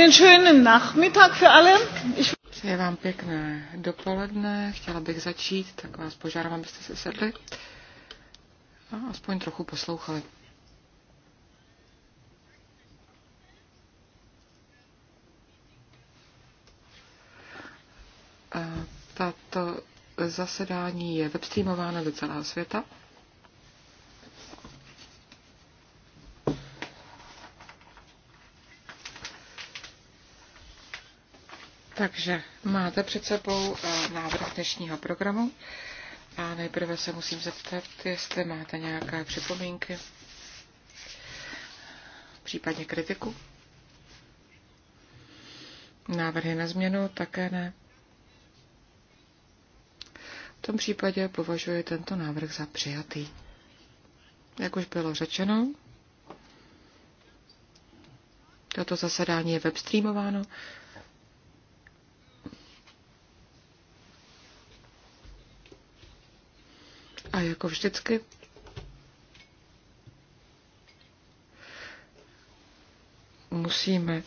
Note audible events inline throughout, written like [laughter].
Einen schönen Nachmittag für alle. Ich... Přeji vám pěkné dopoledne. Chtěla bych začít, tak vás požádám, abyste se sedli a aspoň trochu poslouchali. Tato zasedání je webstreamováno do celého světa. Takže máte před sebou eh, návrh dnešního programu a nejprve se musím zeptat, jestli máte nějaké připomínky, případně kritiku. Návrhy na změnu také ne. V tom případě považuji tento návrh za přijatý. Jak už bylo řečeno, toto zasedání je webstreamováno. A jako vždycky musíme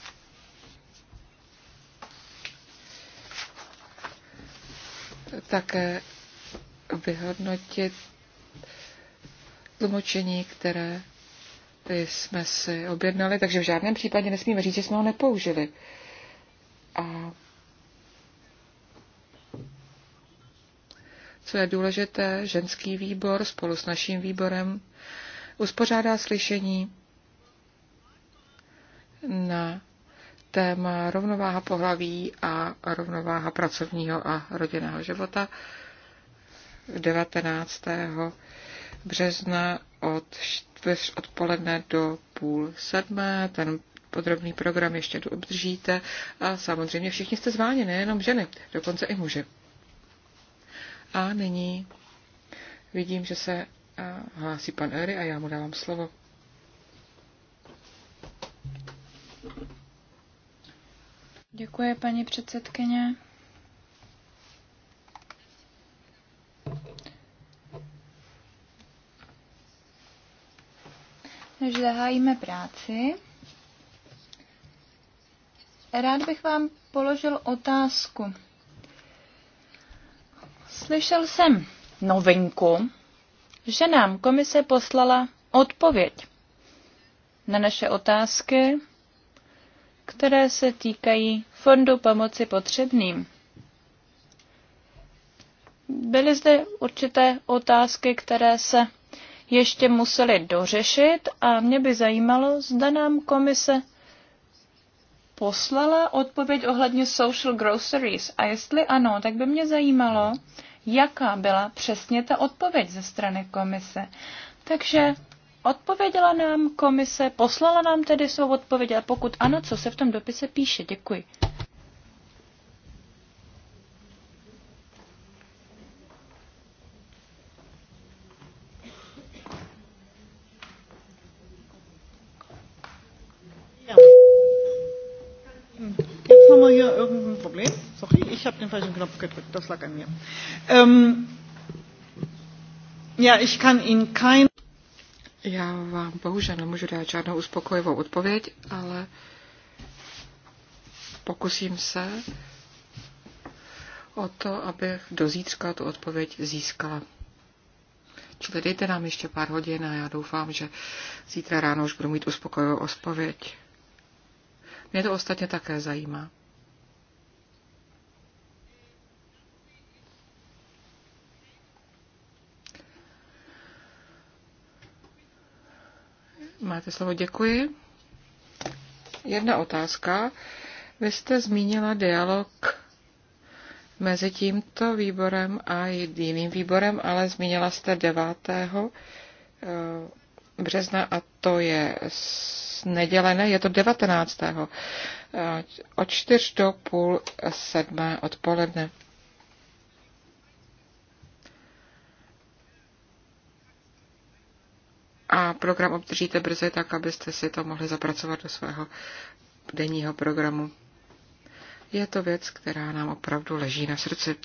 také vyhodnotit tlumočení, které jsme si objednali, takže v žádném případě nesmíme říct, že jsme ho nepoužili. A co je důležité, ženský výbor spolu s naším výborem uspořádá slyšení na téma rovnováha pohlaví a rovnováha pracovního a rodinného života 19. března od čtvrť odpoledne do půl sedmé. Ten podrobný program ještě obdržíte a samozřejmě všichni jste zváni, nejenom ženy, dokonce i muži. A nyní vidím, že se hlásí pan Ery a já mu dávám slovo. Děkuji, paní předsedkyně. Než zahájíme práci, rád bych vám položil otázku. Slyšel jsem novinku, že nám komise poslala odpověď na naše otázky, které se týkají fondu pomoci potřebným. Byly zde určité otázky, které se ještě museli dořešit a mě by zajímalo, zda nám komise poslala odpověď ohledně social groceries? A jestli ano, tak by mě zajímalo, jaká byla přesně ta odpověď ze strany komise. Takže odpověděla nám komise, poslala nám tedy svou odpověď a pokud ano, co se v tom dopise píše? Děkuji. haben wir hier irgendein Problem? Sorry, ich habe den falschen Knopf gedrückt. Das lag an mir. Ähm, ja, ich kann Ihnen kein... Já vám bohužel nemůžu dát žádnou uspokojivou odpověď, ale pokusím se o to, abych do zítřka tu odpověď získala. Čili dejte nám ještě pár hodin a já doufám, že zítra ráno už budu mít uspokojivou odpověď. Mě to ostatně také zajímá. Máte slovo, děkuji. Jedna otázka. Vy jste zmínila dialog mezi tímto výborem a jiným výborem, ale zmínila jste 9. Eh, března a to je nedělené, je to 19. Eh, od 4 do půl sedmé odpoledne. a program obdržíte brzy tak, abyste si to mohli zapracovat do svého denního programu. Je to věc, která nám opravdu leží na srdci.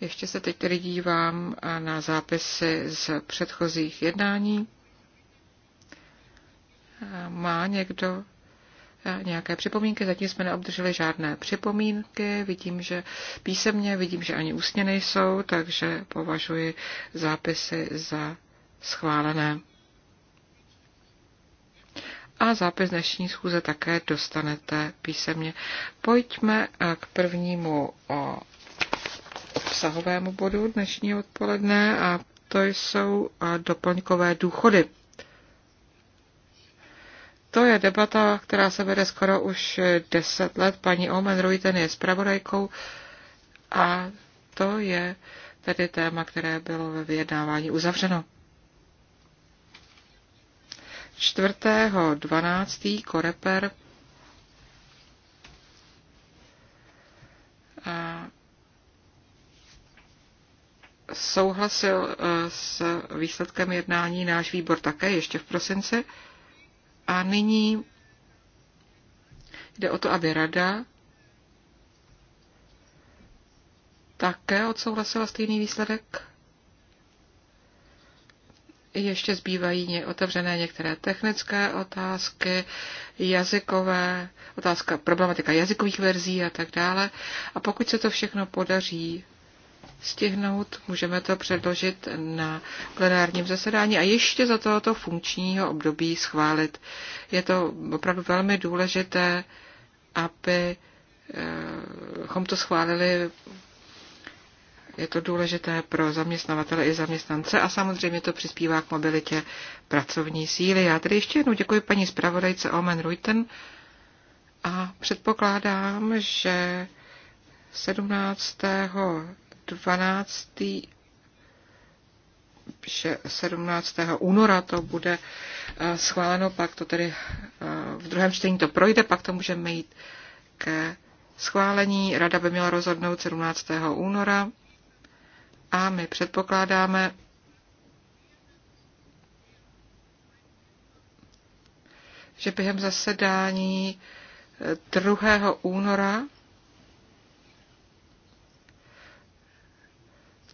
Ještě se teď tedy dívám na zápisy z předchozích jednání. Má někdo eh, nějaké připomínky? Zatím jsme neobdrželi žádné připomínky. Vidím, že písemně, vidím, že ani ústně nejsou, takže považuji zápisy za schválené. A zápis dnešní schůze také dostanete písemně. Pojďme eh, k prvnímu obsahovému bodu dnešního odpoledne a to jsou eh, doplňkové důchody. To je debata, která se vede skoro už eh, deset let. Paní Omen Ruiten je zpravodajkou a to je tedy téma, které bylo ve vyjednávání uzavřeno. 12. Koreper souhlasil e, s výsledkem jednání náš výbor také ještě v prosinci. A nyní jde o to, aby rada také odsouhlasila stejný výsledek ještě zbývají otevřené některé technické otázky, jazykové, otázka, problematika jazykových verzí a tak dále. A pokud se to všechno podaří stihnout, můžeme to předložit na plenárním zasedání a ještě za tohoto funkčního období schválit. Je to opravdu velmi důležité, aby abychom eh, to schválili je to důležité pro zaměstnavatele i zaměstnance a samozřejmě to přispívá k mobilitě pracovní síly. Já tedy ještě jednou děkuji paní zpravodajce Omen Ruiten a předpokládám, že 17. 12. že 17. února to bude eh, schváleno, pak to tedy eh, v druhém čtení to projde, pak to můžeme jít ke schválení. Rada by měla rozhodnout 17. února a my předpokládáme že během zasedání 2. Eh, února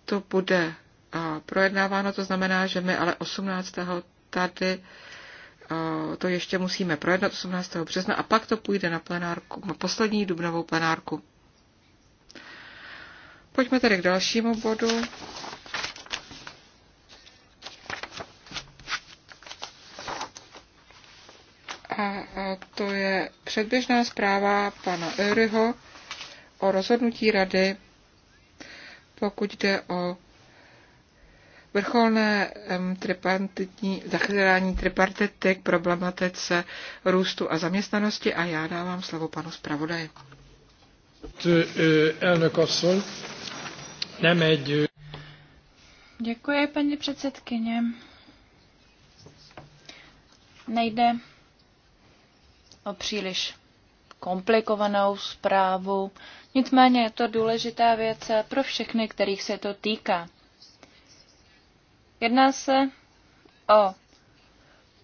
to bude eh, projednáváno, to znamená, že my ale 18. tady eh, to ještě musíme projednat 18. března a pak to půjde na plenárku, na poslední dubnovou plenárku. Pojďme tedy k dalšímu bodu. A to je předběžná zpráva pana Öryho o rozhodnutí rady, pokud jde o vrcholné tripartitní, zachrání tripartity k problematice růstu a zaměstnanosti a já dávám slovo panu zpravodaji. Eh, elnök asszony, Děkuji, paní předsedkyně. Nejde o příliš komplikovanou zprávu, nicméně je to důležitá věc pro všechny, kterých se to týká. Jedná se o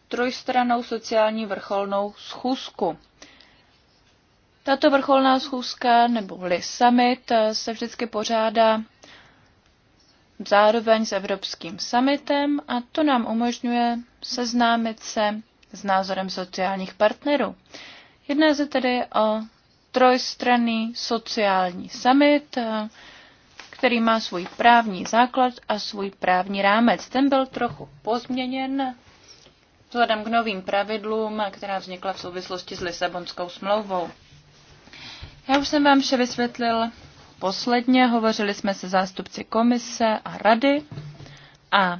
trojstranou sociální vrcholnou schůzku. Tato vrcholná schůzka nebo summit se vždycky pořádá zároveň s Evropským summitem a to nám umožňuje seznámit se s názorem sociálních partnerů. Jedná se tedy o trojstranný sociální summit, eh, který má svůj právní základ a svůj právní rámec. Ten byl trochu pozměněn vzhledem k novým pravidlům, která vznikla v souvislosti s Lisabonskou smlouvou. Já už jsem vám vše vysvětlil posledně. Hovořili jsme se zástupci komise a rady a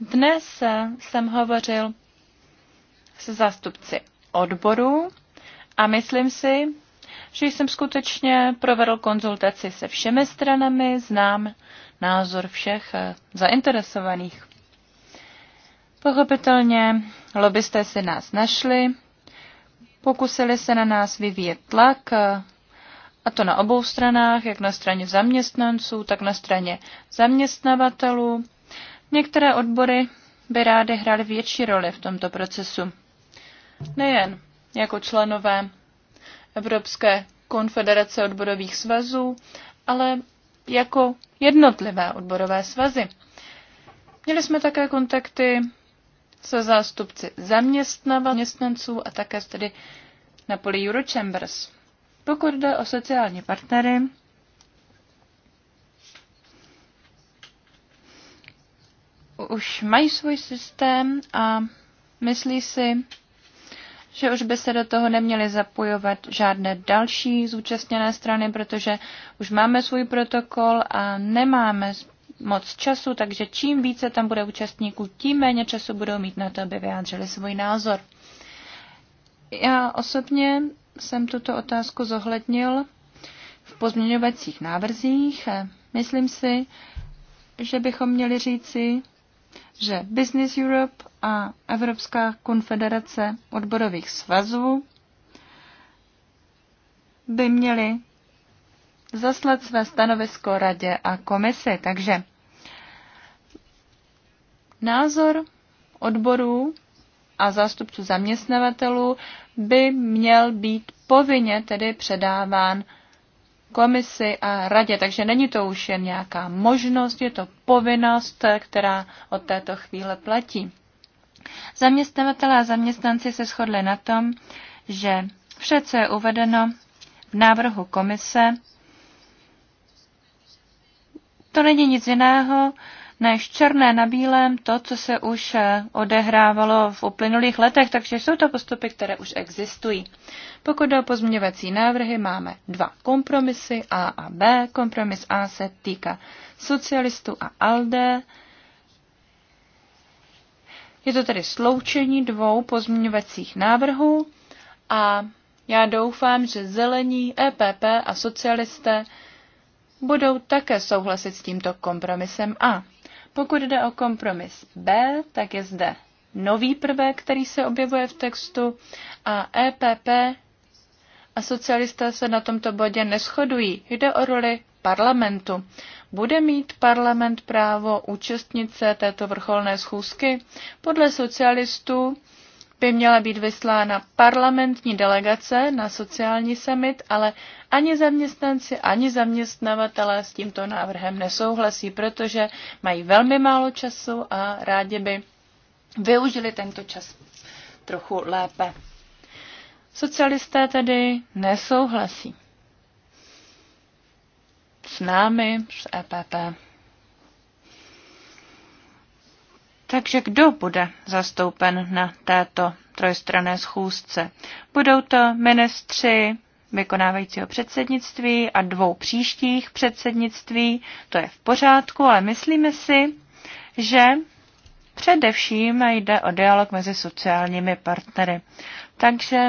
dnes jsem hovořil se zástupci odboru a myslím si, že jsem skutečně provedl konzultaci se všemi stranami, znám názor všech zainteresovaných. Pochopitelně lobbysté si nás našli, pokusili se na nás vyvíjet tlak, a to na obou stranách, jak na straně zaměstnanců, tak na straně zaměstnavatelů. Některé odbory by rády hrály větší roli v tomto procesu. Nejen jako členové Evropské konfederace odborových svazů, ale jako jednotlivé odborové svazy. Měli jsme také kontakty se zástupci zaměstnavatelů a také tedy na poli Eurochambers. Pokud jde o sociální partnery, už mají svůj systém a myslí si, že už by se do toho neměly zapojovat žádné další zúčastněné strany, protože už máme svůj protokol a nemáme moc času, takže čím více tam bude účastníků, tím méně času budou mít na to, aby vyjádřili svůj názor. Já osobně jsem tuto otázku zohlednil v pozměňovacích návrzích. Myslím si, že bychom měli říci, že Business Europe a Evropská konfederace odborových svazů by měly zaslat své stanovisko radě a komisi. Takže názor odborů a zástupců zaměstnavatelů by měl být povinně tedy předáván komisi a radě. Takže není to už jen nějaká možnost, je to povinnost, která od této chvíle platí. Zaměstnavatelé a zaměstnanci se shodli na tom, že vše, co je uvedeno v návrhu komise, to není nic jiného, než černé na bílém to, co se už eh, odehrávalo v uplynulých letech, takže jsou to postupy, které už existují. Pokud jde o pozměňovací návrhy, máme dva kompromisy, A a B. Kompromis A se týká socialistů a ALDE. Je to tedy sloučení dvou pozměňovacích návrhů a já doufám, že zelení, EPP a socialisté budou také souhlasit s tímto kompromisem A. Pokud jde o kompromis B, tak je zde nový prvek, který se objevuje v textu a EPP a socialisté se na tomto bodě neschodují. Jde o roli parlamentu. Bude mít parlament právo účastnit se této vrcholné schůzky? Podle socialistů by měla být vyslána parlamentní delegace na sociální summit, ale ani zaměstnanci, ani zaměstnavatelé s tímto návrhem nesouhlasí, protože mají velmi málo času a rádi by využili tento čas trochu lépe. Socialisté tedy nesouhlasí s námi, s EPP. Takže kdo bude zastoupen na této trojstrané schůzce? Budou to ministři vykonávajícího předsednictví a dvou příštích předsednictví. To je v pořádku, ale myslíme si, že především jde o dialog mezi sociálními partnery. Takže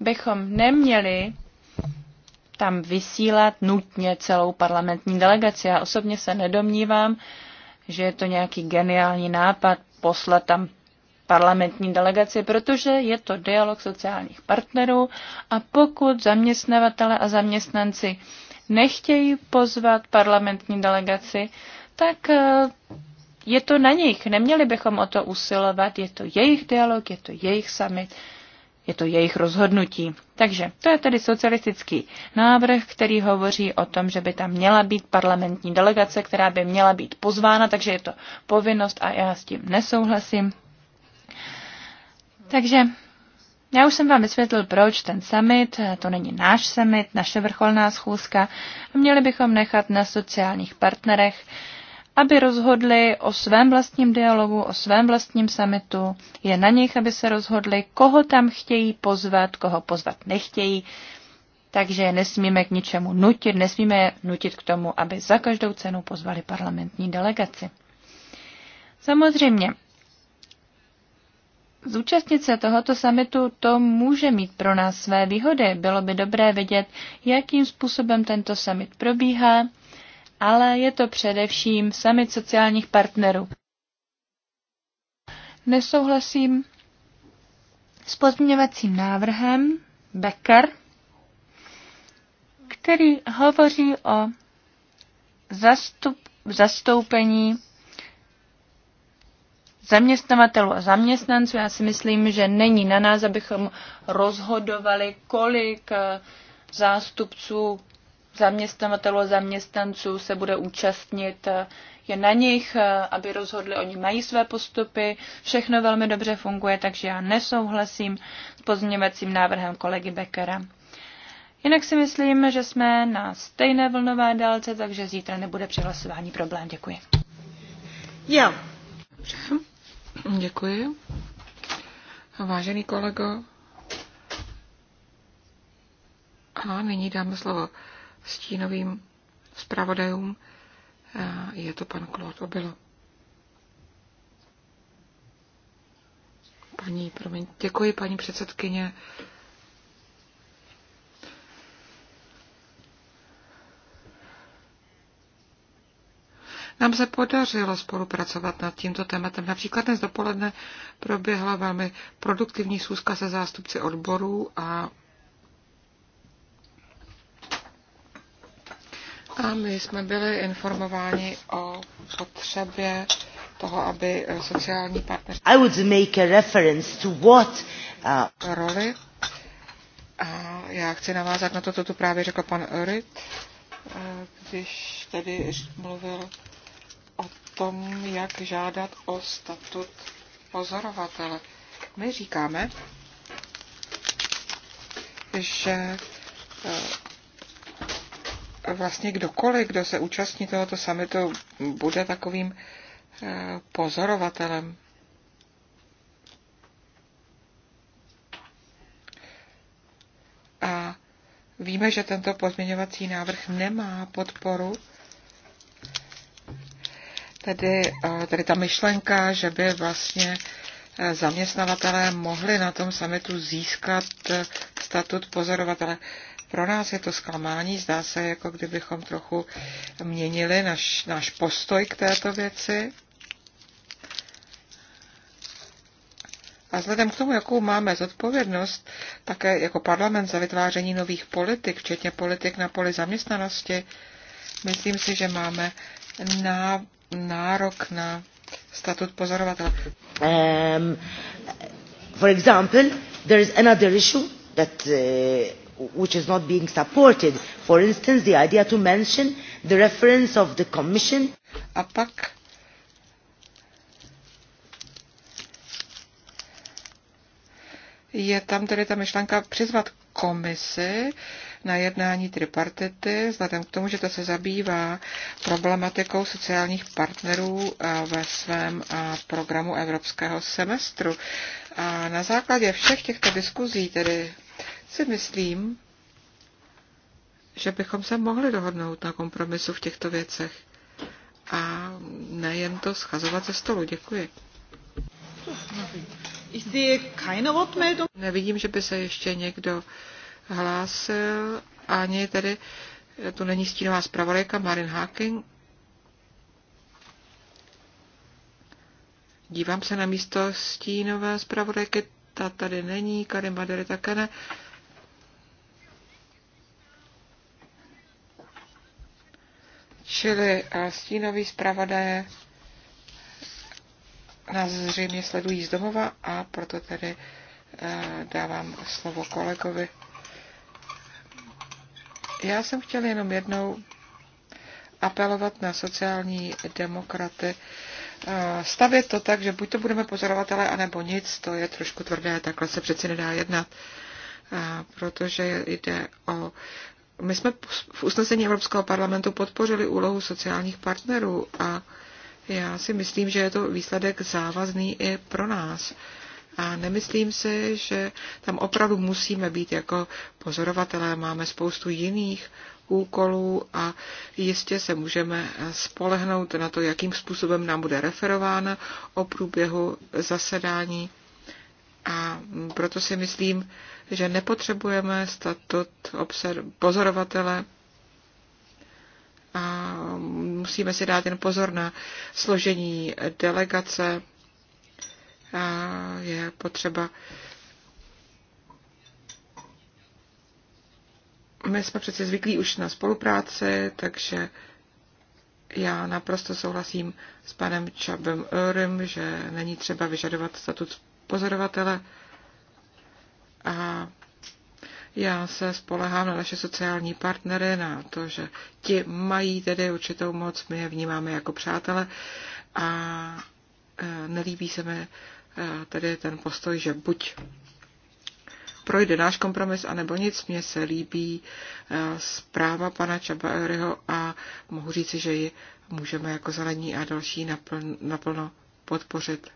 bychom neměli tam vysílat nutně celou parlamentní delegaci. Já osobně se nedomnívám, že je to nějaký geniální nápad poslat tam parlamentní delegaci, protože je to dialog sociálních partnerů a pokud zaměstnavatele a zaměstnanci nechtějí pozvat parlamentní delegaci, tak eh, je to na nich. Neměli bychom o to usilovat, je to jejich dialog, je to jejich summit je to jejich rozhodnutí. Takže to je tedy socialistický návrh, který hovoří o tom, že by tam měla být parlamentní delegace, která by měla být pozvána, takže je to povinnost a já s tím nesouhlasím. Takže já už jsem vám vysvětlil, proč ten summit, to není náš summit, naše vrcholná schůzka, měli bychom nechat na sociálních partnerech, aby rozhodli o svém vlastním dialogu, o svém vlastním summitu. Je na nich, aby se rozhodli, koho tam chtějí pozvat, koho pozvat nechtějí. Takže nesmíme k ničemu nutit, nesmíme nutit k tomu, aby za každou cenu pozvali parlamentní delegaci. Samozřejmě, Zúčastnit se tohoto samitu to může mít pro nás své výhody. Bylo by dobré vědět, jakým způsobem tento summit probíhá, ale je to především summit sociálních partnerů. Nesouhlasím s pozměňovacím návrhem Becker, který hovoří o zastup, zastoupení zaměstnavatelů a zaměstnanců. Já si myslím, že není na nás, abychom rozhodovali, kolik eh, zástupců zaměstnavatelů a zaměstnanců se bude účastnit, eh, je na nich, eh, aby rozhodli, oni mají své postupy, všechno velmi dobře funguje, takže já nesouhlasím s pozměňovacím návrhem kolegy Beckera. Jinak si myslím, že jsme na stejné vlnové délce, takže zítra nebude při hlasování problém. Děkuji. Jo. Dobře. Děkuji. Vážený kolego. A nyní dáme slovo stínovým zpravodajům. Je to pan Claude Obilo. Paní, promiň, děkuji, paní předsedkyně. Nám se podařilo spolupracovat nad tímto tématem. Například dnes dopoledne proběhla velmi produktivní schůzka se zástupci odborů a A my jsme byli informováni o potřebě toho, aby eh, sociální partner I would make a reference to what uh... roli. A já chci navázat na to, co tu právě řekl pan Örit, eh, když tedy mluvil o tom, jak žádat o statut pozorovatele. My říkáme, že eh, vlastně kdokoliv, kdo se účastní tohoto summitu, bude takovým eh, pozorovatelem. A víme, že tento pozměňovací návrh nemá podporu. Tedy, eh, tedy ta myšlenka, že by vlastně eh, zaměstnavatelé mohli na tom samitu získat statut pozorovatele. Pro nás je to zklamání, zdá se, jako kdybychom trochu měnili naš, náš postoj k této věci. A vzhledem k tomu, jakou máme zodpovědnost, také jako parlament za vytváření nových politik, včetně politik na poli zaměstnanosti, myslím si, že máme na, nárok na statut pozorovatele. Um, for example, there is another issue that uh, which is not being supported. For instance, the idea to mention the reference of the Commission. A pak je tam tedy ta myšlenka přizvat komisi na jednání tripartity, vzhledem k tomu, že to se zabývá problematikou sociálních partnerů eh, ve svém eh, programu evropského semestru. A na základě všech těchto diskuzí, tedy si myslím, že bychom se mohli dohodnout na kompromisu v těchto věcech a nejen to schazovat ze stolu. Děkuji. Nevidím, že by se ještě někdo hlásil, ani tedy tu není stínová zpravodajka Marin Hacking. Dívám se na místo stínové zpravodajky, ta tady není, Karim Madery také ne. Čili eh, stínoví zpravodaje nás zřejmě sledují z domova a proto tedy eh, dávám slovo kolegovi. Já jsem chtěl jenom jednou apelovat na sociální demokraty. Eh, stavět to tak, že buď to budeme pozorovatele, anebo nic, to je trošku tvrdé, takhle se přeci nedá jednat, protože jde o my jsme v usnesení Evropského parlamentu podpořili úlohu sociálních partnerů a já si myslím, že je to výsledek závazný i pro nás. A nemyslím si, že tam opravdu musíme být jako pozorovatelé. Máme spoustu jiných úkolů a jistě se můžeme spolehnout na to, jakým způsobem nám bude referována o průběhu zasedání a proto si myslím, že nepotřebujeme statut pozorovatele a musíme si dát jen pozor na složení delegace. A je potřeba my jsme přece zvyklí už na spolupráci, takže já naprosto souhlasím s panem Čabem Örym, že není třeba vyžadovat statut pozorovatele a já se spolehám na naše sociální partnery, na to, že ti mají tedy určitou moc, my je vnímáme jako přátele a e, nelíbí se mi e, tedy ten postoj, že buď projde náš kompromis, anebo nic. Mně se líbí e, zpráva pana Čabaeryho a mohu říci, že ji můžeme jako zelení a další naplno, naplno podpořit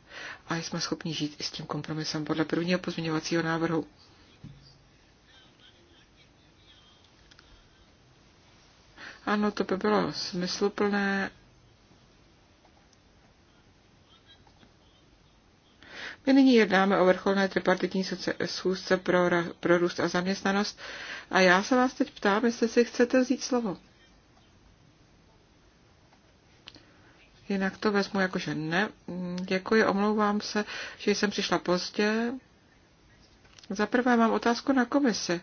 a jsme schopni žít i s tím kompromisem podle prvního pozměňovacího návrhu. Ano, to by bylo smysluplné. My nyní jednáme o vrcholné tripartitní schůzce pro, pro růst a zaměstnanost a já se vás teď ptám, jestli si chcete vzít slovo. Jinak to vezmu jako, že ne. Děkuji, omlouvám se, že jsem přišla pozdě. Za prvé mám otázku na komisi.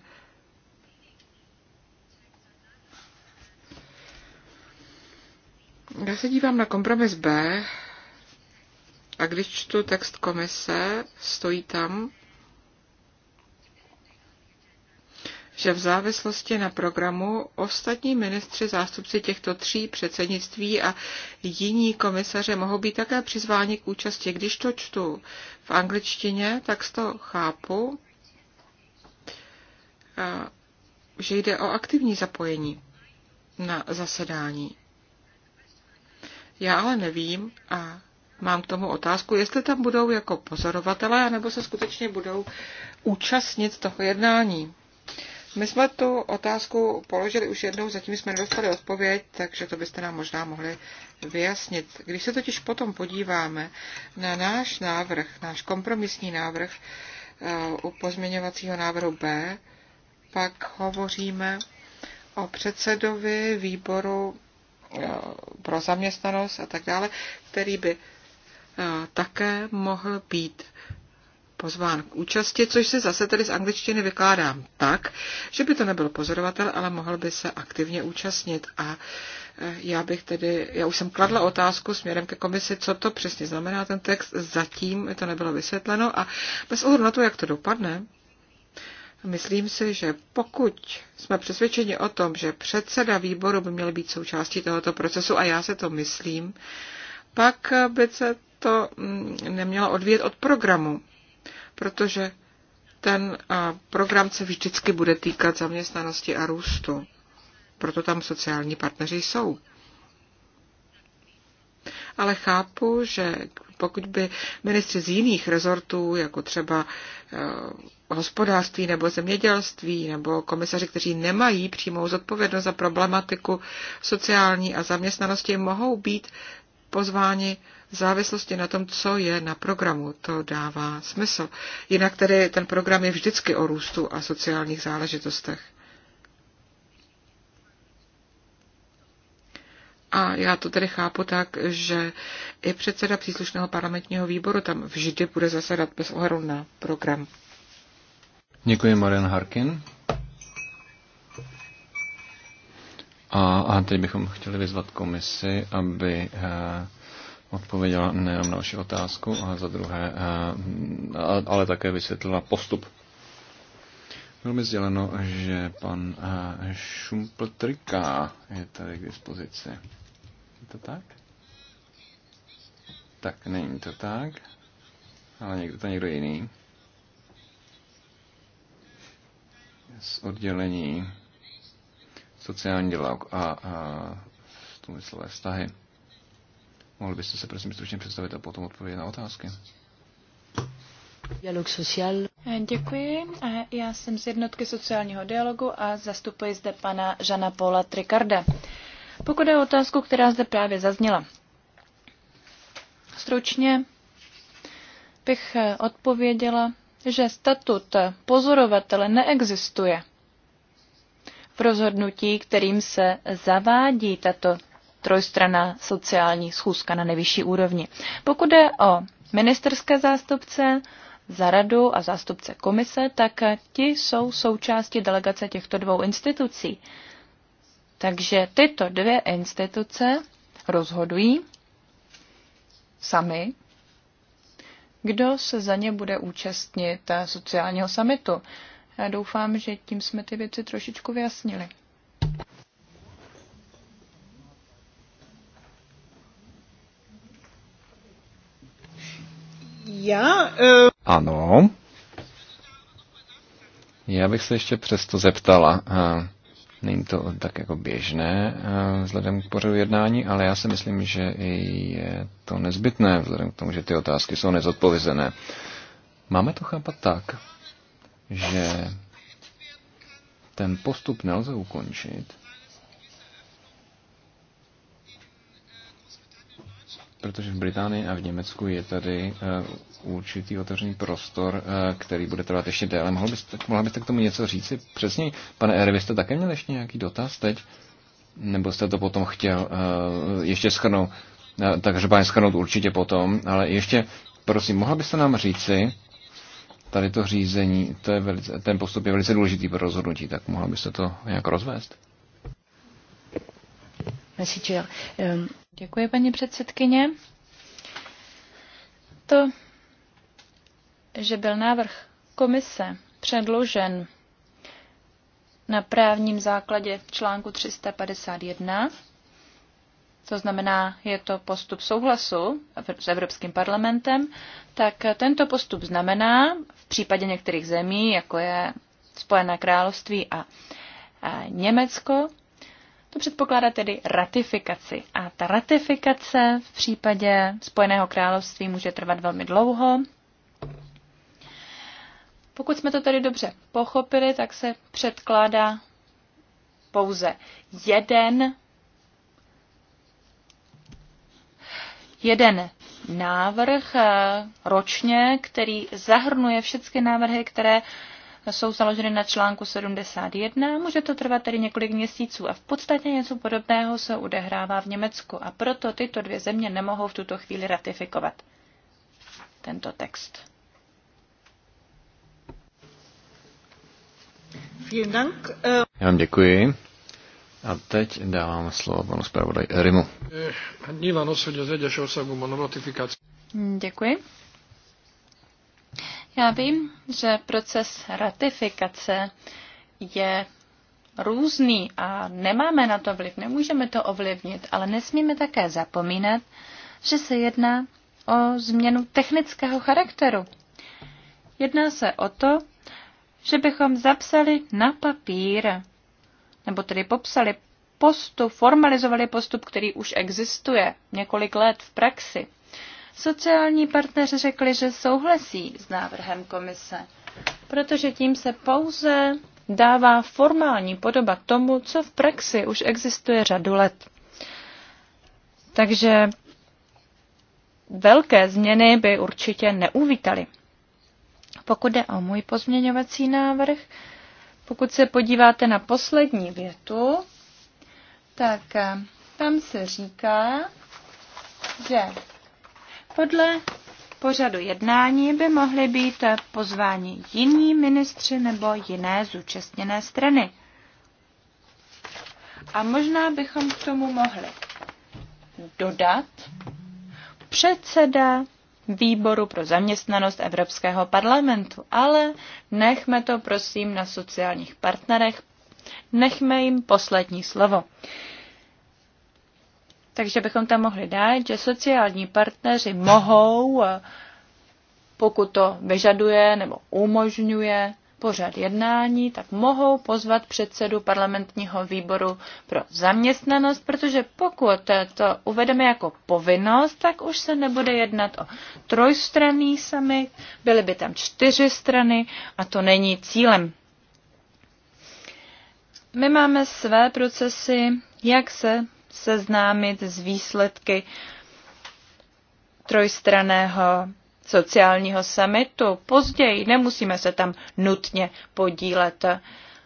Já se dívám na kompromis B a když čtu text komise, stojí tam, že v závislosti na programu ostatní ministři, zástupci těchto tří předsednictví a jiní komisaře mohou být také přizváni k účasti. Když to čtu v angličtině, tak to chápu, že jde o aktivní zapojení na zasedání. Já ale nevím a mám k tomu otázku, jestli tam budou jako pozorovatelé, nebo se skutečně budou účastnit toho jednání. My jsme tu otázku položili už jednou, zatím jsme nedostali odpověď, takže to byste nám možná mohli vyjasnit. Když se totiž potom podíváme na náš návrh, náš kompromisní návrh eh, u pozměňovacího návrhu B, pak hovoříme o předsedovi výboru eh, pro zaměstnanost a tak dále, který by eh, také mohl být pozván k účasti, což se zase tedy z angličtiny vykládám tak, že by to nebyl pozorovatel, ale mohl by se aktivně účastnit. A eh, já bych tedy, já už jsem kladla otázku směrem ke komisi, co to přesně znamená ten text, zatím to nebylo vysvětleno a bez ohledu na to, jak to dopadne, Myslím si, že pokud jsme přesvědčeni o tom, že předseda výboru by měl být součástí tohoto procesu, a já se to myslím, pak by se to mm, nemělo odvíjet od programu protože ten program se vždycky bude týkat zaměstnanosti a růstu. Proto tam sociální partneři jsou. Ale chápu, že pokud by ministři z jiných rezortů, jako třeba e, hospodářství nebo zemědělství nebo komisaři, kteří nemají přímou zodpovědnost za problematiku sociální a zaměstnanosti, mohou být pozváni v závislosti na tom, co je na programu. To dává smysl. Jinak tedy ten program je vždycky o růstu a sociálních záležitostech. A já to tedy chápu tak, že i předseda příslušného parlamentního výboru tam vždy bude zasedat bez ohledu na program. Děkuji, Marian Harkin. A, a teď bychom chtěli vyzvat komisi, aby eh, odpověděla nejenom na vaši otázku, ale za druhé, eh, ale také vysvětlila postup. Bylo mi sděleno, že pan eh, Šumpltrika je tady k dispozici. Je to tak? Tak, není to tak, ale někdo to někdo jiný. Z oddělení sociální dělák a, a průmyslové vztahy. Mohl byste se prosím stručně představit a potom odpovědět na otázky. Dialog social. Eh, děkuji. Eh, já jsem z jednotky sociálního dialogu a zastupuji zde pana Žana Paula Trikarda. Pokud je o otázku, která zde právě zazněla. Stručně bych eh, odpověděla, že statut pozorovatele neexistuje v rozhodnutí, kterým se zavádí tato trojstrana sociální schůzka na nejvyšší úrovni. Pokud je o ministerské zástupce, za radu a zástupce komise, tak ti jsou součástí delegace těchto dvou institucí. Takže tyto dvě instituce rozhodují sami, kdo se za ně bude účastnit sociálního samitu. Já doufám, že tím jsme ty věci trošičku vyjasnili. Já... Uh... Ano. Já bych se ještě přesto zeptala. Eh, není to tak jako běžné eh, vzhledem k pořadu jednání, ale já si myslím, že je to nezbytné vzhledem k tomu, že ty otázky jsou nezodpovězené. Máme to chápat tak, že ten postup nelze ukončit, protože v Británii a v Německu je tady eh, určitý otevřený prostor, eh, který bude trvat ještě déle. Mohl byste, mohla byste k tomu něco říci? Přesně, pane Ery, vy jste také měl ještě nějaký dotaz teď? Nebo jste to potom chtěl eh, ještě schrnout? Tak řebáň schrnout určitě potom, ale ještě, prosím, mohla byste nám říci, tady to řízení, to je velice, ten postup je velice důležitý pro rozhodnutí, tak mohla byste to nějak rozvést? Um, Děkuji, paní předsedkyně. To, že byl návrh komise předložen na právním základě článku 351, to znamená, je to postup souhlasu s Evropským parlamentem, tak tento postup znamená v případě některých zemí, jako je Spojené království a Německo, to předpokládá tedy ratifikaci. A ta ratifikace v případě Spojeného království může trvat velmi dlouho. Pokud jsme to tedy dobře pochopili, tak se předkládá pouze jeden, jeden návrh eh, ročně, který zahrnuje všechny návrhy, které jsou založeny na článku 71, může to trvat tedy několik měsíců a v podstatě něco podobného se odehrává v Německu a proto tyto dvě země nemohou v tuto chvíli ratifikovat tento text. Já vám děkuji. A teď dávám slovo panu zpravodaj Rimu. Eh, děkuji. Já vím, že proces ratifikace je různý a nemáme na to vliv, nemůžeme to ovlivnit, ale nesmíme také zapomínat, že se jedná o změnu technického charakteru. Jedná se o to, že bychom zapsali na papír, nebo tedy popsali postup, formalizovali postup, který už existuje několik let v praxi. Sociální partneři řekli, že souhlasí s návrhem komise, protože tím se pouze dává formální podoba tomu, co v praxi už existuje řadu let. Takže velké změny by určitě neuvítali. Pokud jde o můj pozměňovací návrh, pokud se podíváte na poslední větu, tak eh, tam se říká, že podle pořadu jednání by mohly být pozváni jiní ministři nebo jiné zúčastněné strany. A možná bychom k tomu mohli dodat předseda výboru pro zaměstnanost Evropského parlamentu, ale nechme to prosím na sociálních partnerech, nechme jim poslední slovo. Takže bychom tam mohli dát, že sociální partneři mohou, eh, pokud to vyžaduje nebo umožňuje pořad jednání, tak mohou pozvat předsedu parlamentního výboru pro zaměstnanost, protože pokud to uvedeme jako povinnost, tak už se nebude jednat o trojstranný summit, byly by tam čtyři strany a to není cílem. My máme své procesy, jak se seznámit s výsledky trojstraného sociálního summitu. Později nemusíme se tam nutně podílet.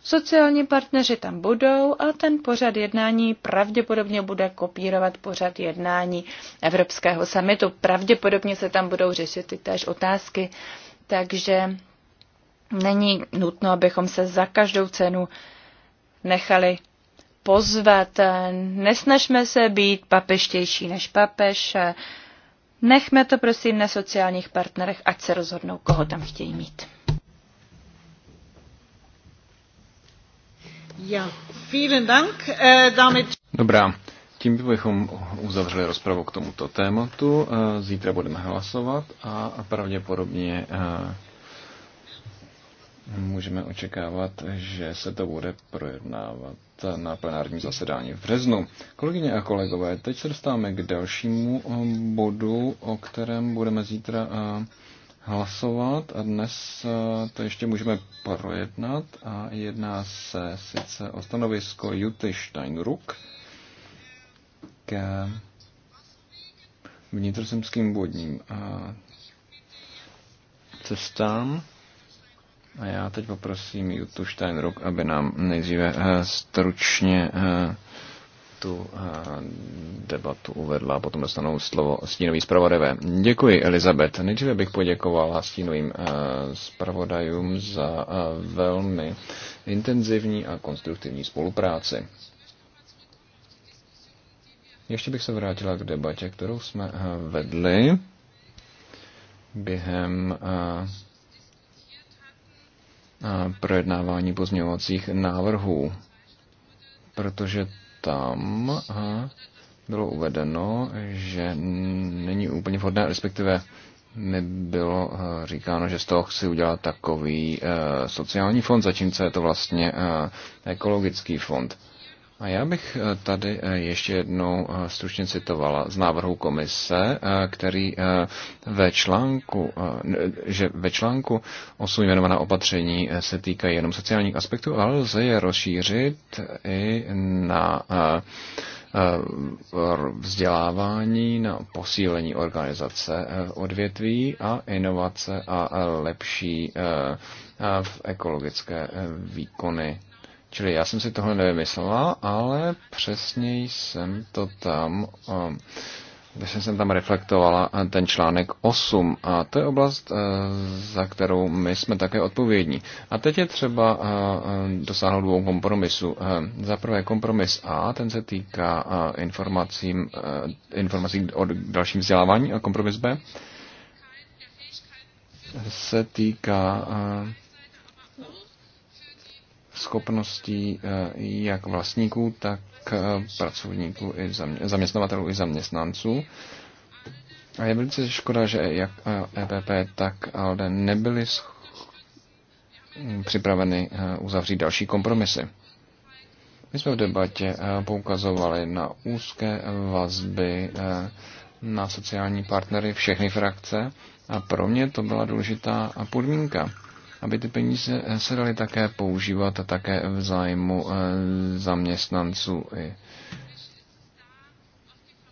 Sociální partneři tam budou a ten pořad jednání pravděpodobně bude kopírovat pořad jednání Evropského samitu. Pravděpodobně se tam budou řešit ty též otázky, takže není nutno, abychom se za každou cenu nechali pozvat. Nesnažme se být papeštější než papež. Nechme to prosím na sociálních partnerech, ať se rozhodnou, koho tam chtějí mít. Ja, vielen Dank. Äh, damit... Dobrá, tím bychom uzavřeli rozpravu k tomuto tématu. Äh, zítra budeme hlasovat a pravděpodobně äh, Můžeme očekávat, že se to bude projednávat na plenárním zasedání v březnu. Kolegyně a kolegové, teď se dostáváme k dalšímu eh, bodu, o kterém budeme zítra eh, hlasovat a dnes eh, to ještě můžeme projednat a jedná se sice o stanovisko Juty Steinruck k vnitrozemským vodním cestám. A já teď poprosím Jutu Steinruck, aby nám nejdříve eh, stručně eh, tu eh, debatu uvedla a potom dostanou slovo stínový zpravodajové. Děkuji, Elizabet. Nejdříve bych poděkovala stínovým zpravodajům za velmi intenzivní a konstruktivní spolupráci. Ještě bych se vrátila k debatě, kterou jsme vedli během projednávání pozměňovacích návrhů, protože tam bylo uvedeno, že není úplně vhodné, respektive mi bylo eh, říkáno, že z toho chci udělat takový eh, sociální fond, zatímco je to vlastně eh, ekologický fond. A já bych eh, tady eh, ještě jednou eh, stručně citovala z návrhu komise, který ve článku, že ve článku 8 jmenovaná opatření se týkají jenom sociálních aspektů, ale lze je rozšířit i na vzdělávání, na posílení organizace odvětví a inovace a lepší ekologické výkony Čili já jsem si tohle nevymyslela, ale přesně jsem to tam, když um, jsem tam reflektovala ten článek 8 a to je oblast, eh, za kterou my jsme také odpovědní. A teď je třeba eh, eh, dosáhnout dvou kompromisů. Za prvé kompromis A, ten se týká informacím informací o dalším vzdělávání a kompromis B se týká schopností eh, jak vlastníků, tak eh, pracovníků, i zaměstnavatelů, i zaměstnanců. A je velice škoda, že jak EPP, eh, e tak ALDE nebyly připraveny uzavřít další kompromisy. My jsme v debatě poukazovali na úzké vazby na sociální partnery všechny frakce a pro mě to byla důležitá podmínka aby ty peníze eh, se daly také používat a také v zájmu eh, zaměstnanců i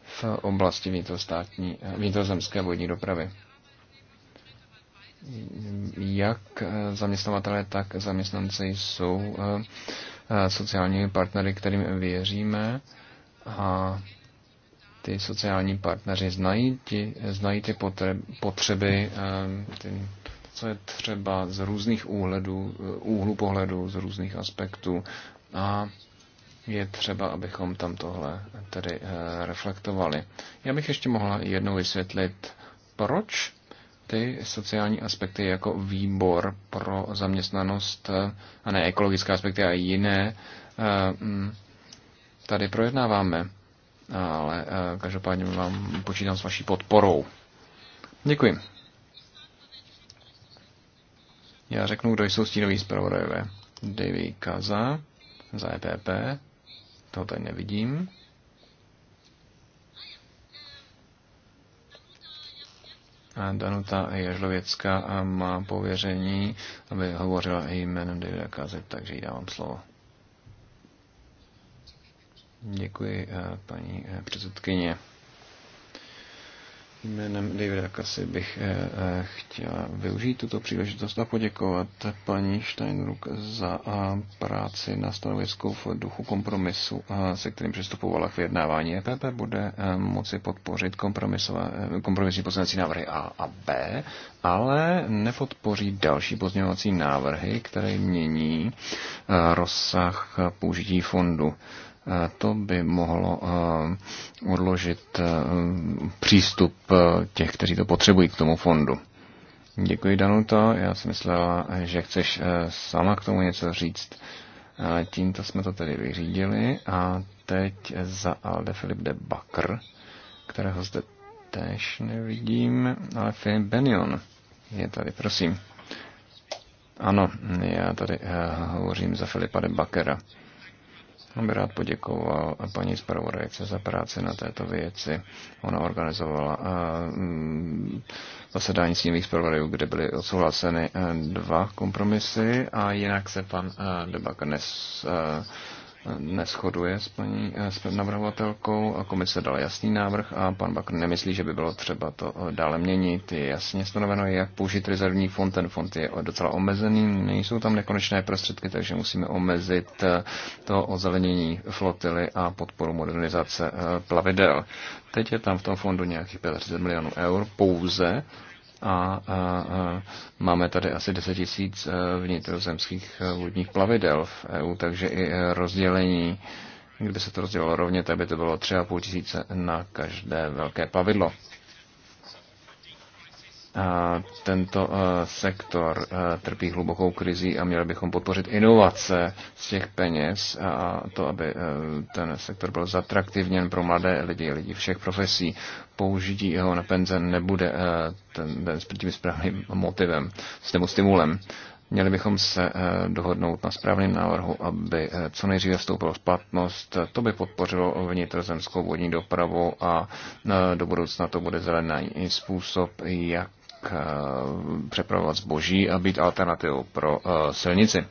v oblasti vnitrostátní, eh, vnitrozemské vodní dopravy. Jak zaměstnavatelé, tak zaměstnanci jsou sociálními partnery, kterým věříme a ty sociální partneři znají, ti, znají ty potřeby, ty co je třeba z různých úhledů, úhlu pohledu, z různých aspektů a je třeba, abychom tam tohle tedy eh, reflektovali. Já bych ještě mohla jednou vysvětlit, proč ty sociální aspekty jako výbor pro zaměstnanost eh, a ne ekologické aspekty a jiné eh, mm, tady projednáváme. Ale každopádně vám počítám s vaší podporou. Děkuji. Já řeknu, kdo jsou stínoví zpravodajové. Davy Kaza za EPP. Toho tady nevidím. Danuta a má pověření, aby hovořila i jménem Davida Kaze, takže jí dávám slovo. Děkuji, eh, paní eh, předsedkyně. Jménem Davida Kasy bych eh, eh, chtěla využít tuto příležitost a poděkovat paní Steinruck za eh, práci na stanovisku v duchu kompromisu, se kterým přistupovala k vyjednávání. EPP bude moci podpořit kompromisní poslanecí návrhy A a B, ale nepodpoří další pozměňovací návrhy, které mění rozsah použití fondu to by mohlo eh, odložit eh, přístup eh, těch, kteří to potřebují k tomu fondu. Děkuji, Danuto. Já jsem myslela, že chceš sama k tomu něco říct. Tímto jsme to tedy vyřídili a teď za Alde Filip de Bakr, kterého zde tež nevidím, ale Filip Benion je tady, prosím. Ano, já tady hovořím za Filipa de Bakera bych rád poděkoval paní zpravodajce za práci na této věci. Ona organizovala eh, mm, zasedání sněmových zpravodajů, kde byly odsouhlaseny eh, dva kompromisy a jinak se pan eh, Debak nes neschoduje s paní eh, s navrhovatelkou a komise dala jasný návrh a pan Bakr nemyslí, že by bylo třeba to eh, dále měnit. Je jasně stanoveno, jak použít rezervní fond. Ten fond je docela omezený, nejsou tam nekonečné prostředky, takže musíme omezit eh, to ozelenění flotily a podporu modernizace plavidel. Teď je tam v tom fondu nějakých 50 milionů eur pouze a, a, a máme tady asi 10 tisíc e, vnitrozemských e, vodních plavidel v EU, takže i e, rozdělení, kdyby se to rozdělilo rovně, tak by to bylo 3,5 tisíce na každé velké plavidlo. Tento eh, sektor eh, trpí hlubokou krizí a měli bychom podpořit inovace z těch peněz a to, aby eh, ten sektor byl zatraktivněn pro mladé lidi, lidi všech profesí. Použití jeho na penze nebude ten, tím správným motivem, nebo stimulem. Měli bychom se dohodnout na správném návrhu, aby co nejdříve vstoupilo v platnost. To by podpořilo vnitrozemskou vodní dopravu a do budoucna to bude zelený způsob, jak Eh, přepravovat zboží a být alternativou pro eh, silnici.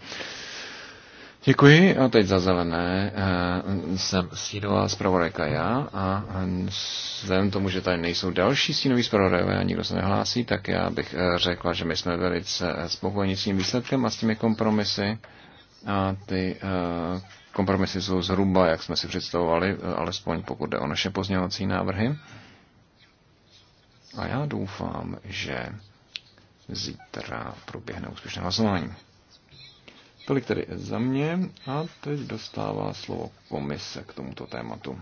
Děkuji a teď za zelené eh, jsem stínová zpravodajka já a vzhledem tomu, že tady nejsou další stínový zpravodajové a nikdo se nehlásí, tak já bych řekla, že my jsme velice spokojeni s tím výsledkem a s těmi kompromisy a ty kompromisy jsou zhruba, jak jsme si představovali, alespoň pokud jde o naše pozměňovací návrhy. A já doufám, že zítra proběhne úspěšné hlasování. Tolik tedy za mě a teď dostává slovo komise k tomuto tématu.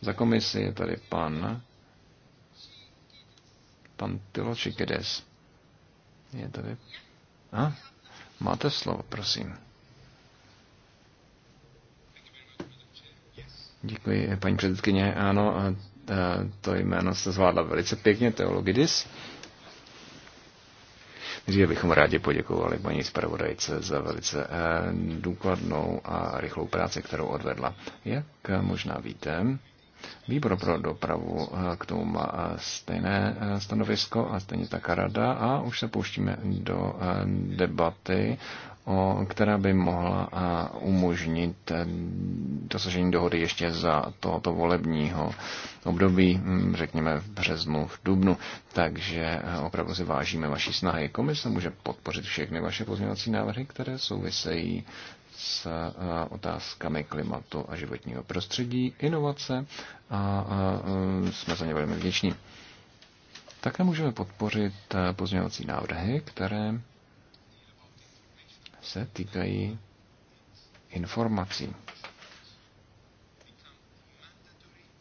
Za komisi je tady pan pan Tiločikides. Je tady? A? Máte slovo, prosím. Děkuji, paní předsedkyně. Ano, Eh, to jméno se zvládla velice pěkně, Teologidis. Dříve bychom rádi poděkovali paní zpravodajce za velice eh, důkladnou a rychlou práci, kterou odvedla. Jak možná víte, Výbor pro dopravu eh, k tomu má stejné stanovisko a stejně tak rada a už se pouštíme do debaty o, která by mohla a umožnit eh, dosažení dohody ještě za tohoto volebního období, hm, řekněme v březnu, v dubnu. Takže eh, opravdu si vážíme vaší snahy. Komise může podpořit všechny vaše pozměňovací návrhy, které souvisejí s eh, otázkami klimatu a životního prostředí, inovace a, a jsme za ně velmi vděční. Také můžeme podpořit pozměňovací návrhy, které se týkají informací.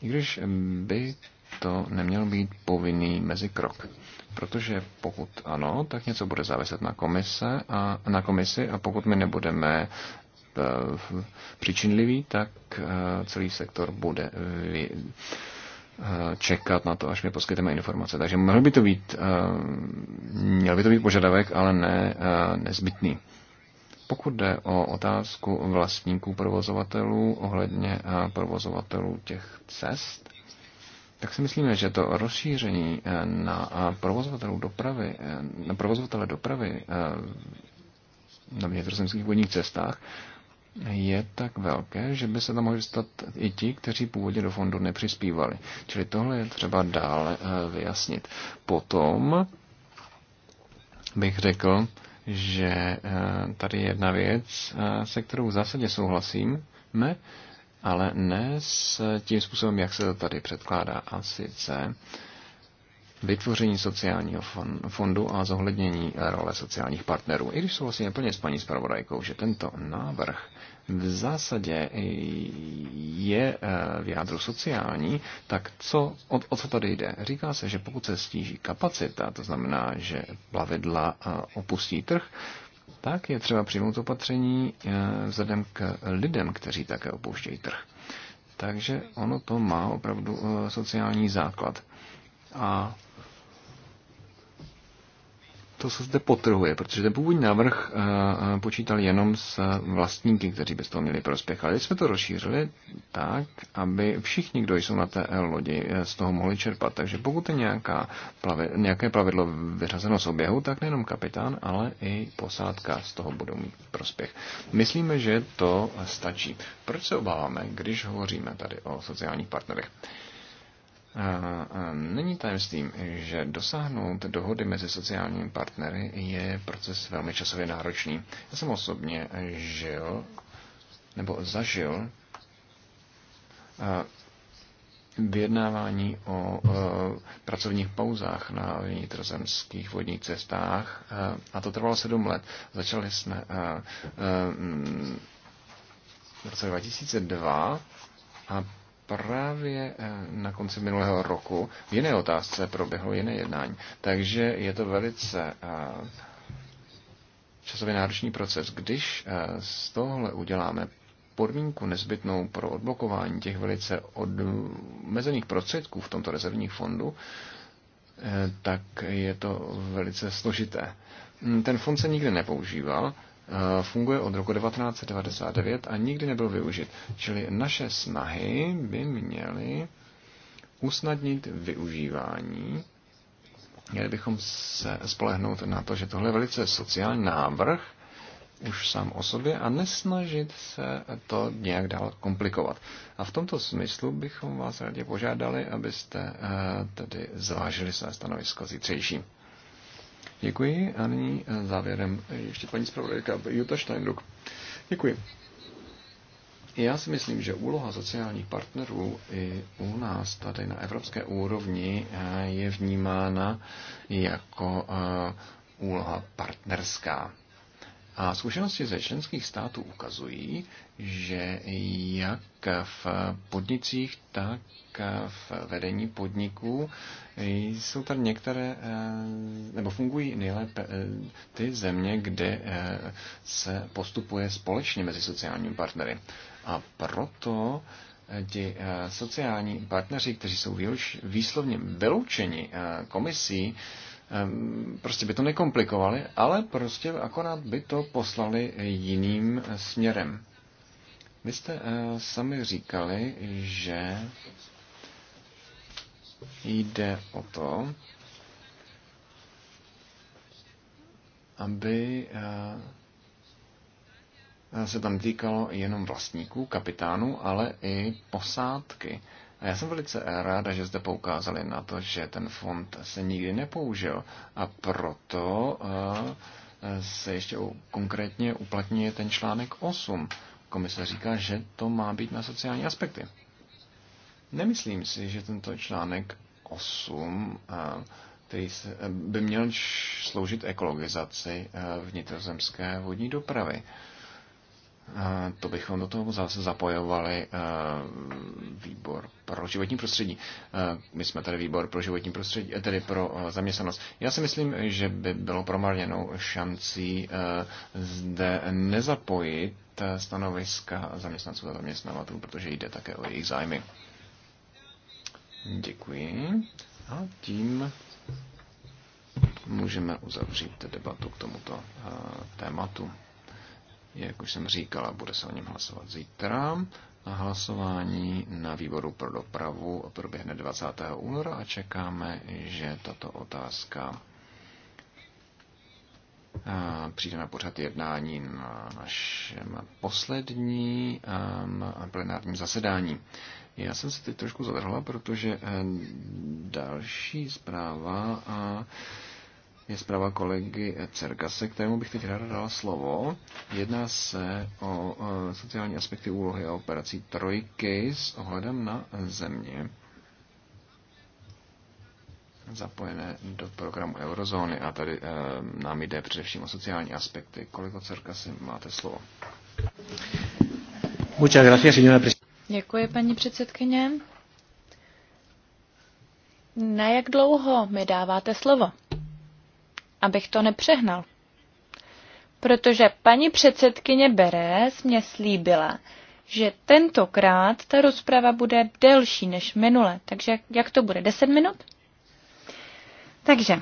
I když by to neměl být povinný mezikrok, protože pokud ano, tak něco bude záviset na, komise a, na komisi a pokud my nebudeme eh, příčinlivý, tak eh, celý sektor bude eh, čekat na to, až mi poskytneme informace. Takže mohl by to být, měl by to být požadavek, ale ne nezbytný. Pokud jde o otázku vlastníků provozovatelů ohledně provozovatelů těch cest, tak si myslíme, že to rozšíření e, na provozovatelů dopravy, e, na provozovatele dopravy e, na vnitrozemských vodních cestách je tak velké, že by se tam mohli stát i ti, kteří původně do fondu nepřispívali. Čili tohle je třeba dále vyjasnit. Potom bych řekl, že eh, tady je jedna věc, eh, se kterou v zásadě ne, ale ne s tím způsobem, jak se to tady předkládá. A sice vytvoření sociálního fondu a zohlednění role sociálních partnerů. I když souhlasím plně s paní zpravodajkou, že tento návrh v zásadě je eh, v jádru sociální, tak co, o, o co tady jde? Říká se, že pokud se stíží kapacita, to znamená, že plavidla eh, opustí trh, tak je třeba přijmout opatření eh, vzhledem k lidem, kteří také opouštějí trh. Takže ono to má opravdu sociální základ. A to se zde potrhuje, protože ten původní návrh eh, eh, počítal jenom s eh, vlastníky, kteří by z toho měli prospěch. Ale když jsme to rozšířili tak, aby všichni, kdo jsou na té lodi, z toho mohli čerpat. Takže pokud je nějaká plavi, nějaké plavidlo vyřazeno z oběhu, tak nejenom kapitán, ale i posádka z toho budou mít prospěch. Myslíme, že to stačí. Proč se obáváme, když hovoříme tady o sociálních partnerech? Není tajemstvím, že dosáhnout dohody mezi sociálními partnery je proces velmi časově náročný. Já jsem osobně žil nebo zažil vyjednávání o pracovních pauzách na vnitrozemských vodních cestách a to trvalo sedm let. Začali jsme v roce 2002 a právě eh, na konci minulého roku v jiné otázce proběhlo jiné jednání. Takže je to velice eh, časově náročný proces. Když eh, z tohle uděláme podmínku nezbytnou pro odblokování těch velice odmezených prostředků v tomto rezervním fondu, tak je to velice složité. Hm, ten fond se nikdy nepoužíval, Eh, funguje od roku 1999 a nikdy nebyl využit. Čili naše snahy by měly usnadnit využívání. Měli bychom se spolehnout na to, že tohle je velice sociální návrh, už sám o sobě a nesnažit se to nějak dál komplikovat. A v tomto smyslu bychom vás rádi požádali, abyste eh, tedy zvážili své stanovisko zítřejší. Děkuji a nyní eh, závěrem eh, ještě paní zpravodajka Jutta Steinruck. Děkuji. Já si myslím, že úloha sociálních partnerů i u nás tady na evropské úrovni eh, je vnímána jako úloha partnerská. A zkušenosti ze členských států ukazují, že jak v podnicích, tak v vedení podniků jsou tady některé, eh, nebo fungují nejlépe eh, ty země, kde eh, se postupuje společně mezi sociálními partnery. A proto ti sociální partneři, kteří jsou výslovně vyloučeni komisí, Prostě by to nekomplikovali, ale prostě akorát by to poslali jiným eh, směrem. Vy jste eh, sami říkali, že jde o to, aby eh, se tam týkalo jenom vlastníků, kapitánů, ale i posádky. A já jsem velice ráda, že zde poukázali na to, že ten fond se nikdy nepoužil a proto eh, se ještě konkrétně uplatňuje ten článek 8. Komise říká, že to má být na sociální aspekty. Nemyslím si, že tento článek 8, eh, který eh, by měl sloužit ekologizaci vnitrozemské vodní dopravy to bychom do toho zase zapojovali eh, výbor pro životní prostředí. Eh, my jsme tady výbor pro životní prostředí, eh, tedy pro zaměstnanost. Já si myslím, že by bylo promarněnou šancí zde nezapojit stanoviska zaměstnanců a zaměstnavatelů, protože jde také o jejich zájmy. Děkuji. A tím můžeme uzavřít debatu k tomuto tématu jak už jsem říkala, bude se o něm hlasovat zítra. A hlasování na výboru pro dopravu proběhne 20. února a čekáme, že tato otázka přijde na pořad jednání na našem poslední um, plenárním zasedání. Já jsem se teď trošku zadrhla, protože eh, další zpráva a je zpráva kolegy Cergase, kterému bych teď ráda dala slovo. Jedná se o sociální aspekty úlohy a operací Trojky s ohledem na země zapojené do programu eurozóny a tady e, nám jde především o sociální aspekty. Kolego Cerkasi, máte slovo. Děkuji, paní předsedkyně. Na jak dlouho mi dáváte slovo? abych to nepřehnal. Protože paní předsedkyně Beres mě slíbila, že tentokrát ta rozprava bude delší než minule. Takže jak to bude? Deset minut? Takže.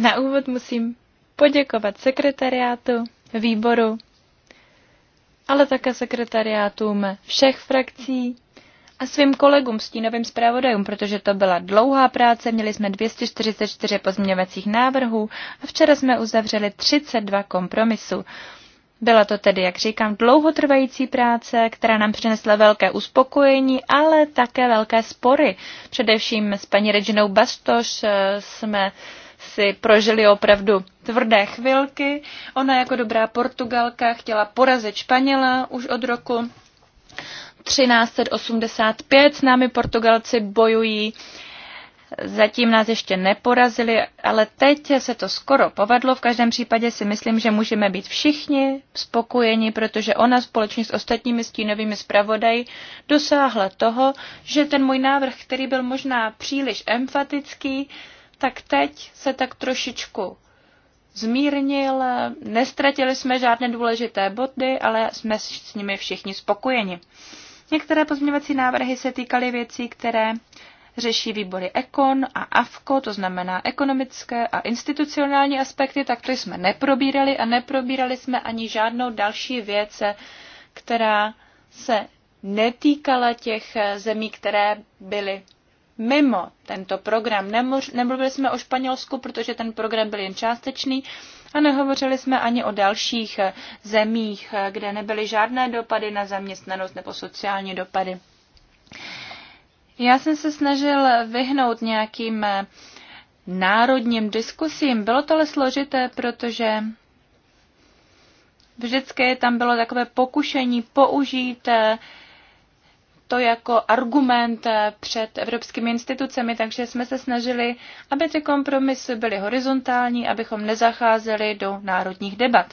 Na úvod musím poděkovat sekretariátu, výboru ale také sekretariátům všech frakcí a svým kolegům stínovým zpravodajům, protože to byla dlouhá práce, měli jsme 244 pozměňovacích návrhů a včera jsme uzavřeli 32 kompromisů. Byla to tedy, jak říkám, dlouhotrvající práce, která nám přinesla velké uspokojení, ale také velké spory. Především s paní Reginou Bastoš eh, jsme si prožili opravdu tvrdé chvilky. Ona jako dobrá Portugalka chtěla porazit Španěla už od roku 1385. S námi Portugalci bojují. Zatím nás ještě neporazili, ale teď se to skoro povedlo. V každém případě si myslím, že můžeme být všichni spokojeni, protože ona společně s ostatními stínovými zpravodaji dosáhla toho, že ten můj návrh, který byl možná příliš emfatický, tak teď se tak trošičku zmírnil, nestratili jsme žádné důležité body, ale jsme s nimi všichni spokojeni. Některé pozměňovací návrhy se týkaly věcí, které řeší výbory EKON a AFKO, to znamená ekonomické a institucionální aspekty, tak to jsme neprobírali a neprobírali jsme ani žádnou další věc, která se netýkala těch zemí, které byly mimo tento program. nemluvili jsme o Španělsku, protože ten program byl jen částečný a nehovořili jsme ani o dalších eh, zemích, eh, kde nebyly žádné dopady na zaměstnanost nebo sociální dopady. Já jsem se snažil vyhnout nějakým eh, národním diskusím. Bylo to ale složité, protože vždycky tam bylo takové pokušení použít to jako argument eh, před evropskými institucemi, takže jsme se snažili, aby ty kompromisy byly horizontální, abychom nezacházeli do národních debat.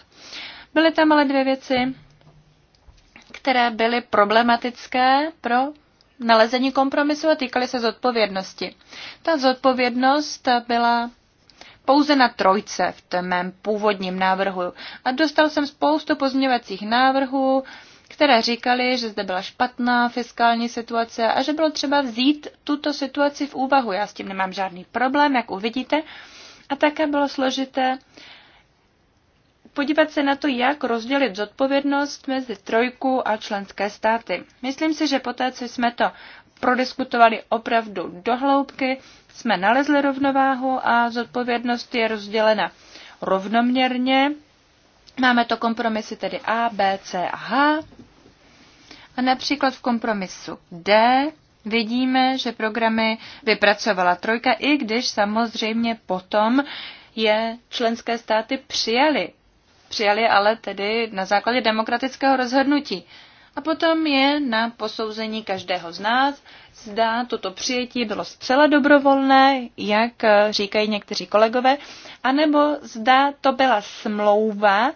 Byly tam ale dvě věci, které byly problematické pro nalezení kompromisu a týkaly se zodpovědnosti. Ta zodpovědnost byla pouze na trojce v tom mém původním návrhu. A dostal jsem spoustu pozměňovacích návrhů, které říkali, že zde byla špatná fiskální situace a že bylo třeba vzít tuto situaci v úvahu. Já s tím nemám žádný problém, jak uvidíte. A také bylo složité podívat se na to, jak rozdělit zodpovědnost mezi trojku a členské státy. Myslím si, že poté, co jsme to prodiskutovali opravdu dohloubky, jsme nalezli rovnováhu a zodpovědnost je rozdělena rovnoměrně. Máme to kompromisy tedy A, B, C a H. A například v kompromisu D vidíme, že programy vypracovala trojka, i když samozřejmě potom je členské státy přijali. Přijali ale tedy na základě demokratického rozhodnutí. A potom je na posouzení každého z nás, zda toto přijetí bylo zcela dobrovolné, jak říkají někteří kolegové, anebo zda to byla smlouva,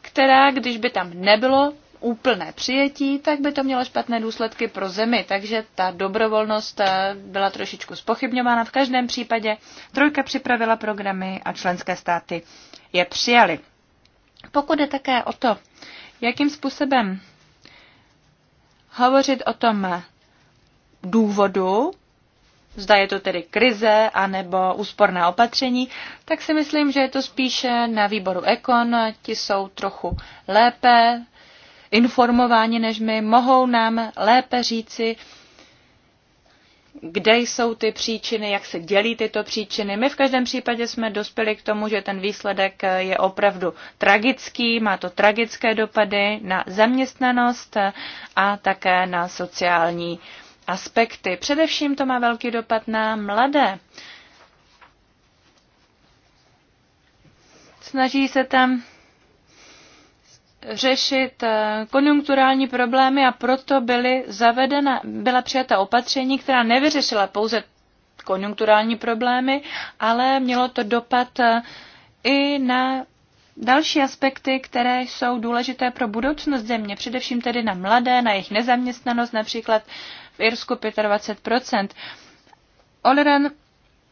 která, když by tam nebylo úplné přijetí, tak by to mělo špatné důsledky pro zemi. Takže ta dobrovolnost eh, byla trošičku spochybňována. V každém případě Trojka připravila programy a členské státy je přijali. Pokud je také o to, jakým způsobem hovořit o tom důvodu, zda je to tedy krize anebo úsporná opatření, tak si myslím, že je to spíše na výboru Ekon, ti jsou trochu lépe informováni než my, mohou nám lépe říci, kde jsou ty příčiny, jak se dělí tyto příčiny. My v každém případě jsme dospěli k tomu, že ten výsledek je opravdu tragický, má to tragické dopady na zaměstnanost a také na sociální aspekty. Především to má velký dopad na mladé. Snaží se tam řešit eh, konjunkturální problémy a proto byly zavedena, byla přijata opatření, která nevyřešila pouze konjunkturální problémy, ale mělo to dopad eh, i na další aspekty, které jsou důležité pro budoucnost země, především tedy na mladé, na jejich nezaměstnanost, například v Irsku 25%. Oleran,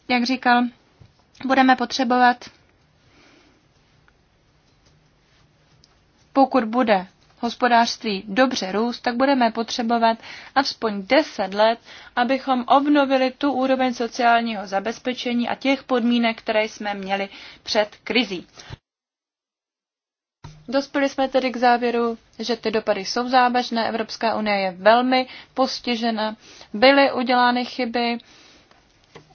jak říkal, budeme potřebovat pokud bude hospodářství dobře růst, tak budeme potřebovat aspoň 10 let, abychom obnovili tu úroveň sociálního zabezpečení a těch podmínek, které jsme měli před krizí. Dospěli jsme tedy k závěru, že ty dopady jsou závažné, Evropská unie je velmi postižena, byly udělány chyby,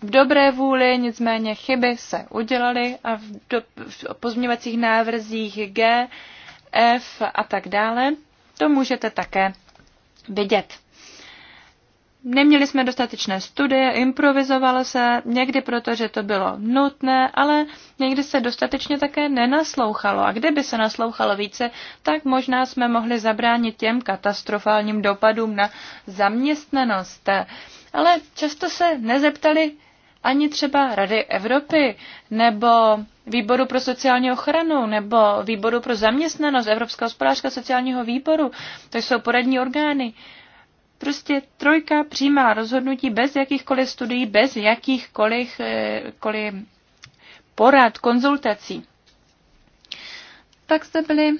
v dobré vůli, nicméně chyby se udělaly a v, do, v pozměňovacích návrzích G F a tak dále, to můžete také vidět. Neměli jsme dostatečné studie, improvizovalo se, někdy proto, že to bylo nutné, ale někdy se dostatečně také nenaslouchalo. A kdyby se naslouchalo více, tak možná jsme mohli zabránit těm katastrofálním dopadům na zaměstnanost. Ale často se nezeptali ani třeba Rady Evropy nebo Výboru pro sociální ochranu nebo Výboru pro zaměstnanost Evropského hospodářka sociálního výboru. To jsou poradní orgány. Prostě trojka přijímá rozhodnutí bez jakýchkoliv studií, bez jakýchkoliv eh, porad, konzultací. Tak jste byli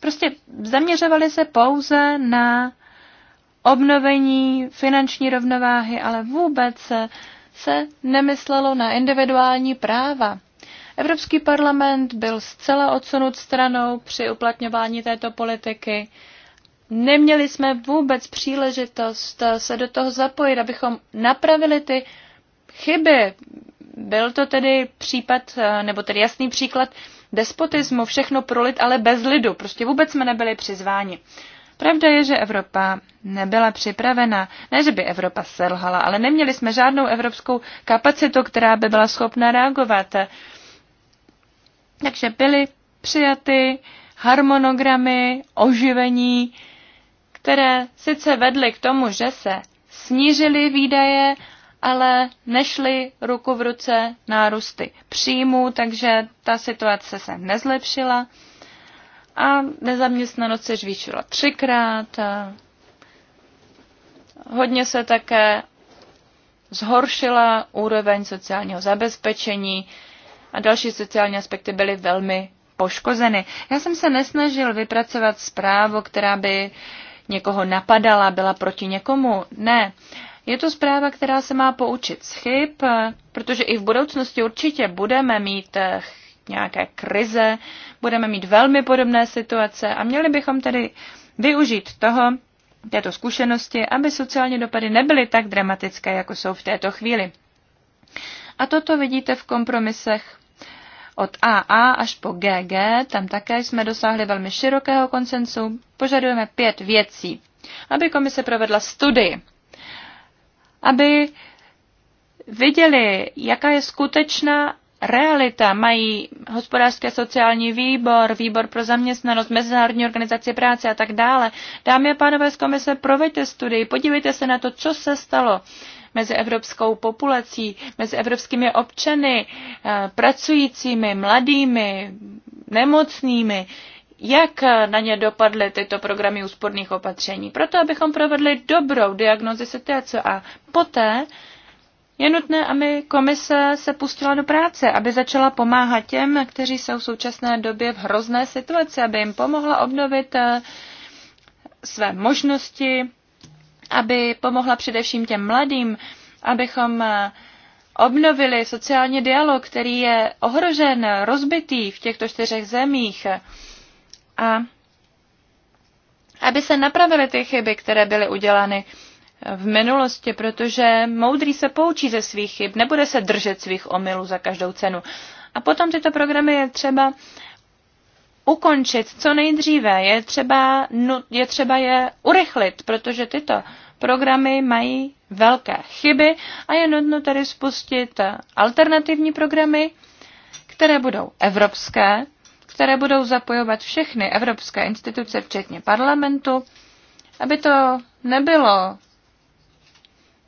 prostě zaměřovali se pouze na obnovení finanční rovnováhy, ale vůbec se, se nemyslelo na individuální práva. Evropský parlament byl zcela odsunut stranou při uplatňování této politiky. Neměli jsme vůbec příležitost se do toho zapojit, abychom napravili ty chyby. Byl to tedy případ, nebo tedy jasný příklad despotismu, všechno prolit, ale bez lidu. Prostě vůbec jsme nebyli přizváni. Pravda je, že Evropa nebyla připravena. Ne, že by Evropa selhala, ale neměli jsme žádnou evropskou kapacitu, která by byla schopna reagovat. Takže byly přijaty harmonogramy oživení, které sice vedly k tomu, že se snížily výdaje, ale nešly ruku v ruce nárůsty příjmů, takže ta situace se nezlepšila a nezaměstnanost se zvýšila třikrát. A hodně se také zhoršila úroveň sociálního zabezpečení a další sociální aspekty byly velmi poškozeny. Já jsem se nesnažil vypracovat zprávu, která by někoho napadala, byla proti někomu. Ne. Je to zpráva, která se má poučit z chyb, protože i v budoucnosti určitě budeme mít eh, nějaké krize, budeme mít velmi podobné situace a měli bychom tedy využít toho, této zkušenosti, aby sociální dopady nebyly tak dramatické, jako jsou v této chvíli. A toto vidíte v kompromisech od AA až po GG, tam také jsme dosáhli velmi širokého konsensu. Požadujeme pět věcí. Aby komise provedla studii, aby viděli, jaká je skutečná realita. Mají hospodářské sociální výbor, výbor pro zaměstnanost, Mezinárodní organizace práce a tak dále. Dámy a pánové z komise, proveďte studii, podívejte se na to, co se stalo mezi evropskou populací, mezi evropskými občany, eh, pracujícími, mladými, nemocnými, jak na ně dopadly tyto programy úsporných opatření. Proto, abychom provedli dobrou diagnozi situace a poté je nutné, aby komise se pustila do práce, aby začala pomáhat těm, kteří jsou v současné době v hrozné situaci, aby jim pomohla obnovit eh, své možnosti, aby pomohla především těm mladým, abychom eh, obnovili sociální dialog, který je ohrožen, rozbitý v těchto čtyřech zemích a aby se napravily ty chyby, které byly udělány v minulosti, protože moudrý se poučí ze svých chyb, nebude se držet svých omylů za každou cenu. A potom tyto programy je třeba ukončit co nejdříve, je třeba, no, je třeba je urychlit, protože tyto programy mají velké chyby a je nutno tedy spustit alternativní programy, které budou evropské, které budou zapojovat všechny evropské instituce, včetně parlamentu, aby to nebylo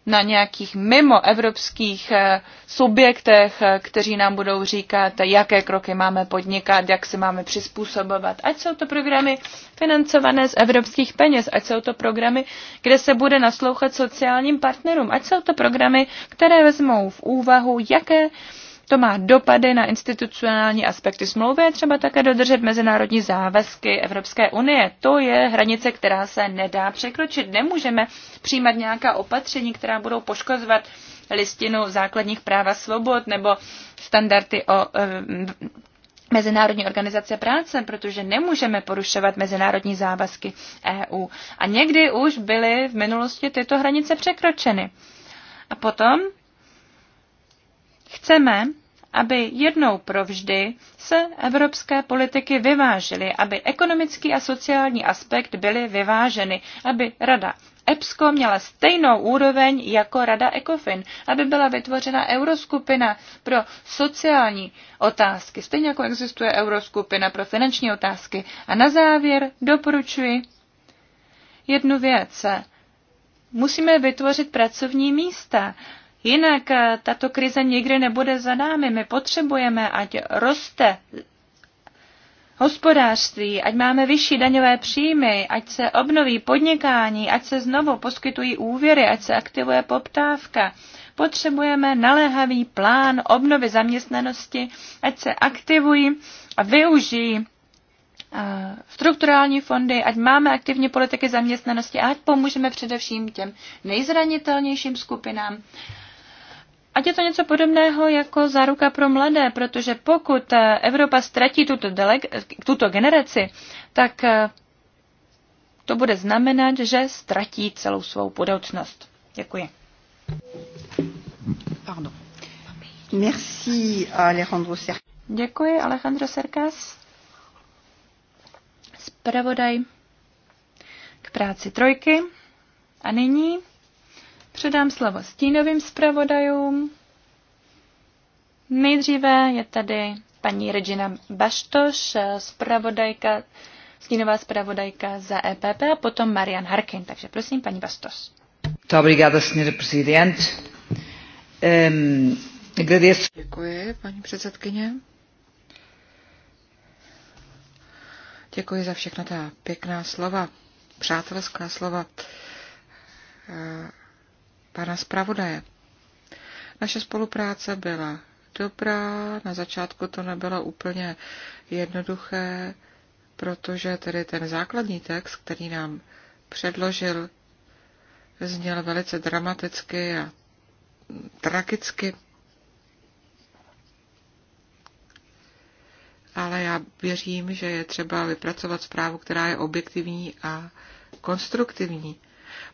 na nějakých mimoevropských eh, subjektech, eh, kteří nám budou říkat, jaké kroky máme podnikat, jak se máme přizpůsobovat. Ať jsou to programy financované z evropských peněz, ať jsou to programy, kde se bude naslouchat sociálním partnerům, ať jsou to programy, které vezmou v úvahu, jaké to má dopady na institucionální aspekty smlouvy třeba také dodržet mezinárodní závazky Evropské unie. To je hranice, která se nedá překročit. Nemůžeme přijímat nějaká opatření, která budou poškozovat listinu základních práv a svobod nebo standardy o eh, Mezinárodní organizace práce, protože nemůžeme porušovat mezinárodní závazky EU. A někdy už byly v minulosti tyto hranice překročeny. A potom Chceme, aby jednou provždy se evropské politiky vyvážily, aby ekonomický a sociální aspekt byly vyváženy, aby Rada EPSCO měla stejnou úroveň jako Rada ECOFIN, aby byla vytvořena euroskupina pro sociální otázky, stejně jako existuje euroskupina pro finanční otázky. A na závěr doporučuji jednu věc. Musíme vytvořit pracovní místa Jinak eh, tato krize nikdy nebude za námi. My potřebujeme, ať roste hospodářství, ať máme vyšší daňové příjmy, ať se obnoví podnikání, ať se znovu poskytují úvěry, ať se aktivuje poptávka. Potřebujeme naléhavý plán obnovy zaměstnanosti, ať se aktivují a využijí eh, strukturální fondy, ať máme aktivní politiky zaměstnanosti a ať pomůžeme především těm nejzranitelnějším skupinám Ať je to něco podobného jako záruka pro mladé, protože pokud eh, Evropa ztratí tuto, deleg- tuto generaci, tak eh, to bude znamenat, že ztratí celou svou budoucnost. Děkuji. Pardon. Merci, Alejandro Děkuji, Alejandro Serkas. Zpravodaj k práci trojky. A nyní Předám slovo stínovým zpravodajům. Nejdříve je tady paní Regina Baštoš, zpravodajka, stínová zpravodajka za EPP a potom Marian Harkin. Takže prosím, paní Baštoš. Obrigada, senhora prezident. Um, ehm, agradeço. Děkuji, paní předsedkyně. Děkuji za všechna ta pěkná slova, přátelská slova ehm, pana zpravodaje. Naše spolupráce byla dobrá, na začátku to nebylo úplně jednoduché, protože tedy ten základní text, který nám předložil, zněl velice dramaticky a tragicky. Ale já věřím, že je třeba vypracovat zprávu, která je objektivní a konstruktivní.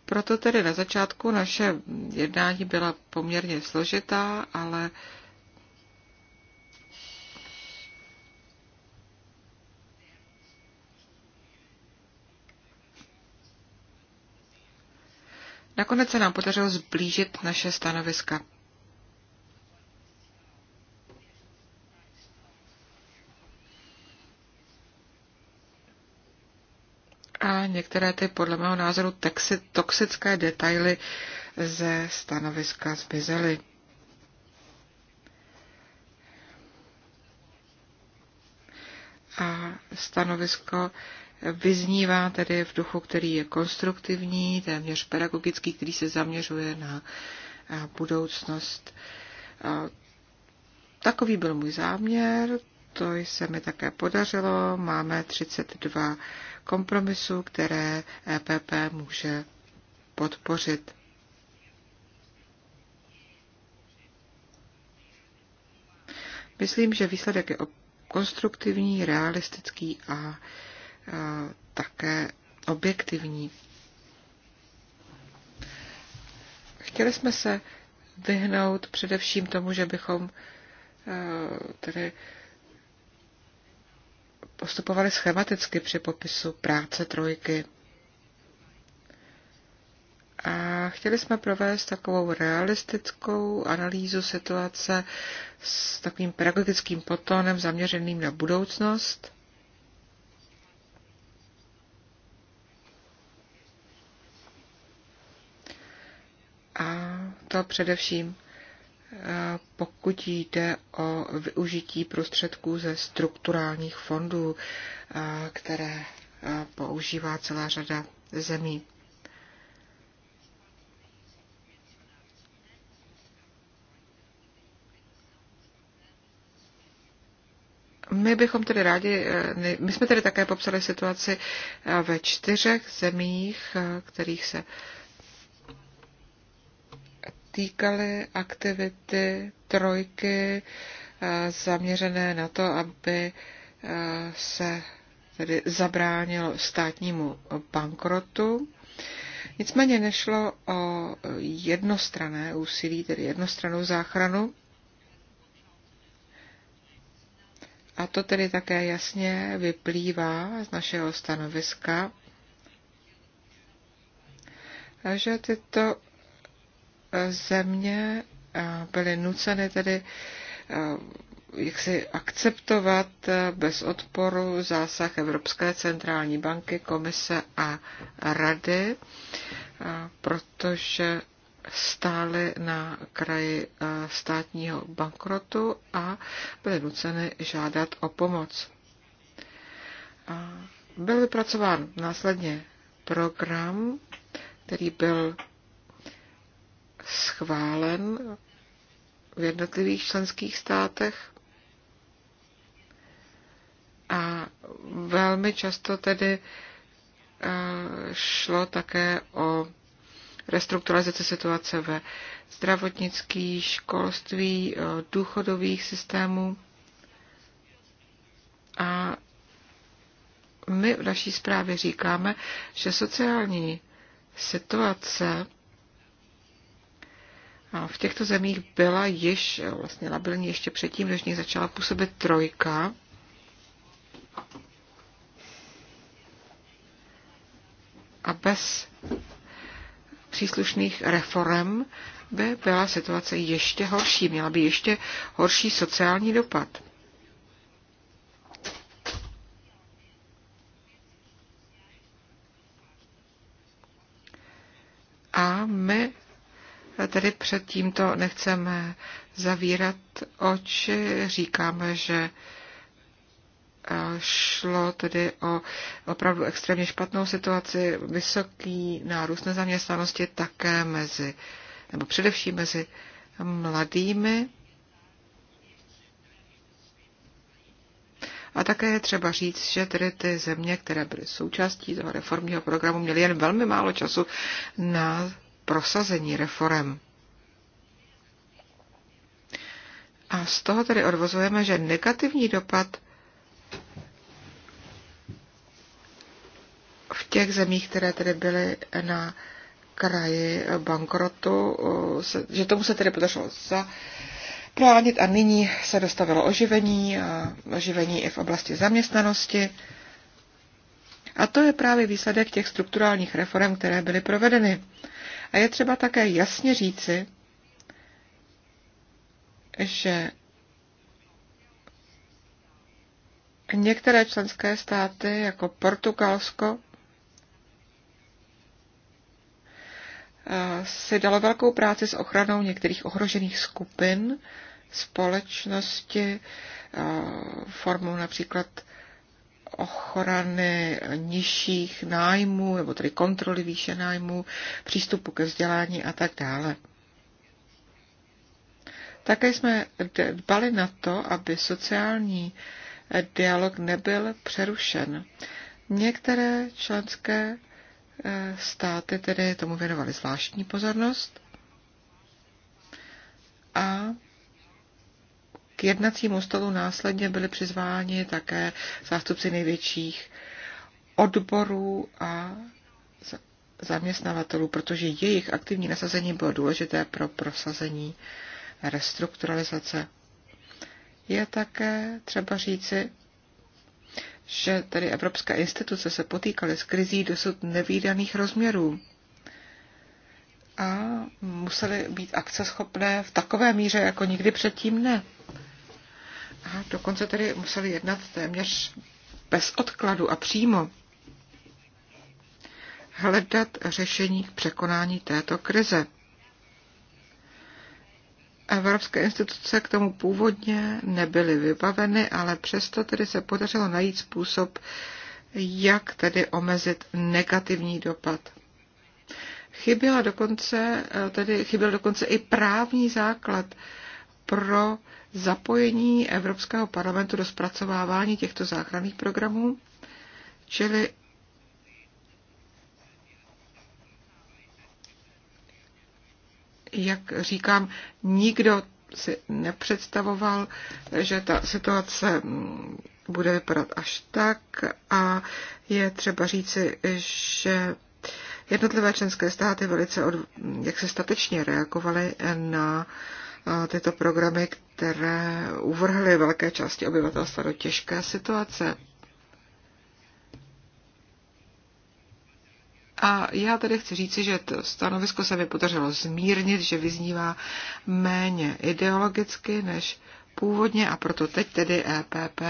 Proto tedy na začátku naše jednání byla poměrně složitá, ale Nakonec se nám podařilo zblížit naše stanoviska. některé ty, podle mého názoru, toxické detaily ze stanoviska zmizely. A stanovisko vyznívá tedy v duchu, který je konstruktivní, téměř pedagogický, který se zaměřuje na eh, budoucnost. Takový byl můj záměr, to se mi také podařilo. Máme 32 kompromisů, které EPP může podpořit. Myslím, že výsledek je konstruktivní, realistický a, a také objektivní. Chtěli jsme se vyhnout především tomu, že bychom a, e, tedy postupovali schematicky při popisu práce trojky. A chtěli jsme provést takovou realistickou analýzu situace s takovým pedagogickým potónem zaměřeným na budoucnost. A to především pokud jde o využití prostředků ze strukturálních fondů, které používá celá řada zemí. My bychom tedy rádi, e, my jsme tedy také popsali situaci e, ve čtyřech zemích, e, kterých se týkaly aktivity trojky eh, zaměřené na to, aby eh, se tedy zabránilo státnímu bankrotu. Nicméně nešlo o jednostrané úsilí, tedy jednostranou záchranu. A to tedy také jasně vyplývá z našeho stanoviska, že tyto země byly nuceny tedy jak si akceptovat bez odporu zásah Evropské centrální banky, komise a rady, protože stály na kraji státního bankrotu a byly nuceny žádat o pomoc. Byl vypracován následně program, který byl schválen v jednotlivých členských státech a velmi často tedy eh, šlo také o restrukturalizaci situace ve zdravotnický, školství, eh, důchodových systémů. A my v naší zprávě říkáme, že sociální situace v těchto zemích byla již vlastně labilní ještě předtím, než v nich začala působit trojka. A bez příslušných reform by byla situace ještě horší, měla by ještě horší sociální dopad. tedy před tímto nechceme zavírat oči, říkáme, že eh, šlo tedy o opravdu extrémně špatnou situaci, vysoký nárůst nezaměstnanosti také mezi, nebo především mezi mladými. A také je třeba říct, že tedy ty země, které byly součástí toho reformního programu, měly jen velmi málo času na prosazení reform. A z toho tedy odvozujeme, že negativní dopad v těch zemích, které tedy byly na kraji bankrotu, že tomu se tedy podařilo zabránit a nyní se dostavilo oživení, a oživení i v oblasti zaměstnanosti. A to je právě výsledek těch strukturálních reform, které byly provedeny. A je třeba také jasně říci, že některé členské státy, jako Portugalsko, eh, si dalo velkou práci s ochranou některých ohrožených skupin společnosti eh, formou například ochrany nižších nájmů, nebo tedy kontroly výše nájmů, přístupu ke vzdělání a tak dále. Také jsme dbali na to, aby sociální dialog nebyl přerušen. Některé členské eh, státy tedy tomu věnovaly zvláštní pozornost a k jednacímu stolu následně byly přizváni také zástupci největších odborů a zaměstnavatelů, protože jejich aktivní nasazení bylo důležité pro prosazení restrukturalizace. Je také třeba říci, že tedy evropské instituce se potýkaly s krizí dosud nevýdaných rozměrů a musely být akceschopné v takové míře, jako nikdy předtím ne. A dokonce tedy museli jednat téměř bez odkladu a přímo. Hledat řešení k překonání této krize. Evropské instituce k tomu původně nebyly vybaveny, ale přesto tedy se podařilo najít způsob, jak tedy omezit negativní dopad. Chyběla dokonce, eh, tedy chyběl dokonce i právní základ pro zapojení Evropského parlamentu do zpracovávání těchto záchranných programů, čili jak říkám, nikdo si nepředstavoval, že ta situace bude vypadat až tak a je třeba říci, že jednotlivé členské státy velice od, jak se statečně reagovaly na tyto programy, které uvrhly velké části obyvatelstva do těžké situace. A já tady chci říci, že to stanovisko se mi podařilo zmírnit, že vyznívá méně ideologicky než původně a proto teď tedy EPP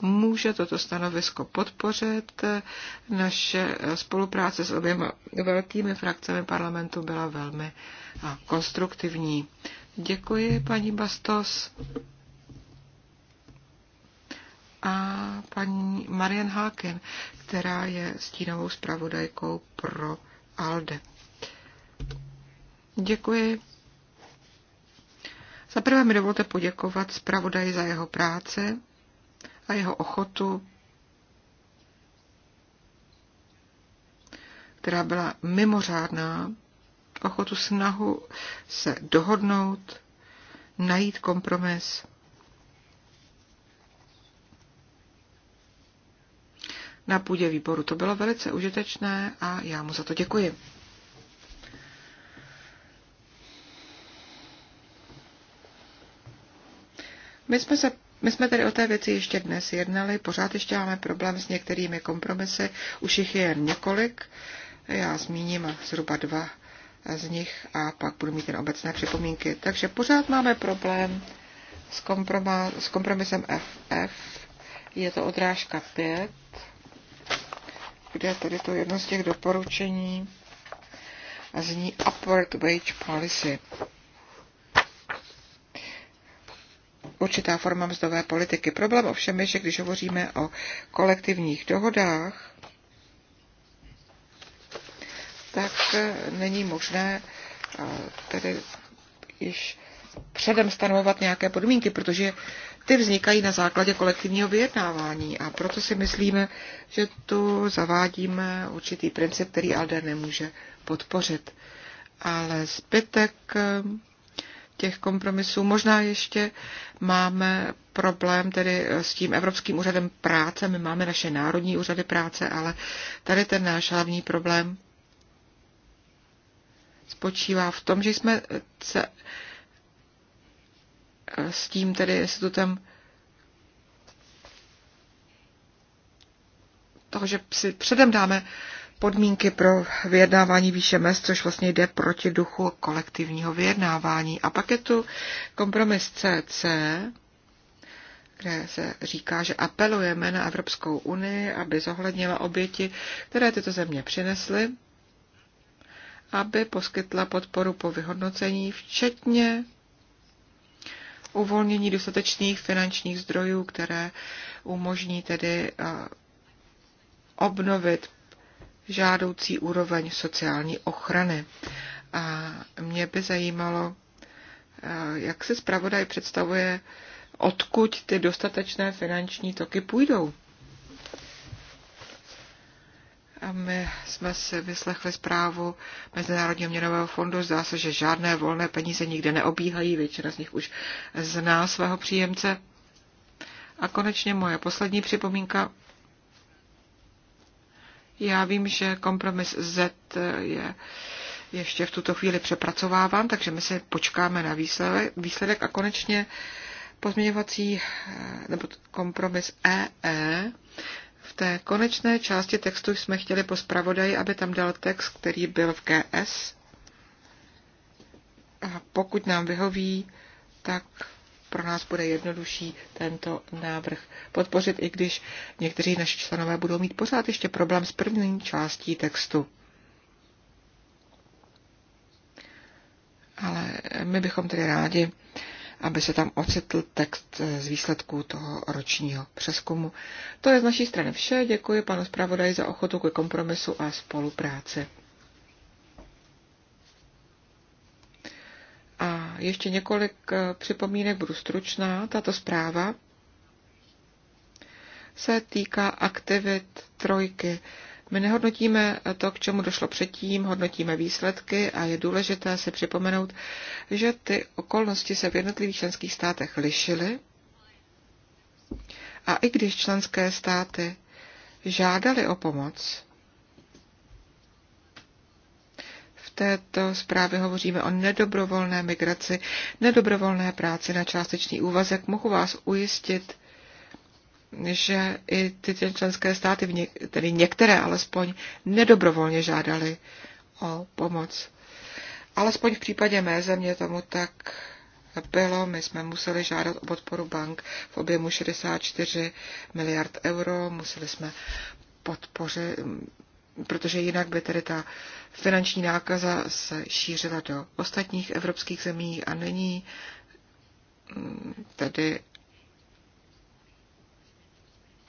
může toto stanovisko podpořit. Naše spolupráce s oběma velkými frakcemi parlamentu byla velmi konstruktivní. Děkuji, paní Bastos a paní Marian Háken, která je stínovou zpravodajkou pro ALDE. Děkuji. Za prvé mi dovolte poděkovat zpravodaji za jeho práce a jeho ochotu, která byla mimořádná, ochotu snahu se dohodnout, najít kompromis na půdě výboru. To bylo velice užitečné a já mu za to děkuji. My jsme, se, my jsme tedy o té věci ještě dnes jednali, pořád ještě máme problém s některými kompromisy, už jich je jen několik, já zmíním zhruba dva z nich a pak budu mít jen obecné připomínky. Takže pořád máme problém s, kompromis, s kompromisem FF, je to odrážka 5, kde tady to jedno z těch doporučení zní Upward Wage Policy. Určitá forma mzdové politiky. Problém ovšem je, že když hovoříme o kolektivních dohodách, tak není možné eh, tedy již předem stanovovat nějaké podmínky, protože ty vznikají na základě kolektivního vyjednávání a proto si myslíme, že tu zavádíme určitý princip, který ALDE nemůže podpořit. Ale zbytek ehm, těch kompromisů. Možná ještě máme problém tedy eh, s tím Evropským úřadem práce. My máme naše národní úřady práce, ale tady ten náš hlavní problém spočívá v tom, že jsme se Eh, s tím tedy institutem toho, že si předem dáme podmínky pro vyjednávání výše mest, což vlastně jde proti duchu kolektivního vyjednávání. A pak je tu kompromis CC, kde se říká, že apelujeme na Evropskou unii, aby zohlednila oběti, které tyto země přinesly, aby poskytla podporu po vyhodnocení, včetně uvolnění dostatečných finančních zdrojů, které umožní tedy eh, obnovit žádoucí úroveň sociální ochrany. A mě by zajímalo, eh, jak se zpravodaj představuje, odkud ty dostatečné finanční toky půjdou. A my jsme si vyslechli zprávu Mezinárodního měnového fondu. Zdá se, že žádné volné peníze nikde neobíhají, většina z nich už zná svého příjemce. A konečně moje poslední připomínka. Já vím, že kompromis Z je ještě v tuto chvíli přepracováván, takže my se počkáme na výsledek, a konečně pozměňovací eh, nebo kompromis EE. E, v té konečné části textu jsme chtěli po zpravodaji, aby tam dal text, který byl v GS. A pokud nám vyhoví, tak pro nás bude jednodušší tento návrh podpořit, i když někteří naši členové budou mít pořád ještě problém s první částí textu. Ale my bychom tedy rádi aby se tam ocitl text eh, z výsledků toho ročního přeskumu. To je z naší strany vše. Děkuji panu zpravodaji za ochotu ke kompromisu a spolupráci. A ještě několik eh, připomínek, budu stručná. Tato zpráva se týká aktivit trojky my nehodnotíme to, k čemu došlo předtím, hodnotíme výsledky a je důležité si připomenout, že ty okolnosti se v jednotlivých členských státech lišily a i když členské státy žádali o pomoc, v této zprávě hovoříme o nedobrovolné migraci, nedobrovolné práci na částečný úvazek. Mohu vás ujistit, že i ty členské státy, tedy některé alespoň, nedobrovolně žádali o pomoc. Alespoň v případě mé země tomu tak bylo. My jsme museli žádat o podporu bank v objemu 64 miliard euro. Museli jsme podpořit, protože jinak by tedy ta finanční nákaza se šířila do ostatních evropských zemí a není mm, tedy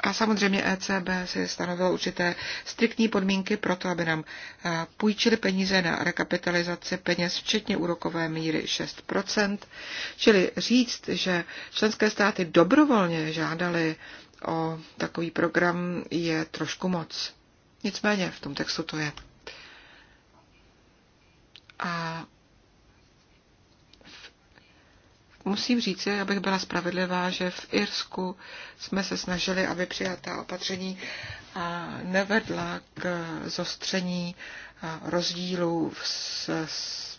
a samozřejmě ECB si stanovilo určité striktní podmínky pro to, aby nám eh, půjčili peníze na rekapitalizaci peněz, včetně úrokové míry 6%. Čili říct, že členské státy dobrovolně žádali o takový program, je trošku moc. Nicméně v tom textu to je. A Musím říci, abych byla spravedlivá, že v Irsku jsme se snažili, aby přijatá opatření nevedla k eh, zostření eh, rozdílů s, s,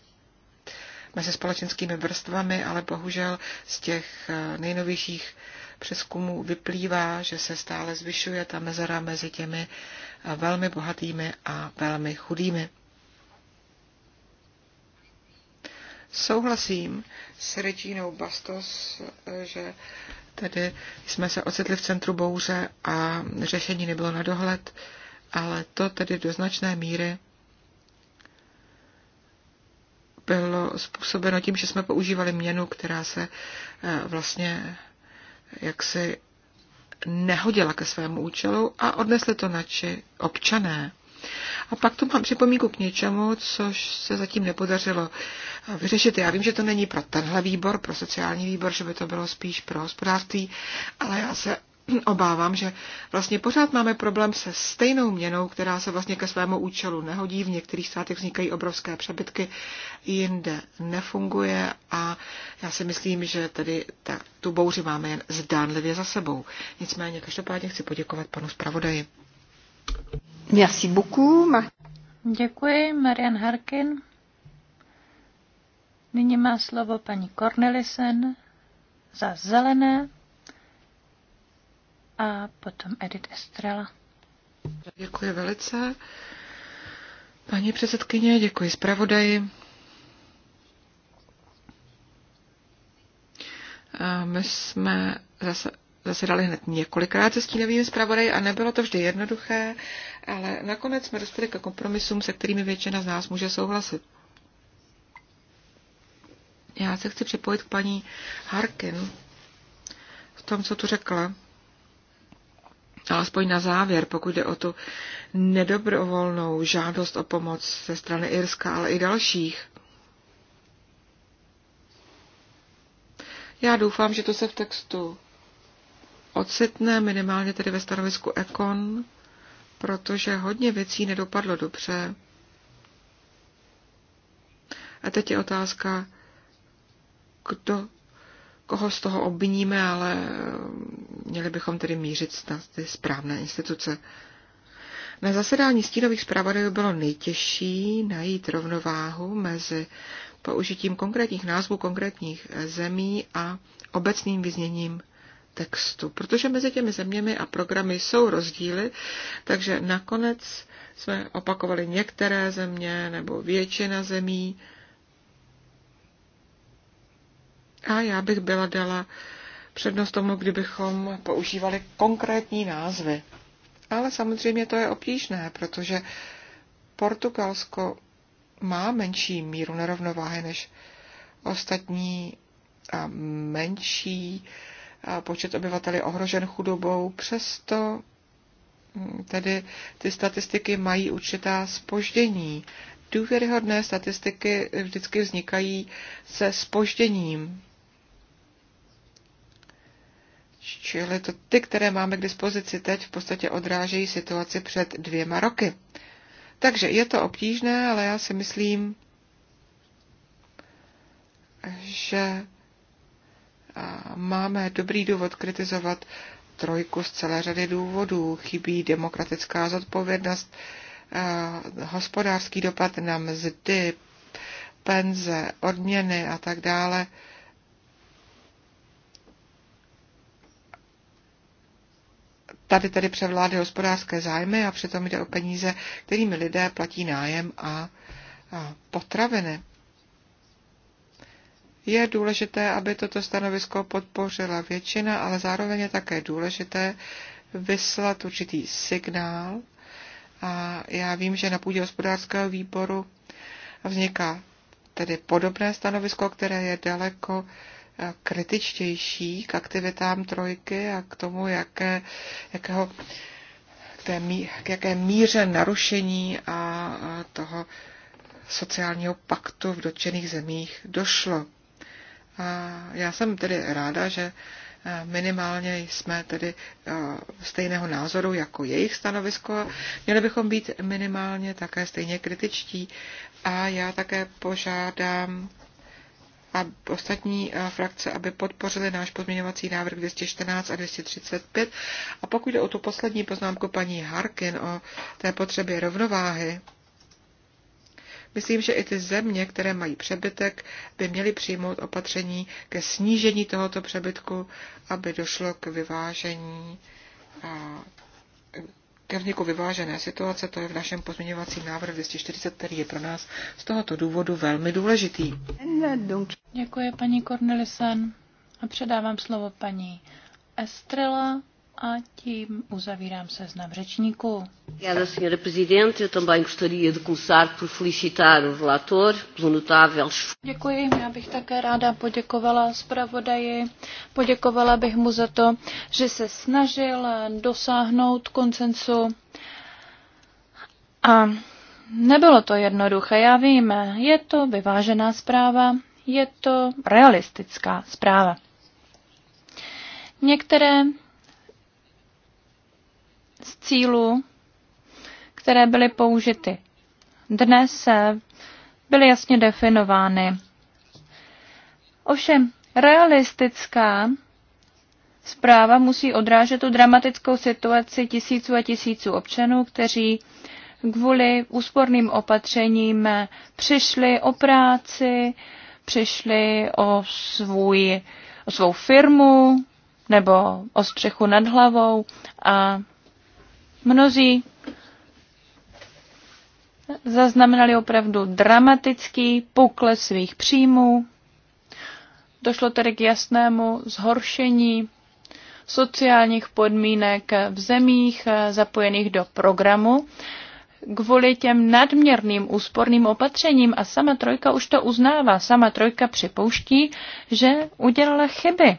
mezi společenskými vrstvami, ale bohužel z těch eh, nejnovějších přeskumů vyplývá, že se stále zvyšuje ta mezera mezi těmi velmi bohatými a velmi chudými. Souhlasím s Reginou Bastos, eh, že tedy jsme se ocitli v centru bouře a řešení nebylo na dohled, ale to tedy do značné míry bylo způsobeno tím, že jsme používali měnu, která se eh, vlastně jaksi nehodila ke svému účelu a odnesli to nači občané. A pak tu mám připomínku k něčemu, což se zatím nepodařilo eh, vyřešit. Já vím, že to není pro tenhle výbor, pro sociální výbor, že by to bylo spíš pro hospodářství, ale já se [clears throat] obávám, že vlastně pořád máme problém se stejnou měnou, která se vlastně ke svému účelu nehodí. V některých státech vznikají obrovské přebytky, jinde nefunguje a já si myslím, že tedy ta, tu bouři máme jen zdánlivě za sebou. Nicméně každopádně chci poděkovat panu zpravodaji. Merci beaucoup. Děkuji, Marian Harkin. Nyní má slovo paní Cornelisen za zelené a potom Edith Estrela. Děkuji velice. Paní předsedkyně, děkuji zpravodaji. My jsme zase zasedali hned několikrát se stínovými zpravodaji a nebylo to vždy jednoduché, ale nakonec jsme dospěli ke kompromisům, se kterými většina z nás může souhlasit. Já se chci připojit k paní Harkin v tom, co tu řekla, alespoň na závěr, pokud jde o tu nedobrovolnou žádost o pomoc ze strany Irska, ale i dalších. Já doufám, že to se v textu ocitne, minimálně tedy ve stanovisku Ekon protože hodně věcí nedopadlo dobře. A teď je otázka, kdo, koho z toho obviníme, ale měli bychom tedy mířit na ty správné instituce. Na zasedání stínových zpravodajů bylo nejtěžší najít rovnováhu mezi použitím konkrétních názvů konkrétních zemí a obecným vyzněním textu, protože mezi těmi zeměmi a programy jsou rozdíly, takže nakonec jsme opakovali některé země nebo většina zemí. A já bych byla dala přednost tomu, kdybychom používali konkrétní názvy. Ale samozřejmě to je obtížné, protože Portugalsko má menší míru nerovnováhy než ostatní a menší uh, počet obyvatel je ohrožen chudobou, přesto mm, tedy ty statistiky mají určitá spoždění. Důvěryhodné statistiky vždycky vznikají se spožděním. Čili to ty, které máme k dispozici teď, v podstatě odrážejí situaci před dvěma roky. Takže je to obtížné, ale já si myslím, že máme dobrý důvod kritizovat trojku z celé řady důvodů. Chybí demokratická zodpovědnost, hospodářský dopad na mzdy, penze, odměny a tak dále. Tady tedy převlády hospodářské zájmy a přitom jde o peníze, kterými lidé platí nájem a potraviny. Je důležité, aby toto stanovisko podpořila většina, ale zároveň je také důležité vyslat určitý signál. A já vím, že na půdě hospodářského výboru vzniká tedy podobné stanovisko, které je daleko eh, kritičtější k aktivitám trojky a k tomu, jaké, jakého, k, té, mí, k jaké míře narušení a, a toho sociálního paktu v dotčených zemích došlo já jsem tedy ráda, že eh, minimálně jsme tedy eh, stejného názoru jako jejich stanovisko. Měli bychom být minimálně také stejně kritičtí a já také požádám a ostatní eh, frakce, aby podpořili náš pozměňovací návrh 214 a 235. A pokud jde o tu poslední poznámku paní Harkin o té potřebě rovnováhy, Myslím, že i ty země, které mají přebytek, by měly přijmout opatření ke snížení tohoto přebytku, aby došlo k vyvážení a ke vzniku vyvážené situace, to je v našem pozměňovacím návrhu 240, který je pro nás z tohoto důvodu velmi důležitý. Děkuji paní Cornelisen a předávám slovo paní Estrela a tím uzavírám seznam řečníků. Obrigada, senhora Presidente. Eu também gostaria de começar por felicitar o relator pelo notável Děkuji, já bych také ráda poděkovala zpravodaji. Poděkovala bych mu za to, že se snažil dosáhnout koncensu. A nebylo to jednoduché, já vím. Je to vyvážená zpráva, je to realistická zpráva. Některé z cílů, které byly použity dnes, eh, byly jasně definovány. Ovšem, realistická zpráva musí odrážet tu dramatickou situaci tisíců a tisíců občanů, kteří kvůli úsporným opatřením eh, přišli o práci, přišli o, svůj, o svou firmu nebo o střechu nad hlavou a Mnozí zaznamenali opravdu dramatický pokles svých příjmů. Došlo tedy k jasnému zhoršení sociálních podmínek v zemích zapojených do programu kvůli těm nadměrným úsporným opatřením a sama trojka už to uznává. Sama trojka připouští, že udělala chyby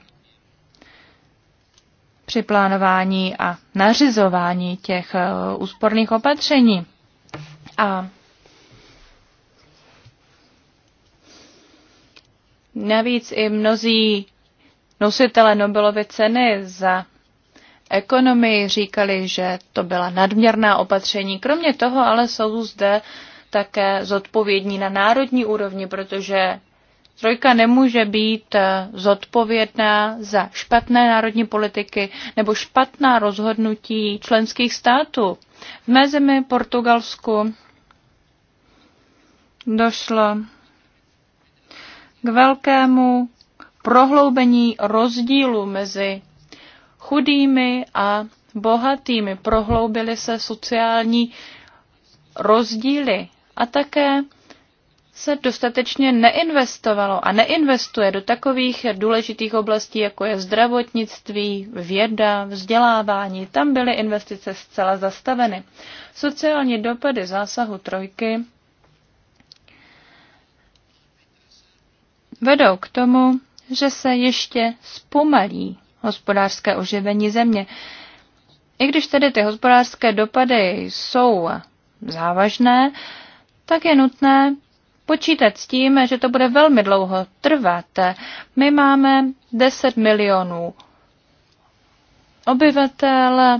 při plánování a nařizování těch eh, úsporných opatření. A navíc i mnozí nositele Nobelovy ceny za ekonomii říkali, že to byla nadměrná opatření. Kromě toho ale jsou zde také zodpovědní na národní úrovni, protože Trojka nemůže být eh, zodpovědná za špatné národní politiky nebo špatná rozhodnutí členských států. V mé zemi Portugalsku došlo k velkému prohloubení rozdílu mezi chudými a bohatými. Prohloubily se sociální rozdíly a také se dostatečně neinvestovalo a neinvestuje do takových důležitých oblastí, jako je zdravotnictví, věda, vzdělávání. Tam byly investice zcela zastaveny. Sociální dopady zásahu trojky vedou k tomu, že se ještě zpomalí hospodářské oživení země. I když tedy ty hospodářské dopady jsou závažné, tak je nutné počítat s tím, že to bude velmi dlouho trvat. My máme 10 milionů obyvatel,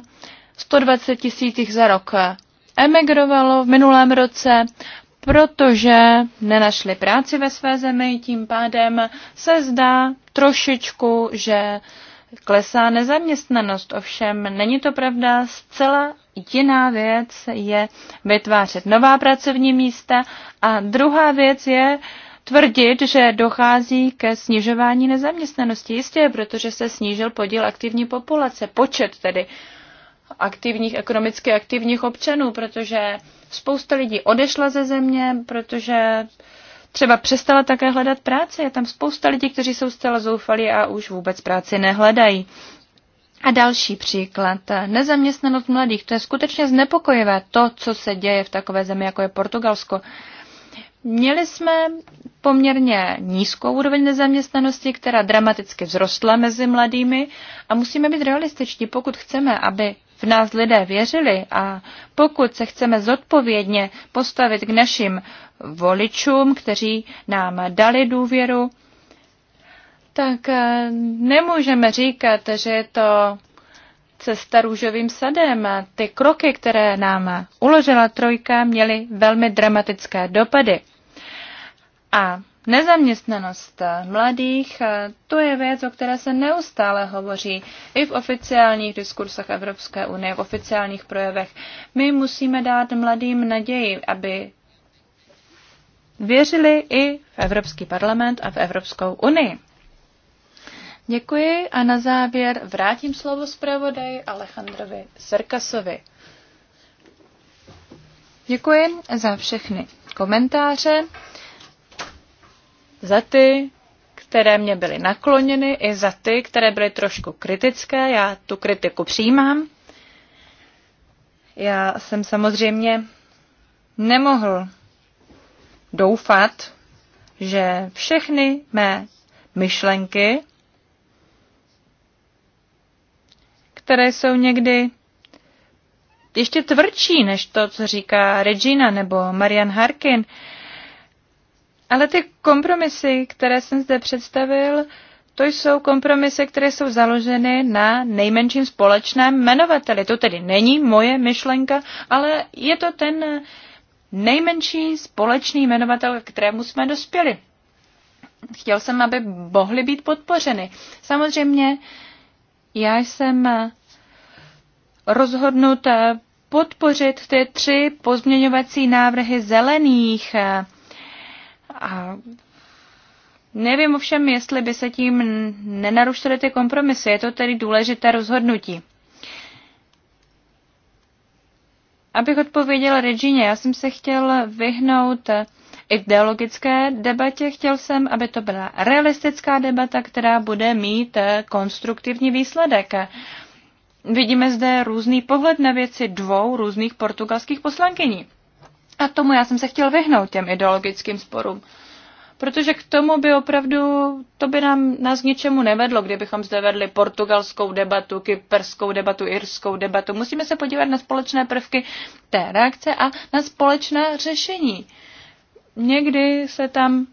120 tisíc za rok emigrovalo v minulém roce, protože nenašli práci ve své zemi, tím pádem se zdá trošičku, že klesá nezaměstnanost. Ovšem není to pravda, zcela jiná věc je vytvářet nová pracovní místa a druhá věc je tvrdit, že dochází ke snižování nezaměstnanosti. Jistě, protože se snížil podíl aktivní populace, počet tedy aktivních, ekonomicky aktivních občanů, protože spousta lidí odešla ze země, protože třeba přestala také hledat práci. Je tam spousta lidí, kteří jsou zcela zoufalí a už vůbec práci nehledají. A další příklad. Nezaměstnanost mladých. To je skutečně znepokojivé, to, co se děje v takové zemi, jako je Portugalsko. Měli jsme poměrně nízkou úroveň nezaměstnanosti, která dramaticky vzrostla mezi mladými a musíme být realističtí, pokud chceme, aby v nás lidé věřili a pokud se chceme zodpovědně postavit k našim voličům, kteří nám dali důvěru, tak eh, nemůžeme říkat, že je to cesta růžovým sadem. Ty kroky, které nám uložila trojka, měly velmi dramatické dopady. A Nezaměstnanost mladých, eh, to je věc, o které se neustále hovoří i v oficiálních diskursech Evropské unie, v oficiálních projevech. My musíme dát mladým naději, aby věřili i v Evropský parlament a v Evropskou unii. Děkuji a na závěr vrátím slovo zpravodaji Alejandrovi Serkasovi. Děkuji za všechny komentáře za ty, které mě byly nakloněny, i za ty, které byly trošku kritické. Já tu kritiku přijímám. Já jsem samozřejmě nemohl doufat, že všechny mé myšlenky, které jsou někdy ještě tvrdší než to, co říká Regina nebo Marian Harkin, ale ty kompromisy, které jsem zde představil, to jsou kompromisy, které jsou založeny na nejmenším společném jmenovateli. To tedy není moje myšlenka, ale je to ten nejmenší společný jmenovatel, kterému jsme dospěli. Chtěl jsem, aby mohly být podpořeny. Samozřejmě já jsem rozhodnut podpořit ty tři pozměňovací návrhy zelených, a nevím ovšem, jestli by se tím nenarušily ty kompromisy. Je to tedy důležité rozhodnutí. Abych odpověděl Regině, já jsem se chtěl vyhnout ideologické debatě. Chtěl jsem, aby to byla realistická debata, která bude mít konstruktivní výsledek. Vidíme zde různý pohled na věci dvou různých portugalských poslankyní. A tomu já jsem se chtěl vyhnout těm ideologickým sporům. Protože k tomu by opravdu, to by nám, nás ničemu nevedlo, kdybychom zde vedli portugalskou debatu, kyperskou debatu, irskou debatu. Musíme se podívat na společné prvky té reakce a na společná řešení. Někdy se tam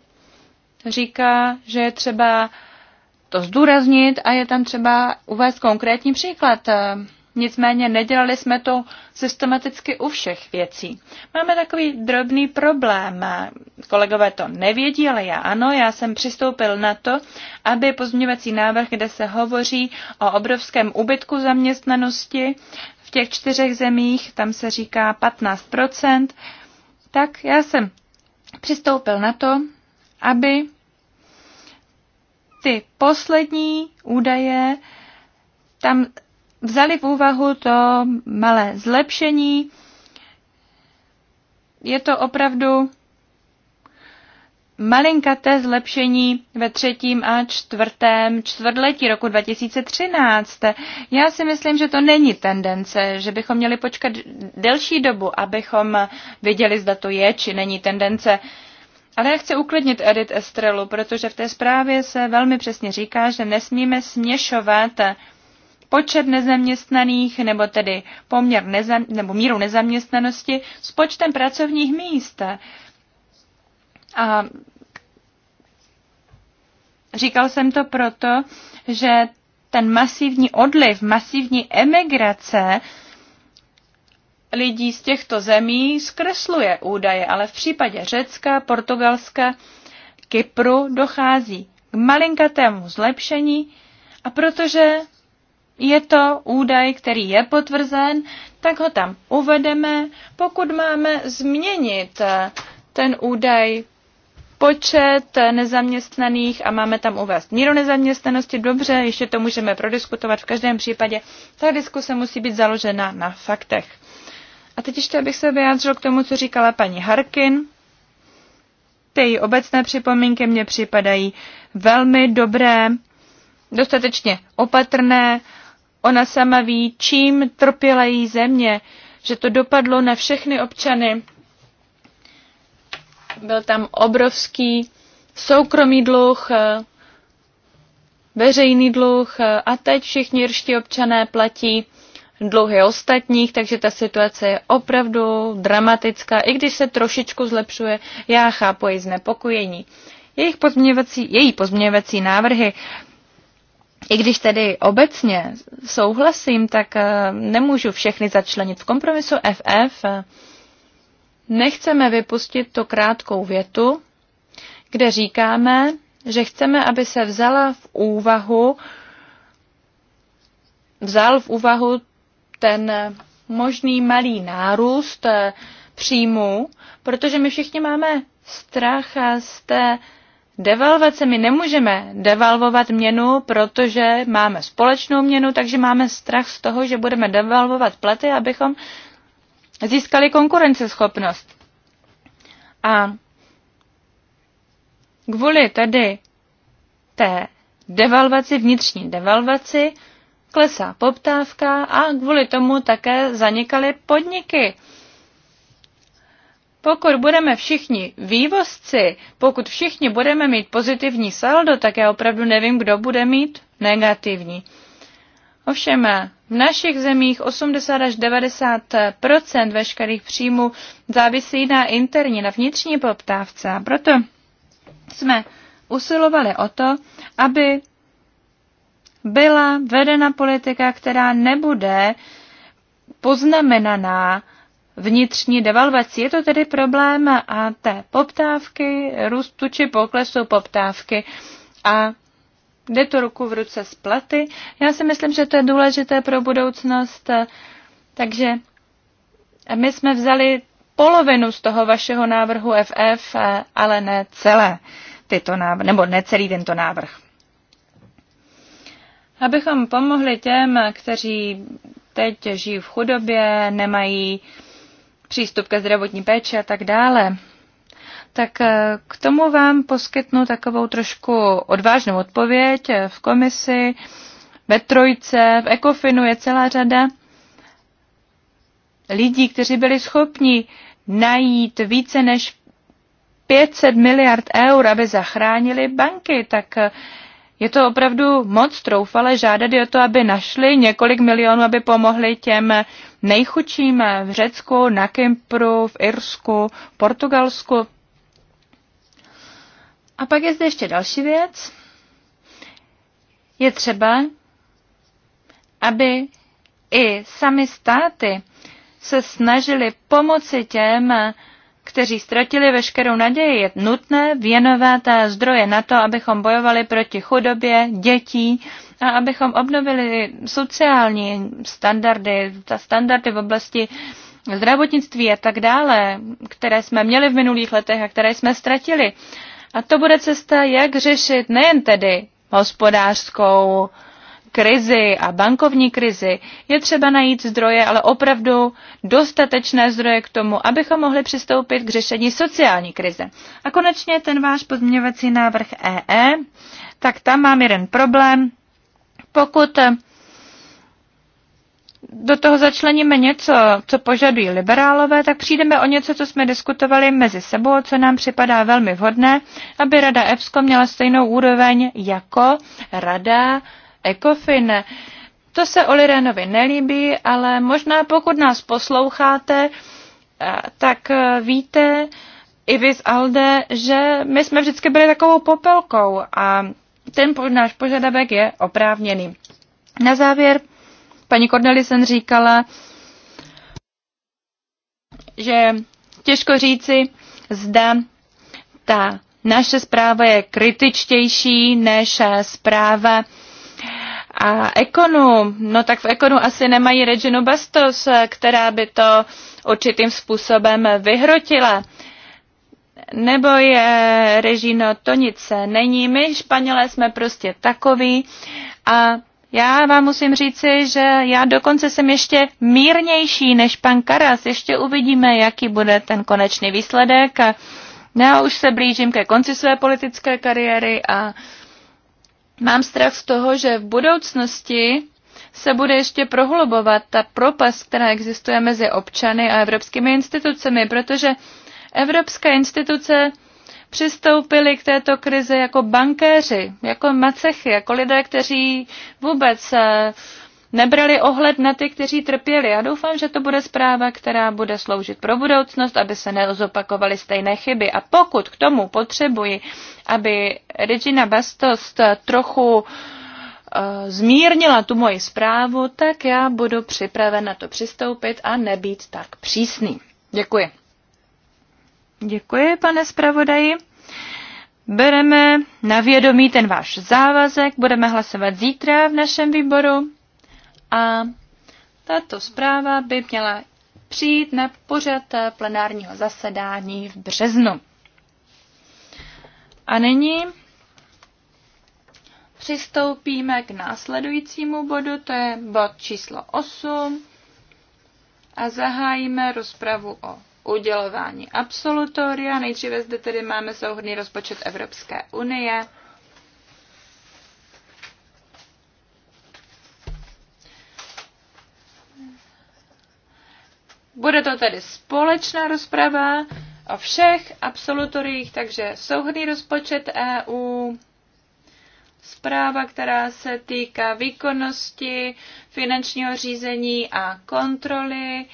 říká, že je třeba to zdůraznit a je tam třeba uvést konkrétní příklad. Nicméně nedělali jsme to systematicky u všech věcí. Máme takový drobný problém. Kolegové to nevědí, ale já ano, já jsem přistoupil na to, aby pozměňovací návrh, kde se hovoří o obrovském ubytku zaměstnanosti v těch čtyřech zemích, tam se říká 15%, tak já jsem přistoupil na to, aby ty poslední údaje tam vzali v úvahu to malé zlepšení. Je to opravdu malinkaté zlepšení ve třetím a čtvrtém čtvrtletí roku 2013. Já si myslím, že to není tendence, že bychom měli počkat delší dobu, abychom viděli, zda to je, či není tendence. Ale já chci uklidnit Edith Estrelu, protože v té zprávě se velmi přesně říká, že nesmíme směšovat počet nezaměstnaných nebo tedy poměr nezam, nebo míru nezaměstnanosti s počtem pracovních míst. A říkal jsem to proto, že ten masivní odliv, masivní emigrace lidí z těchto zemí zkresluje údaje, ale v případě Řecka, Portugalska, Kypru dochází k malinkatému zlepšení a protože je to údaj, který je potvrzen, tak ho tam uvedeme. Pokud máme změnit eh, ten údaj počet eh, nezaměstnaných a máme tam uvést míru nezaměstnanosti, dobře, ještě to můžeme prodiskutovat. V každém případě ta diskuse musí být založena na faktech. A teď ještě abych se vyjádřil k tomu, co říkala paní Harkin. Ty její obecné připomínky mně připadají velmi dobré, dostatečně opatrné, Ona sama ví, čím trpěla její země, že to dopadlo na všechny občany. Byl tam obrovský soukromý dluh, eh, veřejný dluh eh, a teď všichni irští občané platí dluhy ostatních, takže ta situace je opravdu dramatická, i když se trošičku zlepšuje, já chápu její znepokojení. Jejich pozměňovací, její pozměňovací návrhy i když tedy obecně souhlasím, tak eh, nemůžu všechny začlenit v kompromisu FF. Nechceme vypustit tu krátkou větu, kde říkáme, že chceme, aby se vzala v úvahu, vzal v úvahu ten možný malý nárůst eh, příjmů, protože my všichni máme strach z té devalvace. My nemůžeme devalvovat měnu, protože máme společnou měnu, takže máme strach z toho, že budeme devalvovat platy, abychom získali konkurenceschopnost. A kvůli tedy té devalvaci, vnitřní devalvaci, klesá poptávka a kvůli tomu také zanikaly podniky pokud budeme všichni vývozci, pokud všichni budeme mít pozitivní saldo, tak já opravdu nevím, kdo bude mít negativní. Ovšem, v našich zemích 80 až 90 veškerých příjmů závisí na interní, na vnitřní poptávce. A proto jsme usilovali o to, aby byla vedena politika, která nebude poznamenaná vnitřní devalvací. Je to tedy problém a té poptávky, růstu či poklesu poptávky a jde to ruku v ruce s platy. Já si myslím, že to je důležité pro budoucnost, takže my jsme vzali polovinu z toho vašeho návrhu FF, ale ne celé tyto návrhy, nebo ne celý tento návrh. Abychom pomohli těm, kteří teď žijí v chudobě, nemají přístup ke zdravotní péči a tak dále, tak eh, k tomu vám poskytnu takovou trošku odvážnou odpověď v komisi, ve trojce, v ECOFINu je celá řada lidí, kteří byli schopni najít více než 500 miliard eur, aby zachránili banky, tak eh, je to opravdu moc troufale žádat je o to, aby našli několik milionů, aby pomohli těm nejchučím eh, v Řecku, na Kypru, v Irsku, Portugalsku. A pak je zde ještě další věc. Je třeba, aby i sami státy se snažili pomoci těm, eh, kteří ztratili veškerou naději, je nutné věnovat zdroje na to, abychom bojovali proti chudobě dětí a abychom obnovili sociální standardy, ta standardy v oblasti zdravotnictví a tak dále, které jsme měli v minulých letech a které jsme ztratili. A to bude cesta, jak řešit nejen tedy hospodářskou krizi a bankovní krizi, je třeba najít zdroje, ale opravdu dostatečné zdroje k tomu, abychom mohli přistoupit k řešení sociální krize. A konečně ten váš pozměňovací návrh EE, e, tak tam mám jeden problém. Pokud eh, do toho začleníme něco, co požadují liberálové, tak přijdeme o něco, co jsme diskutovali mezi sebou, co nám připadá velmi vhodné, aby Rada EPSCO měla stejnou úroveň jako Rada ECOFIN. To se Oli Renovi nelíbí, ale možná pokud nás posloucháte, eh, tak eh, víte i vy z Alde, že my jsme vždycky byli takovou popelkou a ten náš požadavek je oprávněný. Na závěr paní Cornelisen říkala, že těžko říci, zda ta naše zpráva je kritičtější než eh, zpráva a Ekonu, no tak v Ekonu asi nemají Reginu Bastos, která by to určitým způsobem vyhrotila. Nebo je Režino, to nic se není. My Španělé jsme prostě takový a já vám musím říci, že já dokonce jsem ještě mírnější než pan Karas. Ještě uvidíme, jaký bude ten konečný výsledek. A já už se blížím ke konci své politické kariéry a Mám strach z toho, že v budoucnosti se bude ještě prohlubovat ta propast, která existuje mezi občany a evropskými institucemi, protože evropské instituce přistoupili k této krizi jako bankéři, jako macechy, jako lidé, kteří vůbec eh, nebrali ohled na ty, kteří trpěli. Já doufám, že to bude zpráva, která bude sloužit pro budoucnost, aby se neozopakovaly stejné chyby. A pokud k tomu potřebuji, aby Regina Bastos trochu eh, zmírnila tu moji zprávu, tak já budu připraven na to přistoupit a nebýt tak přísný. Děkuji. Děkuji, pane zpravodaji. Bereme na vědomí ten váš závazek, budeme hlasovat zítra v našem výboru a tato zpráva by měla přijít na pořad plenárního zasedání v březnu. A nyní přistoupíme k následujícímu bodu, to je bod číslo 8 a zahájíme rozpravu o udělování absolutoria. Nejdříve zde tedy máme souhodný rozpočet Evropské unie Bude to tedy společná rozprava o všech absolutoriích, takže souhrný rozpočet EU, zpráva, která se týká výkonnosti, finančního řízení a kontroly,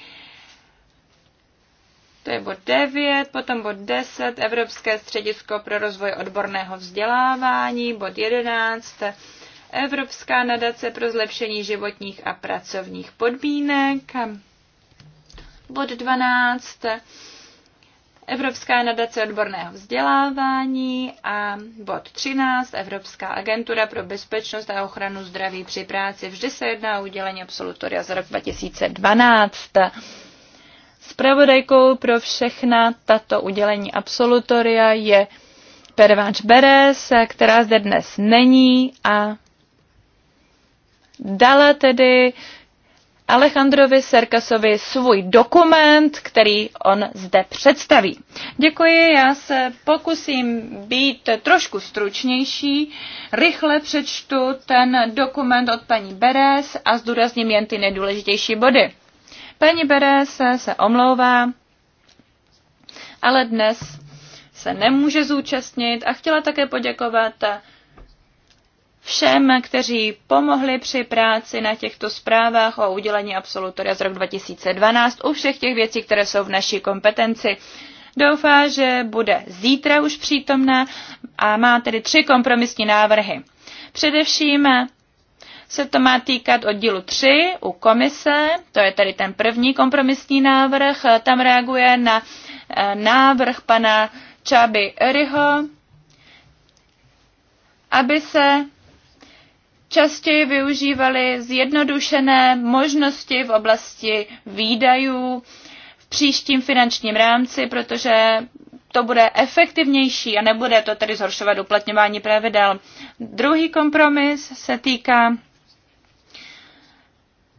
to je bod 9, potom bod 10, Evropské středisko pro rozvoj odborného vzdělávání, bod 11, Evropská nadace pro zlepšení životních a pracovních podmínek. Bod 12. Evropská nadace odborného vzdělávání a bod 13. Evropská agentura pro bezpečnost a ochranu zdraví při práci. Vždy se jedná o udělení absolutoria za rok 2012. Spravodajkou pro všechna tato udělení absolutoria je Perváč Beres, která zde dnes není a dala tedy Alejandrovi Serkasovi svůj dokument, který on zde představí. Děkuji, já se pokusím být trošku stručnější. Rychle přečtu ten dokument od paní Beres a zdůrazním jen ty nejdůležitější body. Paní Beres se omlouvá, ale dnes se nemůže zúčastnit a chtěla také poděkovat všem, kteří pomohli při práci na těchto zprávách o udělení absolutoria z roku 2012, u všech těch věcí, které jsou v naší kompetenci. Doufá, že bude zítra už přítomná a má tedy tři kompromisní návrhy. Především se to má týkat oddílu 3 u komise, to je tedy ten první kompromisní návrh, tam reaguje na eh, návrh pana Čáby Eriho, aby se častěji využívali zjednodušené možnosti v oblasti výdajů v příštím finančním rámci, protože to bude efektivnější a nebude to tedy zhoršovat uplatňování pravidel. Druhý kompromis se týká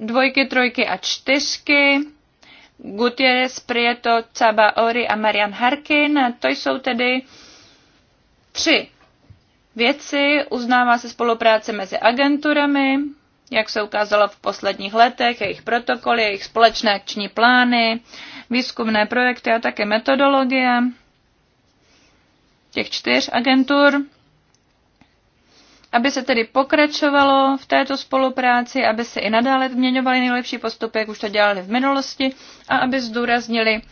dvojky, trojky a čtyřky. Gutierrez, Prieto, Caba Ori a Marian Harkin. To jsou tedy tři věci, uznává se spolupráce mezi agenturami, jak se ukázalo v posledních letech, jejich protokoly, jejich společné akční plány, výzkumné projekty a také metodologie těch čtyř agentur, aby se tedy pokračovalo v této spolupráci, aby se i nadále vyměňovaly nejlepší postupy, jak už to dělali v minulosti, a aby zdůraznili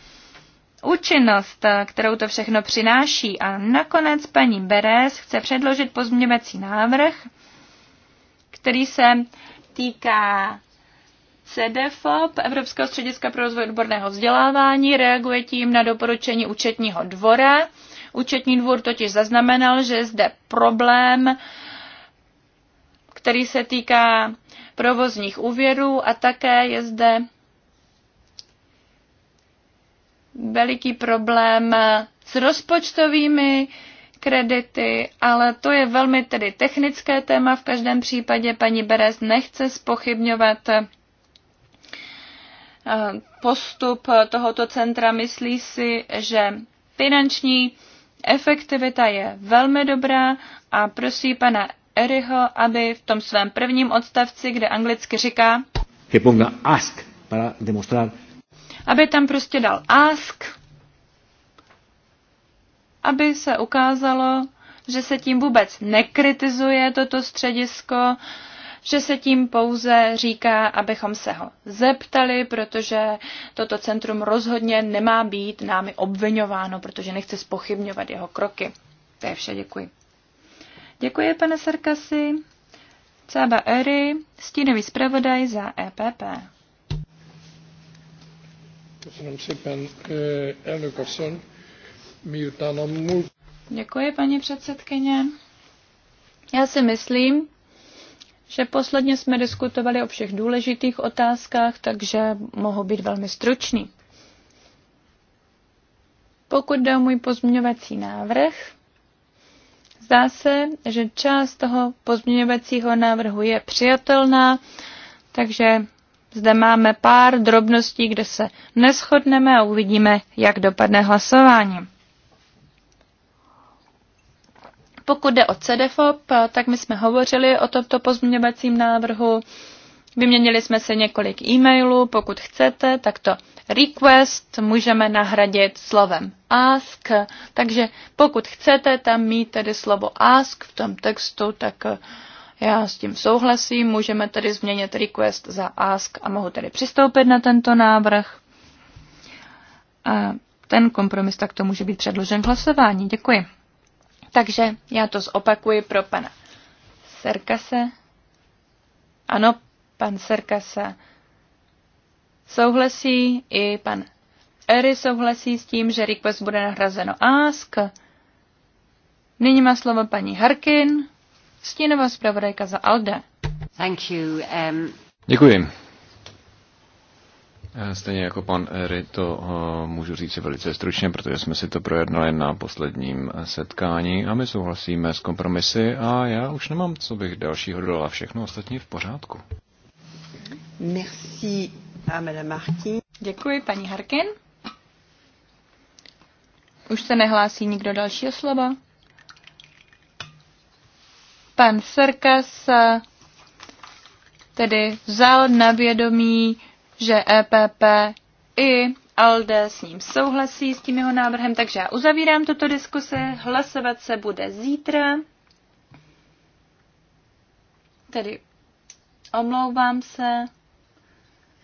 účinnost, eh, kterou to všechno přináší. A nakonec paní Beres chce předložit pozměňovací návrh, který se týká CDFOP, Evropského střediska pro rozvoj odborného vzdělávání, reaguje tím na doporučení účetního dvora. Účetní dvůr totiž zaznamenal, že je zde problém, který se týká provozních úvěrů a také je zde veliký problém s rozpočtovými kredity, ale to je velmi tedy technické téma. V každém případě paní Beres nechce spochybňovat eh, postup tohoto centra. Myslí si, že finanční efektivita je velmi dobrá a prosí pana Eriho, aby v tom svém prvním odstavci, kde anglicky říká, que ponga ask para demostrar aby tam prostě dal ask, aby se ukázalo, že se tím vůbec nekritizuje toto středisko, že se tím pouze říká, abychom se ho zeptali, protože toto centrum rozhodně nemá být námi obvinováno, protože nechce spochybňovat jeho kroky. To je vše, děkuji. Děkuji, pane Sarkasi. Cába Ery, stínový zpravodaj za EPP. Děkuji, paní předsedkyně. Já si myslím, že posledně jsme diskutovali o všech důležitých otázkách, takže mohu být velmi stručný. Pokud jde o můj pozměňovací návrh, zdá se, že část toho pozměňovacího návrhu je přijatelná, takže zde máme pár drobností, kde se neschodneme a uvidíme, jak dopadne hlasování. Pokud jde o CDFOP, tak my jsme hovořili o tomto pozměňovacím návrhu. Vyměnili jsme se několik e-mailů. Pokud chcete, tak to request můžeme nahradit slovem ask. Takže pokud chcete tam mít tedy slovo ask v tom textu, tak já s tím souhlasím, můžeme tedy změnit request za ask a mohu tedy přistoupit na tento návrh. A ten kompromis takto může být předložen k hlasování. Děkuji. Takže já to zopakuji pro pana Serkase. Ano, pan Serkase souhlasí, i pan Ery souhlasí s tím, že request bude nahrazeno ask. Nyní má slovo paní Harkin stínová zpravodajka za ALDE. Thank you, um... Děkuji. Eh, stejně jako pan Ery, to eh, můžu říct velice stručně, protože jsme si to projednali na posledním eh, setkání a my souhlasíme s kompromisy a já už nemám, co bych dalšího dodala. Všechno ostatní v pořádku. Merci Madame Harkin. Děkuji, paní Harkin. Už se nehlásí nikdo dalšího slova? pan Serkas eh, tedy vzal na vědomí, že EPP i ALDE s ním souhlasí, s tím jeho návrhem, takže já uzavírám tuto diskusi. Hlasovat se bude zítra. Tedy omlouvám se.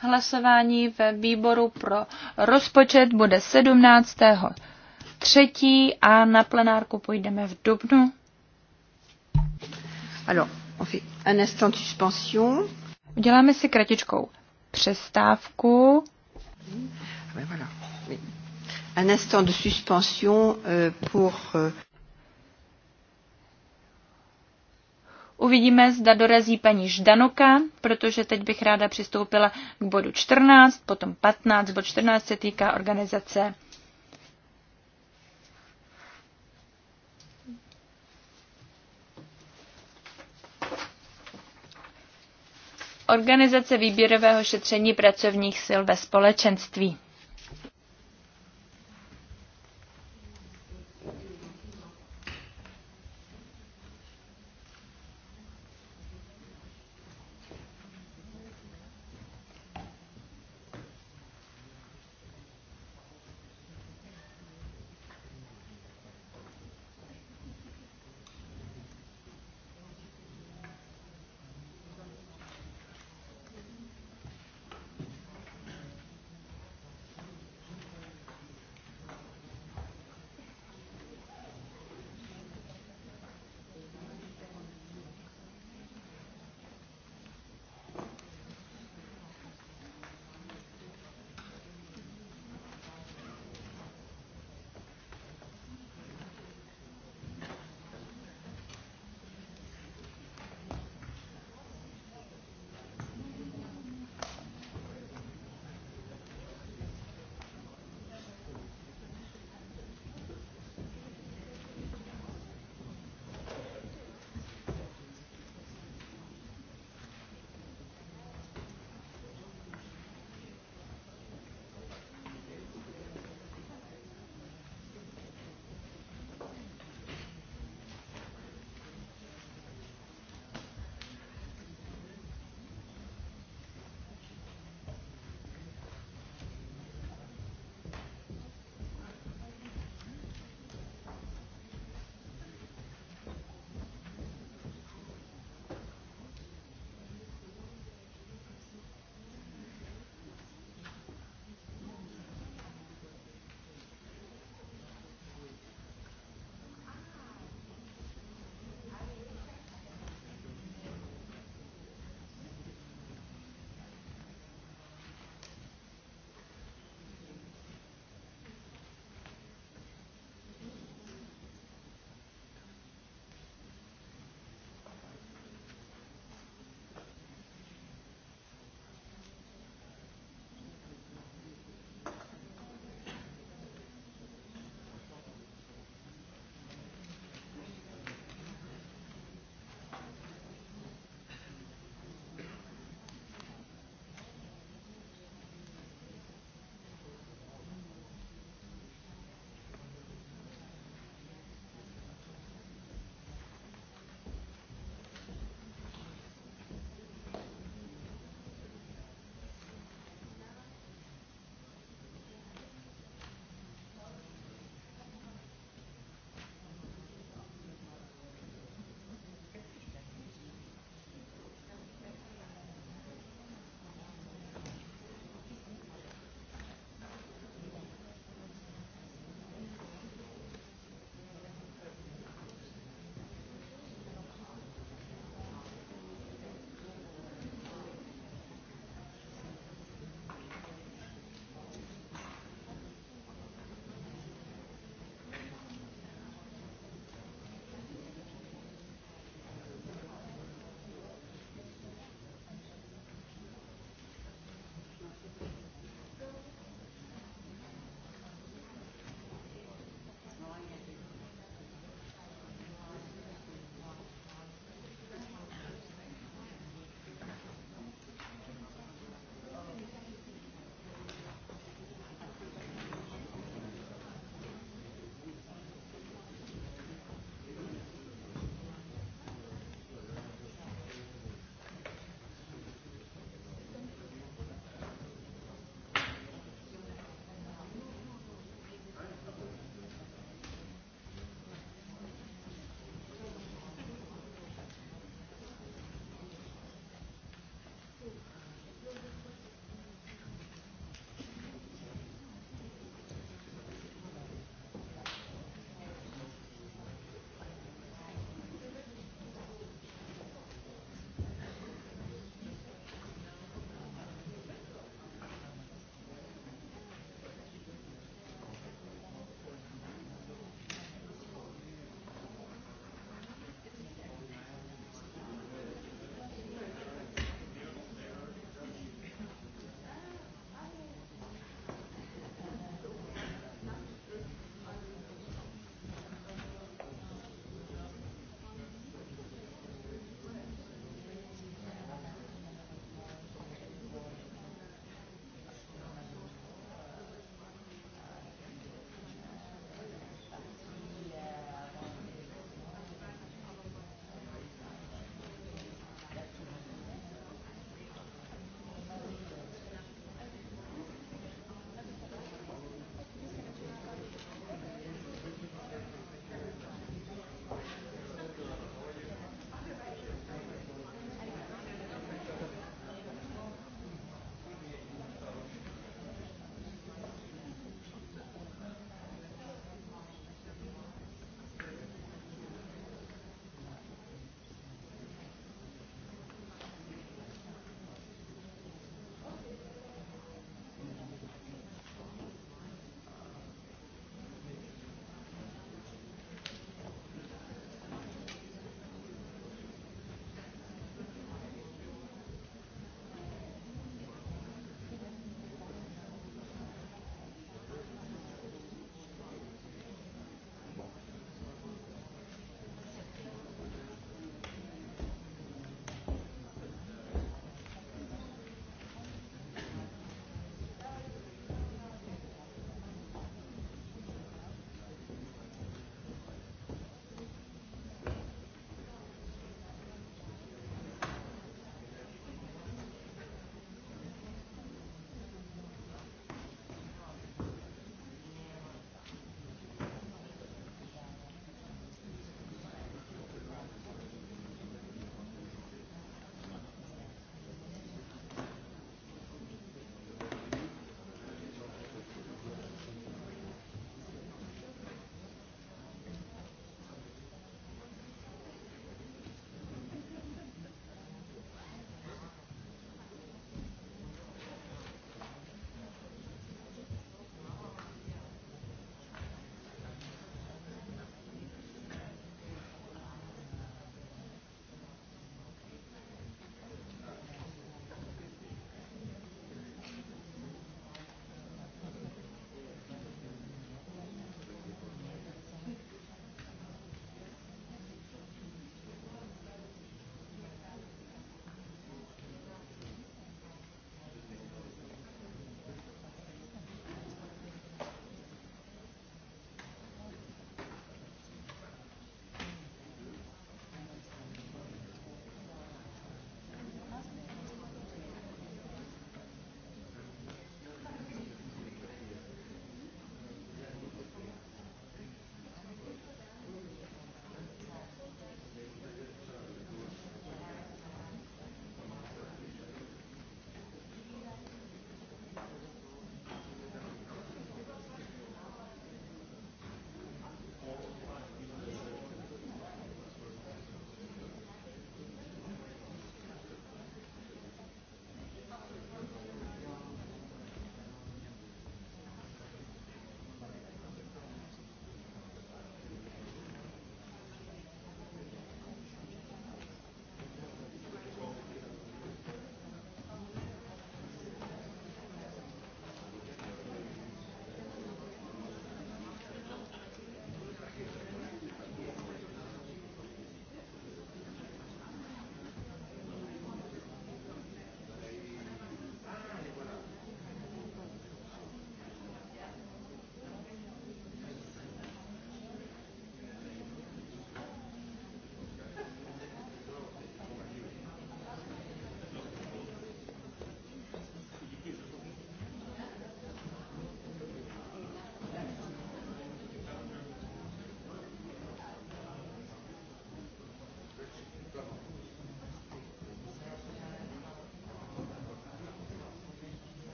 Hlasování ve výboru pro rozpočet bude 17. třetí a na plenárku půjdeme v dubnu. Alors, on fait un instant de suspension. Uděláme si kratičkou přestávku. Ah, voilà. oui. Un instant de suspension euh, pour... Euh... Uvidíme, zda dorazí paní Ždanoka, protože teď bych ráda přistoupila k bodu 14, potom 15. Bod 14 se týká organizace organizace výběrového šetření pracovních sil ve společenství.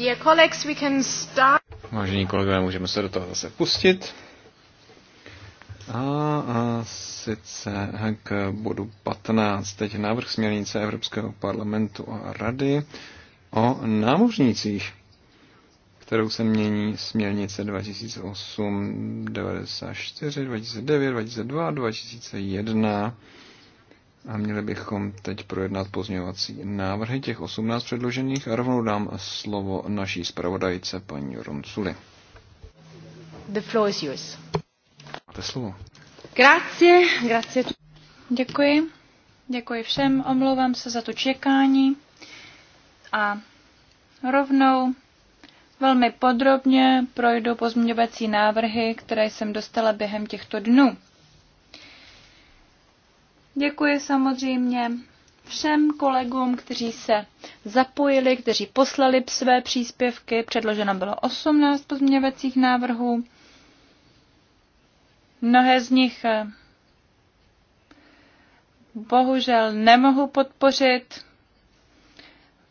Dear colleagues, we can start. Vážení kolegové, můžeme se do toho zase pustit. A, a sice k bodu 15, teď návrh směrnice Evropského parlamentu a rady o námořnících, kterou se mění směrnice 2008, 94, 2009, 2002, 2001 a měli bychom teď projednat pozměňovací návrhy těch 18 předložených a rovnou dám slovo naší zpravodajce paní Ronculi. The floor is yours. Máte slovo. Grazie, grazie. Děkuji. Děkuji všem, omlouvám se za to čekání a rovnou velmi podrobně projdu pozměňovací návrhy, které jsem dostala během těchto dnů. Děkuji samozřejmě všem kolegům, kteří se zapojili, kteří poslali své příspěvky. Předloženo bylo 18 pozměňovacích návrhů. Mnohé z nich eh, bohužel nemohu podpořit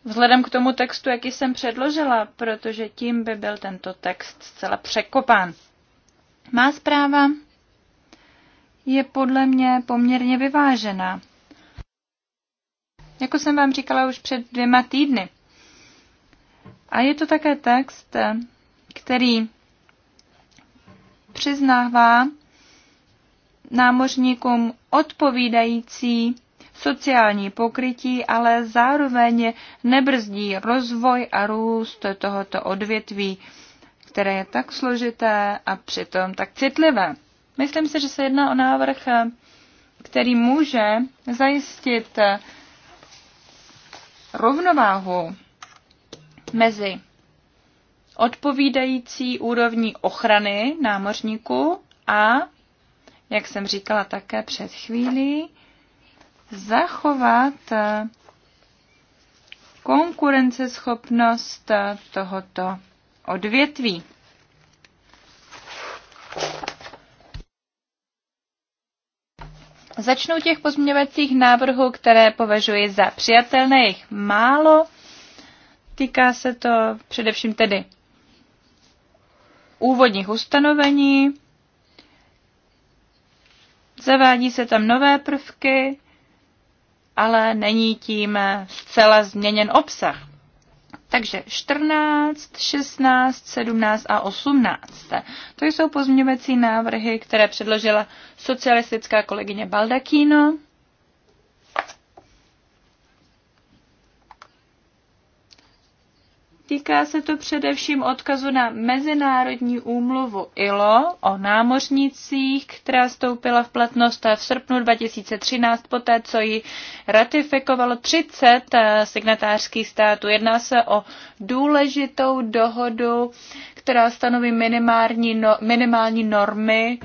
vzhledem k tomu textu, jaký jsem předložila, protože tím by byl tento text zcela překopán. Má zpráva je podle mě poměrně vyvážená. Jako jsem vám říkala už před dvěma týdny. A je to také text, který přiznává námořníkům odpovídající sociální pokrytí, ale zároveň nebrzdí rozvoj a růst tohoto odvětví, které je tak složité a přitom tak citlivé. Myslím si, že se jedná o návrh, eh, který může zajistit eh, rovnováhu mezi odpovídající úrovní ochrany námořníků a, jak jsem říkala také před chvílí, zachovat eh, konkurenceschopnost tohoto odvětví. Začnu těch pozměňovacích návrhů, které považuji za přijatelné, jich málo. Týká se to především tedy úvodních ustanovení. Zavádí se tam nové prvky, ale není tím zcela změněn obsah. Takže 14, 16, 17 a 18. To jsou pozměňovací návrhy, které předložila socialistická kolegyně Baldakino. Týká se to především odkazu na Mezinárodní úmluvu ILO o námořnicích, která stoupila v platnost v srpnu 2013, poté co ji ratifikovalo 30 eh, signatářských států. Jedná se o důležitou dohodu, která stanoví minimální, no- minimální normy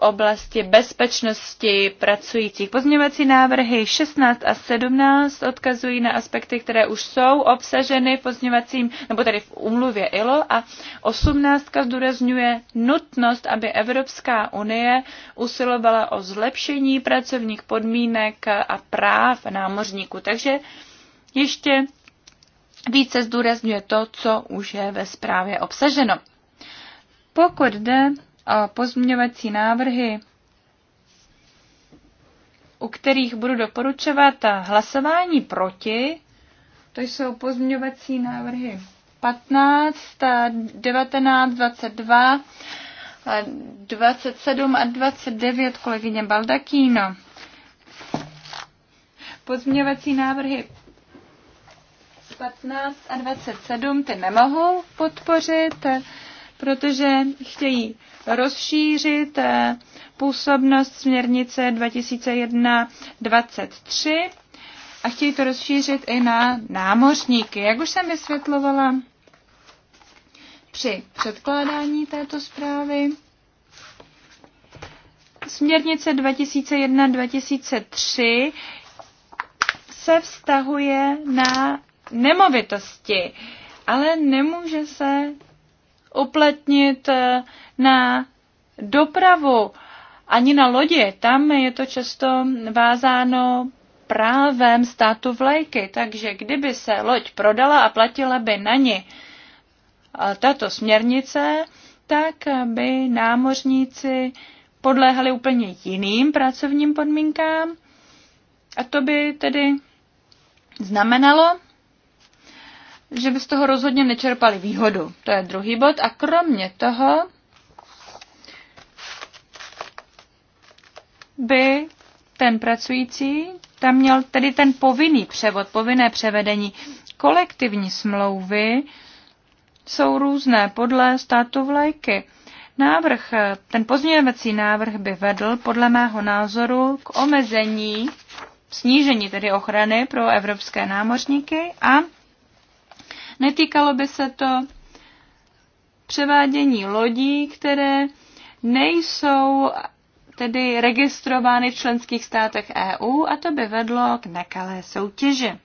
oblasti bezpečnosti pracujících. Pozměňovací návrhy 16 a 17 odkazují na aspekty, které už jsou obsaženy v pozměňovacím, nebo tady v umluvě ILO a 18 zdůrazňuje nutnost, aby Evropská unie usilovala o zlepšení pracovních podmínek a práv námořníků. Takže ještě více zdůrazňuje to, co už je ve zprávě obsaženo. Pokud jde o pozměňovací návrhy, u kterých budu doporučovat hlasování proti. To jsou pozměňovací návrhy 15, 19, 22, 27 a 29 kolegyně Baldakíno. Pozměňovací návrhy 15 a 27 ty nemohou podpořit, protože chtějí rozšířit eh, působnost směrnice 2001-23 a chtějí to rozšířit i na námořníky. Jak už jsem vysvětlovala při předkládání této zprávy, směrnice 2001-2003 se vztahuje na nemovitosti, ale nemůže se uplatnit eh, na dopravu ani na lodě. Tam je to často vázáno právem státu vlajky, takže kdyby se loď prodala a platila by na ni eh, tato směrnice, tak by námořníci podléhali úplně jiným pracovním podmínkám a to by tedy znamenalo, že by z toho rozhodně nečerpali výhodu. To je druhý bod. A kromě toho by ten pracující tam měl tedy ten povinný převod, povinné převedení. Kolektivní smlouvy jsou různé podle státu vlajky. Návrh, ten pozměňovací návrh by vedl podle mého názoru k omezení, snížení tedy ochrany pro evropské námořníky a Netýkalo by se to převádění lodí, které nejsou tedy registrovány v členských státech EU a to by vedlo k nekalé soutěži.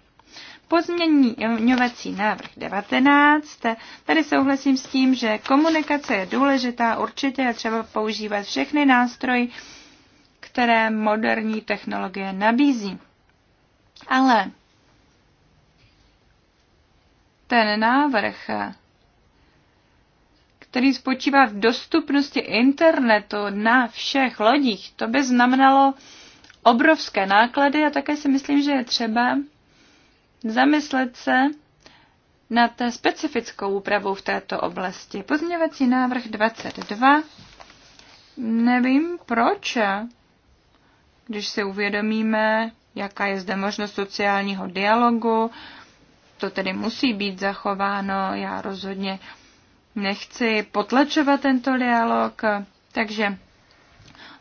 Pozměňovací návrh 19. Tady souhlasím s tím, že komunikace je důležitá, určitě je třeba používat všechny nástroje, které moderní technologie nabízí. Ale ten návrh, který spočívá v dostupnosti internetu na všech lodích, to by znamenalo obrovské náklady a také si myslím, že je třeba zamyslet se na té specifickou úpravu v této oblasti. Pozměňovací návrh 22. Nevím proč, když si uvědomíme, jaká je zde možnost sociálního dialogu, to tedy musí být zachováno. Já rozhodně nechci potlačovat tento dialog, takže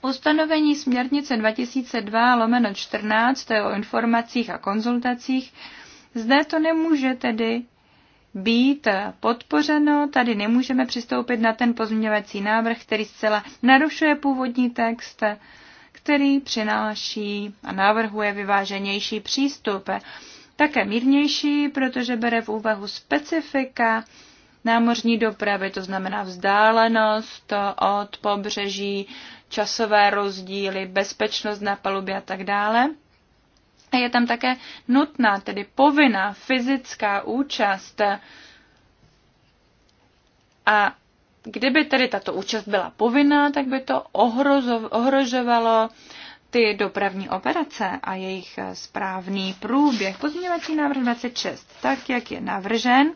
Ustanovení směrnice 2002 lomeno 14, to je o informacích a konzultacích, zde to nemůže tedy být podpořeno, tady nemůžeme přistoupit na ten pozměňovací návrh, který zcela narušuje původní text, který přináší a navrhuje vyváženější přístup také mírnější, protože bere v úvahu specifika námořní dopravy, to znamená vzdálenost od pobřeží, časové rozdíly, bezpečnost na palubě a tak dále. A je tam také nutná, tedy povinná fyzická účast. A kdyby tedy tato účast byla povinná, tak by to ohrožovalo ty dopravní operace a jejich správný průběh. Pozměňovací návrh 26, tak jak je navržen,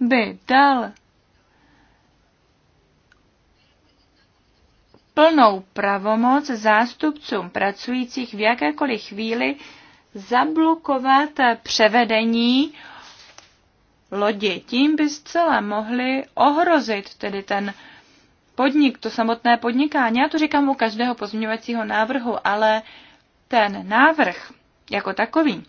by dal plnou pravomoc zástupcům pracujících v jakékoliv chvíli zablokovat převedení lodi. Tím by zcela mohli ohrozit tedy ten podnik, to samotné podnikání. Já to říkám u každého pozměňovacího návrhu, ale ten návrh jako takový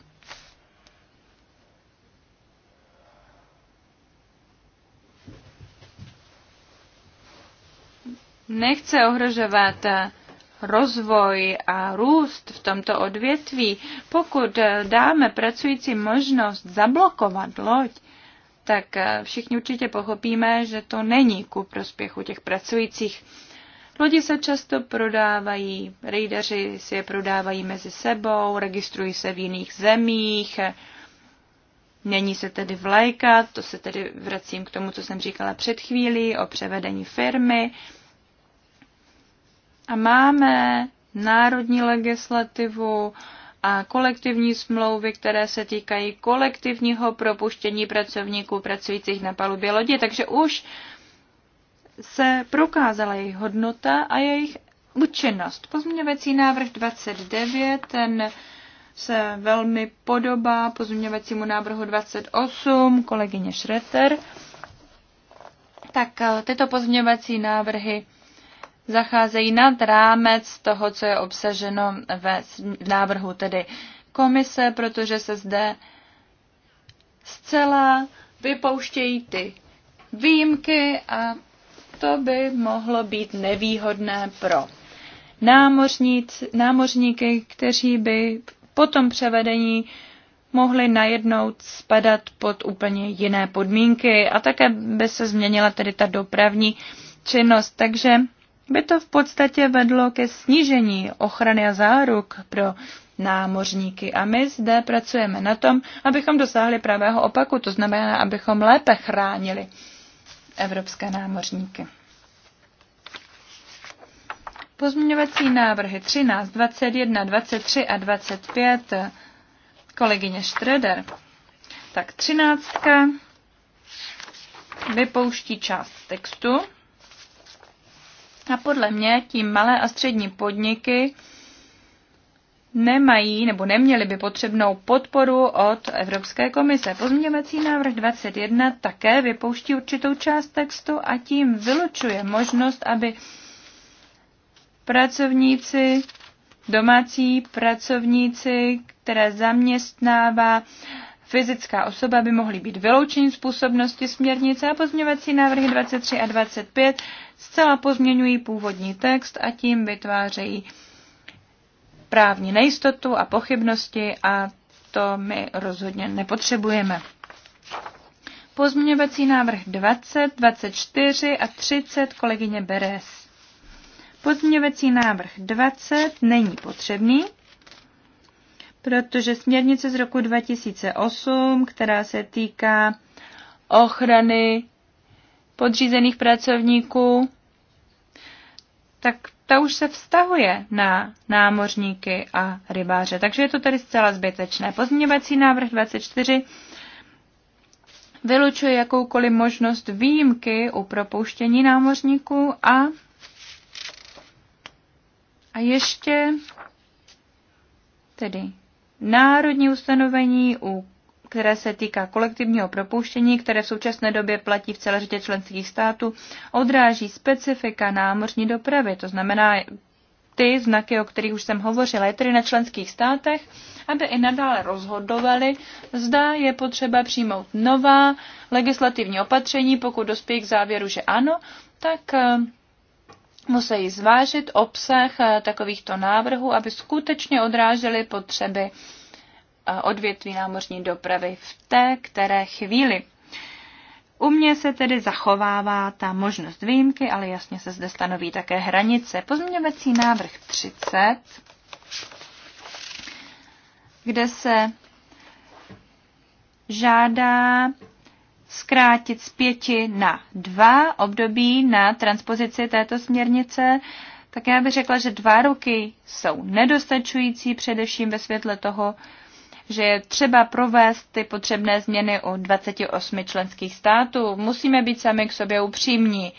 nechce ohrožovat rozvoj a růst v tomto odvětví, pokud dáme pracujícím možnost zablokovat loď, tak eh, všichni určitě pochopíme, že to není ku prospěchu těch pracujících. Lodi se často prodávají, rejdeři si je prodávají mezi sebou, registrují se v jiných zemích, Není se tedy vlajka, to se tedy vracím k tomu, co jsem říkala před chvílí o převedení firmy. A máme národní legislativu, a kolektivní smlouvy, které se týkají kolektivního propuštění pracovníků pracujících na palubě lodě. Takže už se prokázala jejich hodnota a jejich účinnost. Pozměňovací návrh 29, ten se velmi podobá pozměňovacímu návrhu 28 kolegyně Šreter. Tak eh, tyto pozměňovací návrhy zacházejí nad rámec toho, co je obsaženo ve návrhu tedy komise, protože se zde zcela vypouštějí ty výjimky a to by mohlo být nevýhodné pro námořníky, kteří by po tom převedení mohli najednou spadat pod úplně jiné podmínky a také by se změnila tedy ta dopravní činnost. Takže by to v podstatě vedlo ke snížení ochrany a záruk pro námořníky. A my zde pracujeme na tom, abychom dosáhli pravého opaku, to znamená, abychom lépe chránili evropské námořníky. Pozměňovací návrhy 13, 21, 23 a 25 kolegyně Štreder. Tak třináctka vypouští část textu, a podle mě tím malé a střední podniky nemají nebo neměli by potřebnou podporu od Evropské komise. Pozměňovací návrh 21 také vypouští určitou část textu a tím vylučuje možnost, aby pracovníci, domácí pracovníci, které zaměstnává fyzická osoba by mohly být vyloučení z působnosti směrnice a pozměňovací návrhy 23 a 25 zcela pozměňují původní text a tím vytvářejí právní nejistotu a pochybnosti a to my rozhodně nepotřebujeme. Pozměňovací návrh 20, 24 a 30 kolegyně Beres. Pozměňovací návrh 20 není potřebný protože směrnice z roku 2008, která se týká ochrany podřízených pracovníků, tak ta už se vztahuje na námořníky a rybáře. Takže je to tady zcela zbytečné. Pozměňovací návrh 24 vylučuje jakoukoliv možnost výjimky u propouštění námořníků a, a ještě tedy národní ustanovení, u které se týká kolektivního propuštění, které v současné době platí v celé řadě členských států, odráží specifika námořní dopravy, to znamená ty znaky, o kterých už jsem hovořila, je tedy na členských státech, aby i nadále rozhodovali, zda je potřeba přijmout nová legislativní opatření, pokud dospějí k závěru, že ano, tak eh, musí zvážit obsah eh, takovýchto návrhů, aby skutečně odrážely potřeby eh, odvětví námořní dopravy v té které chvíli. U mě se tedy zachovává ta možnost výjimky, ale jasně se zde stanoví také hranice. Pozměňovací návrh 30, kde se žádá zkrátit z pěti na dva období na transpozici této směrnice, tak já bych řekla, že dva roky jsou nedostačující, především ve světle toho, že je třeba provést ty potřebné změny u 28 členských států. Musíme být sami k sobě upřímní.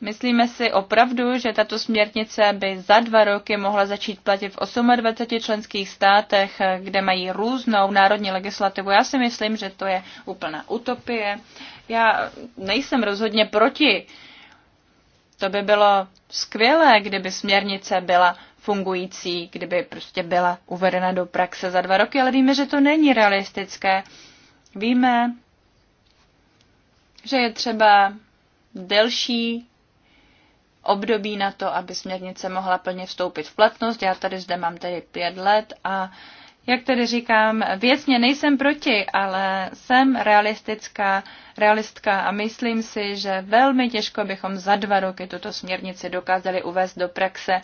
Myslíme si opravdu, že tato směrnice by za dva roky mohla začít platit v 28 členských státech, kde mají různou národní legislativu. Já si myslím, že to je úplná utopie. Já nejsem rozhodně proti. To by bylo skvělé, kdyby směrnice byla fungující, kdyby prostě byla uvedena do praxe za dva roky, ale víme, že to není realistické. Víme, že je třeba delší období na to, aby směrnice mohla plně vstoupit v platnost. Já tady zde mám tedy pět let a jak tedy říkám, věcně nejsem proti, ale jsem realistická, realistka a myslím si, že velmi těžko bychom za dva roky tuto směrnici dokázali uvést do praxe.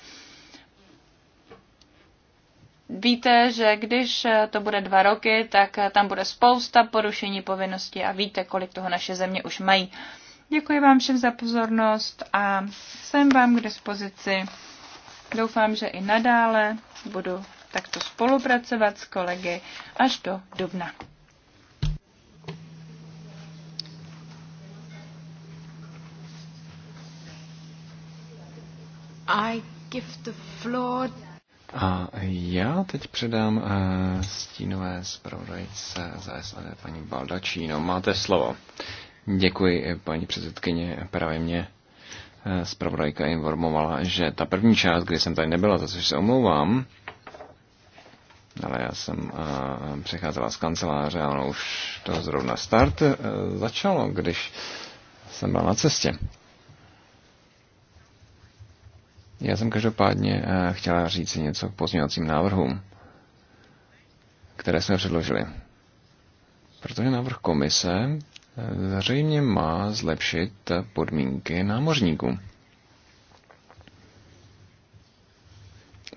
Víte, že když to bude dva roky, tak tam bude spousta porušení povinnosti a víte, kolik toho naše země už mají. Děkuji vám všem za pozornost a jsem vám k dispozici. Doufám, že i nadále budu takto spolupracovat s kolegy až do dubna. I give the floor. A já teď předám uh, stínové zpravodajce za SAD paní Baldačíno. Máte slovo. Děkuji, paní předsedkyně. Právě mě eh, zpravodajka informovala, že ta první část, kdy jsem tady nebyla, za což se omlouvám, ale já jsem eh, přecházela z kanceláře a ono už to zrovna start eh, začalo, když jsem byla na cestě. Já jsem každopádně chtěla říct něco k pozměňovacím návrhům, které jsme předložili. Protože návrh komise zřejmě má zlepšit podmínky námořníků.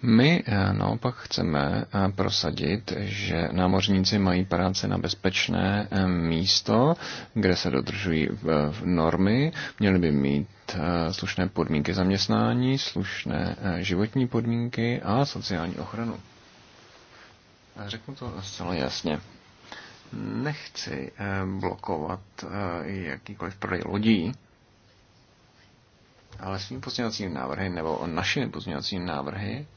My eh, naopak chceme eh, prosadit, že námořníci mají práce na bezpečné eh, místo, kde se dodržují normy, měli by mít slušné podmínky zaměstnání, slušné životní podmínky a sociální ochranu. Řeknu to zcela jasně nechci eh, blokovat eh, jakýkoliv prodej lodí, ale svým pozměňovacím návrhy nebo našimi pozměňovacími návrhy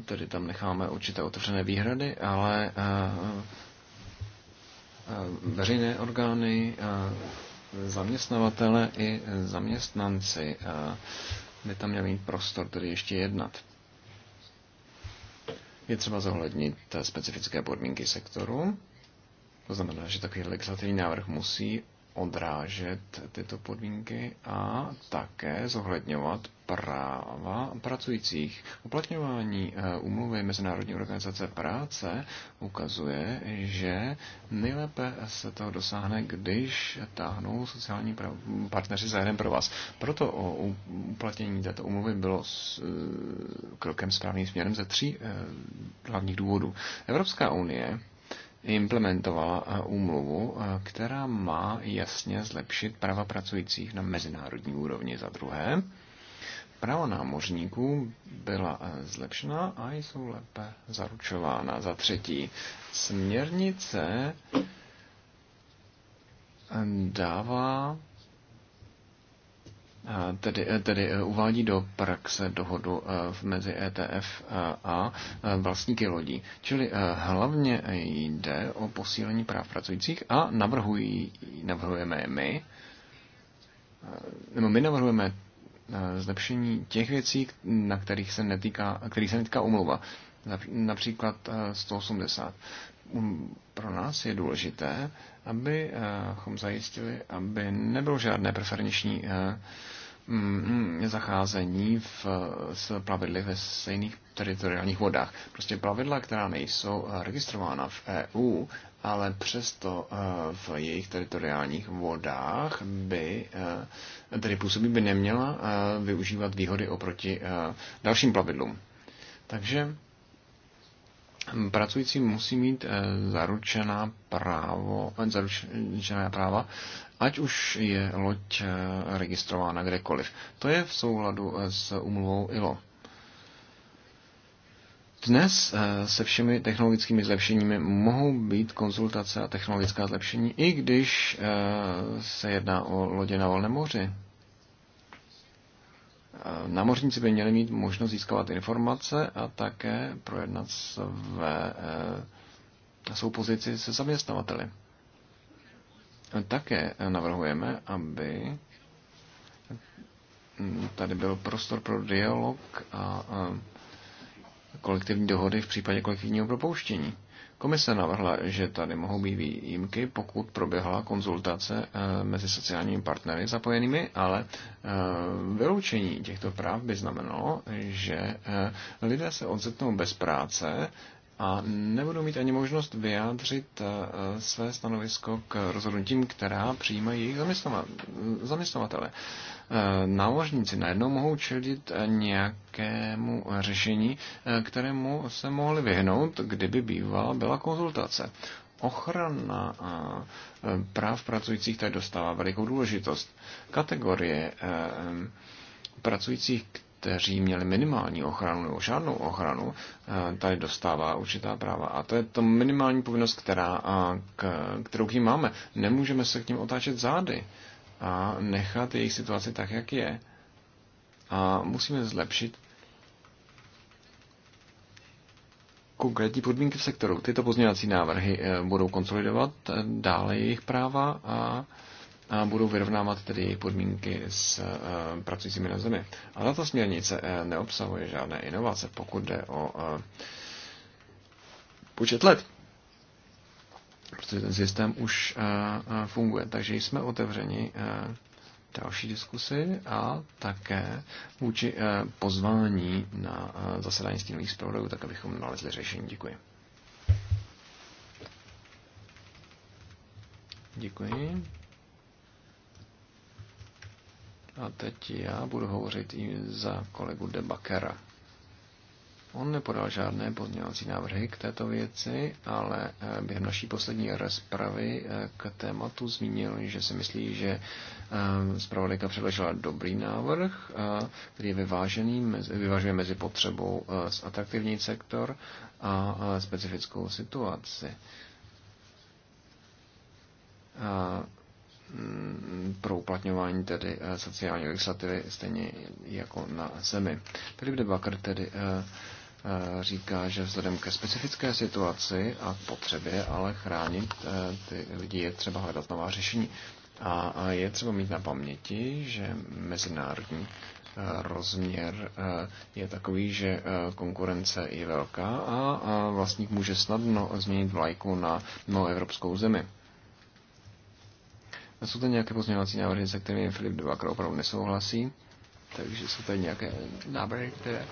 eh, tedy tam necháme určité otevřené výhrady, ale veřejné orgány, zaměstnavatele i zaměstnanci by tam měl mít prostor tedy ještě jednat. Je třeba zohlednit specifické podmínky sektoru, to znamená, že takový legislativní návrh musí odrážet tyto podmínky a také zohledňovat práva pracujících. Uplatňování eh, úmluvy Mezinárodní organizace práce ukazuje, že nejlépe se toho dosáhne, když táhnou sociální partneři za jeden pro vás. Proto o uplatnění této úmluvy bylo eh, krokem správným směrem ze tří eh, hlavních důvodů. Evropská unie implementovala eh, úmluvu, eh, která má jasně zlepšit práva pracujících na mezinárodní úrovni za druhé. Práva námořníků byla eh, zlepšena a jsou lépe zaručována. Za třetí, směrnice dává tedy, eh, tedy eh, uvádí do praxe dohodu eh, mezi ETF a vlastníky lodí. Čili hlavně jde o posílení práv pracujících a navrhují, navrhujeme my, nebo my navrhujeme zlepšení těch věcí, na kterých se netýká, který se netýká umluva. Například 180. Um, pro nás je důležité, abychom zajistili, aby nebylo žádné preferenční eh, mm, zacházení v, s plavidly ve stejných teritoriálních vodách. Prostě plavidla, která nejsou eh, registrována v EU, ale přesto eh, v jejich teritoriálních vodách by, tedy působí by neměla využívat výhody oproti dalším plavidlům. Takže pracující musí mít eh, zaručená, právo, zaručená práva, ať už je loď eh, registrována kdekoliv. To je v souladu eh, s umluvou ILO. Dnes se všemi technologickými zlepšeními mohou být konzultace a technologická zlepšení, i když se jedná o lodě na volném moři. Námořníci by měli mít možnost získávat informace a také projednat své, eh, svou pozici se zaměstnavateli. Také navrhujeme, aby tady byl prostor pro dialog a eh, kolektivní dohody v případě kolektivního propouštění. Komise navrhla, že tady mohou být výjimky, pokud proběhla konzultace eh, mezi sociálními partnery zapojenými, ale eh, vyloučení těchto práv by znamenalo, že eh, lidé se odzetnou bez práce a nebudou mít ani možnost vyjádřit eh, své stanovisko k rozhodnutím, která přijímají jejich zaměstnavatele. Eh, námořníci najednou mohou čelit eh, nějakému řešení, kterému se mohli vyhnout, kdyby bývala byla konzultace. Ochrana práv pracujících tady dostává velikou důležitost. Kategorie pracujících, kteří měli minimální ochranu nebo žádnou ochranu, eh, tady dostává určitá práva. A to je to minimální povinnost, která, k, kterou k ním máme. Nemůžeme se k ním otáčet zády a nechat jejich situaci tak, jak je. A musíme zlepšit konkrétní podmínky v sektoru. Tyto pozměňovací návrhy eh, budou konsolidovat eh, dále jejich práva a a budou vyrovnávat tedy jejich podmínky s eh, pracujícími na zemi. A tato směrnice eh, neobsahuje žádné inovace, pokud jde o eh, počet let protože ten systém už funguje. Takže jsme otevřeni další diskusy a také vůči pozvání na zasedání stínových zpravodajů, tak abychom nalezli řešení. Děkuji. Děkuji. A teď já budu hovořit i za kolegu Debakera. On nepodal žádné pozměňovací návrhy k této věci, ale eh, během naší poslední rozpravy eh, k tématu zmínil, že si myslí, že eh, zpravodajka předložila dobrý návrh, který je vyvážený, vyvažuje mezi potřebou atraktivní sektor a specifickou situaci. Mm, pro uplatňování tedy eh, sociální legislativy stejně jako na zemi. Filip de Bakr tedy eh, eh, říká, že vzhledem ke specifické situaci a potřebě ale chránit ty lidi je třeba hledat nová řešení. A je třeba mít na paměti, že mezinárodní rozměr je takový, že konkurence je velká a vlastník může snadno změnit vlajku na novou evropskou zemi. Jsou tady nějaké pozměňovací návrhy, se kterými Filip dvakrát opravdu nesouhlasí, takže jsou tady nějaké návrhy, které,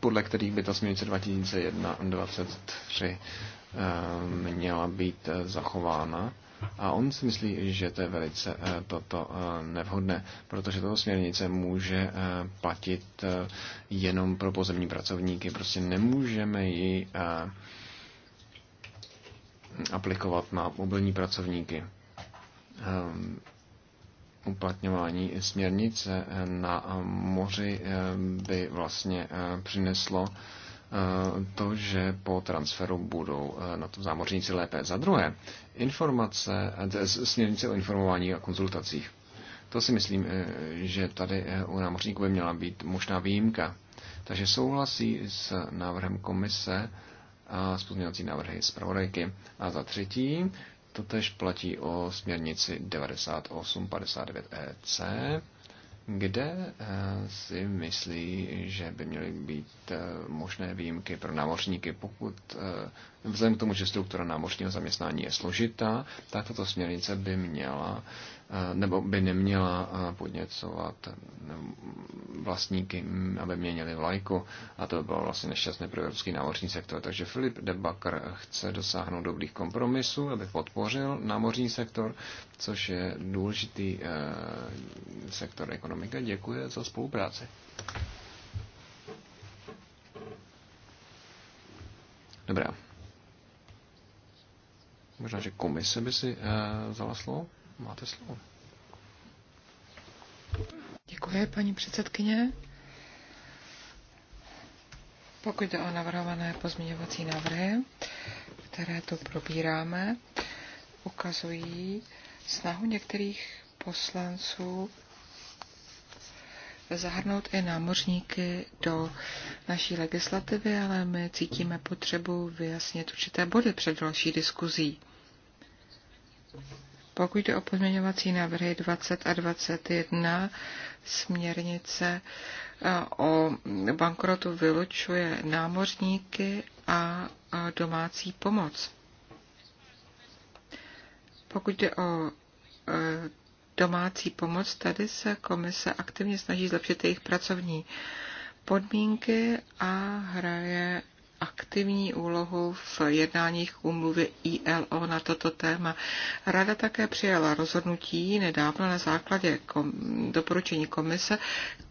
podle kterých by ta směrnice 2001-23 eh, měla být eh, zachována. A on si myslí, že to je velice eh, toto nevhodné, protože toto směrnice může platit jenom pro pozemní pracovníky. Prostě nemůžeme ji aplikovat na mobilní pracovníky. Ehm, uplatňování směrnice eh, na moři eh, by vlastně eh, přineslo to, že po transferu budou na to zámořníci lépe. Za druhé, informace, směrnice o informování a konzultacích. To si myslím, že tady u námořníků by měla být možná výjimka. Takže souhlasí s návrhem komise a s pozměňovací návrhy zpravodajky. A za třetí, Totež platí o směrnici 9859EC, e kde eh, si myslí, že by měly být eh, možné výjimky pro námořníky, pokud eh, Vzhledem k tomu, že struktura námořního zaměstnání je složitá, tak tato směrnice by měla eh, nebo by neměla eh, podněcovat eh, vlastníky, mm, aby měnili vlajku. A to by bylo vlastně nešťastné pro evropský námořní sektor. Takže Filip de Bakker chce dosáhnout dobrých kompromisů, aby podpořil námořní sektor, což je důležitý sektor ekonomiky. Děkuji za spolupráci. Dobrá. Možná, že komise by si uh, vzala slovo. Máte slovo. Děkuji, paní předsedkyně. Pokud jde o navrhované pozměňovací návrhy, které tu probíráme, ukazují snahu některých poslanců zahrnout i námořníky do naší legislativy, ale my cítíme potřebu vyjasnit určité body před další diskuzí. Pokud jde o pozměňovací návrhy 20 a 21, směrnice eh, o bankrotu vylučuje námořníky a eh, domácí pomoc. Pokud jde o eh, domácí pomoc, tady se komise aktivně snaží zlepšit jejich pracovní podmínky a hraje aktivní úlohu v jednáních úmluvy ILO na toto téma. Rada také přijala rozhodnutí nedávno na základě kom, doporučení komise,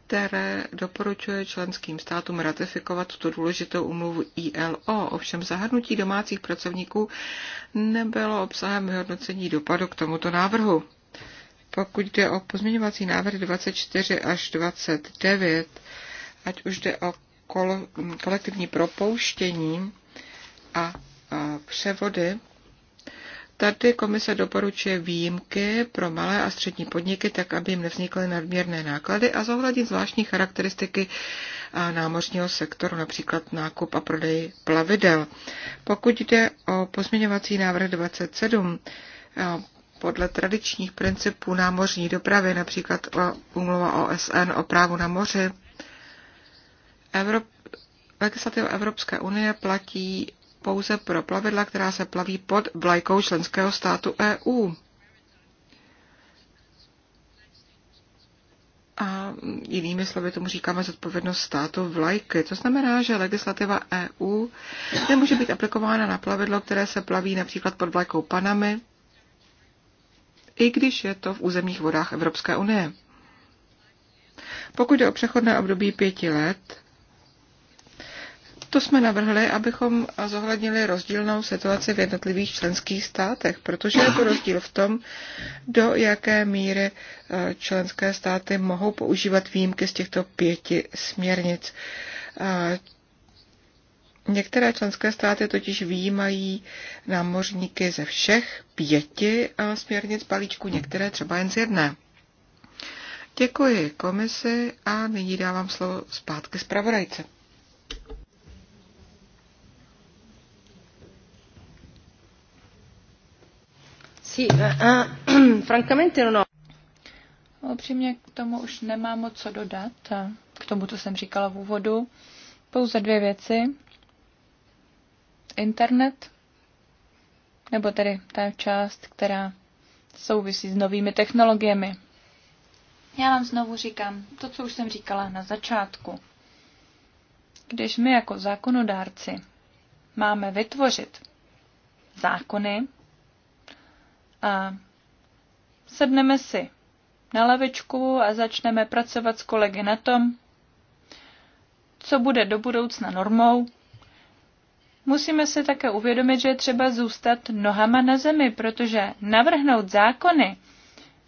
které doporučuje členským státům ratifikovat tuto důležitou umluvu ILO. Ovšem zahrnutí domácích pracovníků nebylo obsahem vyhodnocení dopadu k tomuto návrhu. Pokud jde o pozměňovací návrhy 24 až 29, ať už jde o kol, kolektivní propouštění a, a převody. Tady komise doporučuje výjimky pro malé a střední podniky, tak aby jim nevznikly nadměrné náklady a zohlednit zvláštní charakteristiky námořního sektoru, například nákup a prodej plavidel. Pokud jde o pozměňovací návrh 27, podle tradičních principů námořní dopravy, například umluva OSN o právu na moři, Evrop, legislativa Evropské unie platí pouze pro plavidla, která se plaví pod vlajkou členského státu EU. A jinými slovy tomu říkáme zodpovědnost státu vlajky. To znamená, že legislativa EU nemůže být aplikována na plavidlo, které se plaví například pod vlajkou Panamy, i když je to v územních vodách Evropské unie. Pokud je o přechodné období pěti let, to jsme navrhli, abychom zohlednili rozdílnou situaci v jednotlivých členských státech, protože je to rozdíl v tom, do jaké míry eh, členské státy mohou používat výjimky z těchto pěti směrnic. Eh, některé členské státy totiž výjímají námořníky ze všech pěti eh, směrnic balíčku, některé třeba jen z jedné. Děkuji komisi a nyní dávám slovo zpátky zpravodajce. Eh, eh, Opřímně [clears throat] k tomu už nemám moc co dodat, eh, k tomu, co jsem říkala v úvodu. Pouze dvě věci. Internet, nebo tedy ta část, která souvisí s novými technologiemi. Já vám znovu říkám to, co už jsem říkala na začátku. Když my jako zákonodárci máme vytvořit zákony, a sedneme si na lavičku a začneme pracovat s kolegy na tom, co bude do budoucna normou, musíme si také uvědomit, že je třeba zůstat nohama na zemi, protože navrhnout zákony,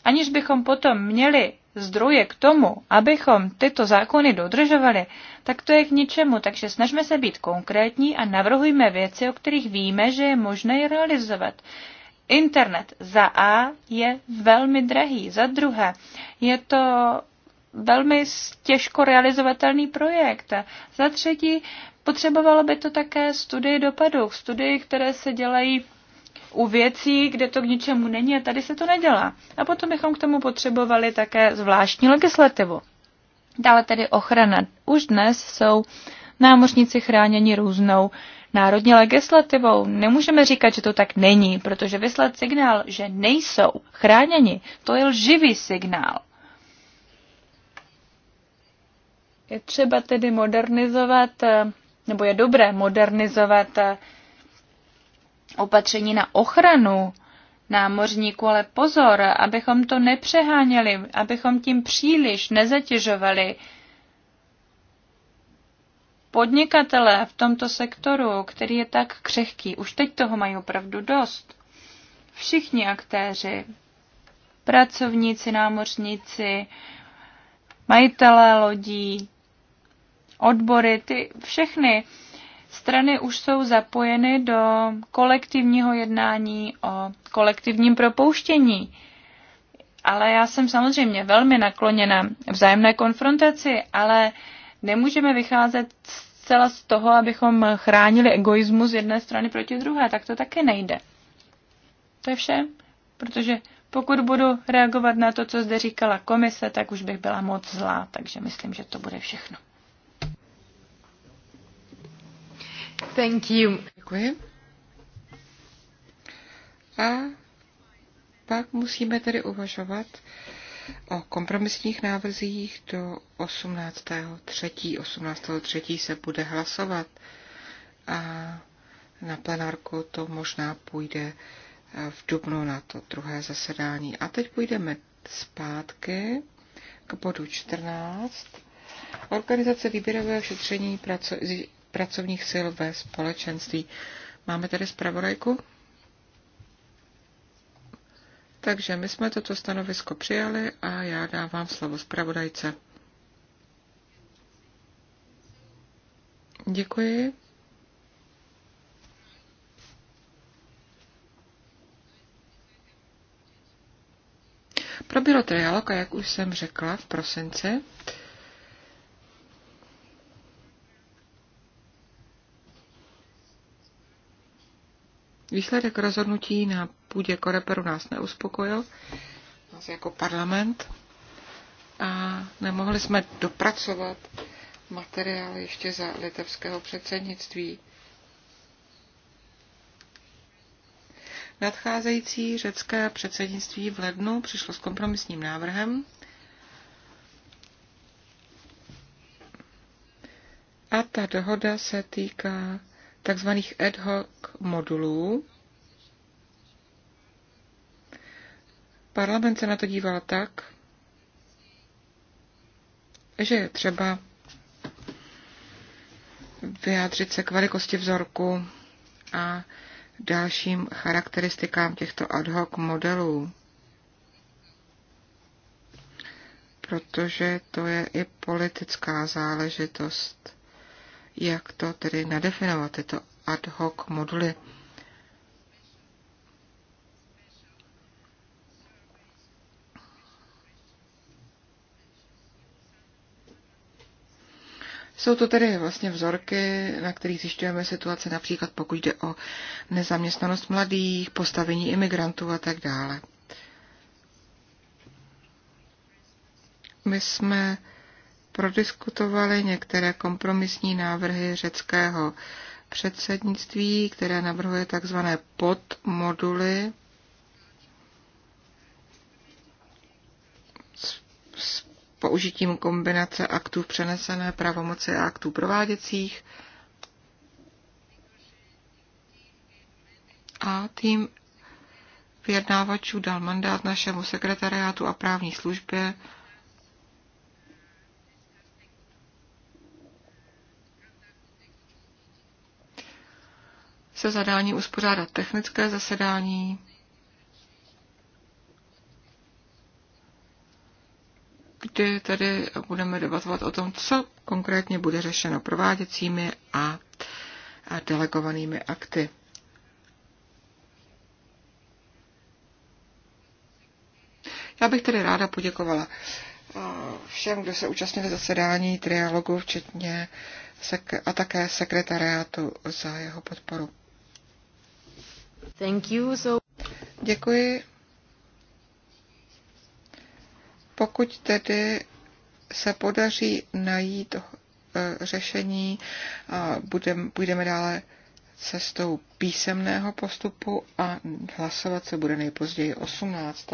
aniž bychom potom měli zdroje k tomu, abychom tyto zákony dodržovali, tak to je k ničemu. Takže snažme se být konkrétní a navrhujme věci, o kterých víme, že je možné je realizovat. Internet za A je velmi drahý, za druhé je to velmi těžko realizovatelný projekt. Za třetí, potřebovalo by to také studii dopadů, studii, které se dělají u věcí, kde to k ničemu není a tady se to nedělá. A potom bychom k tomu potřebovali také zvláštní legislativu. Dále tedy ochrana. Už dnes jsou námořníci chráněni různou národní legislativou. Nemůžeme říkat, že to tak není, protože vyslat signál, že nejsou chráněni, to je lživý signál. Je třeba tedy modernizovat, eh, nebo je dobré modernizovat eh, opatření na ochranu námořníků, ale pozor, abychom to nepřeháněli, abychom tím příliš nezatěžovali podnikatele v tomto sektoru, který je tak křehký, už teď toho mají opravdu dost. Všichni aktéři, pracovníci, námořníci, majitelé lodí, odbory, ty všechny strany už jsou zapojeny do kolektivního jednání o kolektivním propouštění. Ale já jsem samozřejmě velmi nakloněna vzájemné konfrontaci, ale nemůžeme vycházet zcela z toho, abychom chránili egoismus z jedné strany proti druhé. Tak to také nejde. To je vše, protože pokud budu reagovat na to, co zde říkala komise, tak už bych byla moc zlá, takže myslím, že to bude všechno. Thank you. Děkuji. A pak musíme tedy uvažovat, o kompromisních návrzích do 18. 18. 3. se bude hlasovat a na plenárku to možná půjde e, v dubnu na to druhé zasedání. A teď půjdeme zpátky k bodu 14. Organizace výběrového šetření pracovních sil ve společenství. Máme tady zpravodajku? Takže my jsme toto stanovisko přijali a já dávám slovo zpravodajce. Děkuji. Probělo trialog a jak už jsem řekla v prosinci, Výsledek rozhodnutí na půdě Koreperu jako nás neuspokojil, nás jako parlament, a nemohli jsme dopracovat materiál ještě za litevského předsednictví. Nadcházející řecké předsednictví v lednu přišlo s kompromisním návrhem, a ta dohoda se týká takzvaných ad hoc modulů, Parlament se na to díval tak, že je třeba vyjádřit se k velikosti vzorku a dalším charakteristikám těchto ad hoc modelů, protože to je i politická záležitost, jak to tedy nadefinovat, tyto ad hoc moduly. Jsou to tedy vlastně vzorky, na kterých zjišťujeme situace například pokud jde o nezaměstnanost mladých, postavení imigrantů a tak dále. My jsme prodiskutovali některé kompromisní návrhy řeckého předsednictví, které navrhuje takzvané podmoduly použitím kombinace aktů v přenesené pravomoci a aktů prováděcích. A tým vyjednávačů dal mandát našemu sekretariátu a právní službě se zadání uspořádat technické zasedání kdy tedy budeme debatovat o tom, co konkrétně bude řešeno prováděcími a, delegovanými akty. Já bych tedy ráda poděkovala eh, všem, kdo se účastnili zasedání trialogu, včetně a také sekretariátu za jeho podporu. Thank you, so... Děkuji. Pokud tedy se podaří najít eh, řešení, budeme, půjdeme dále cestou písemného postupu a hlasovat se bude nejpozději 18.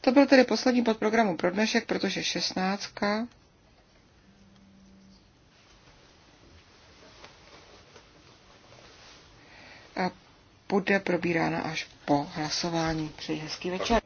To byl tedy poslední podprogramu pro dnešek, protože 16. bude probírána až po hlasování. Přeji hezký večer.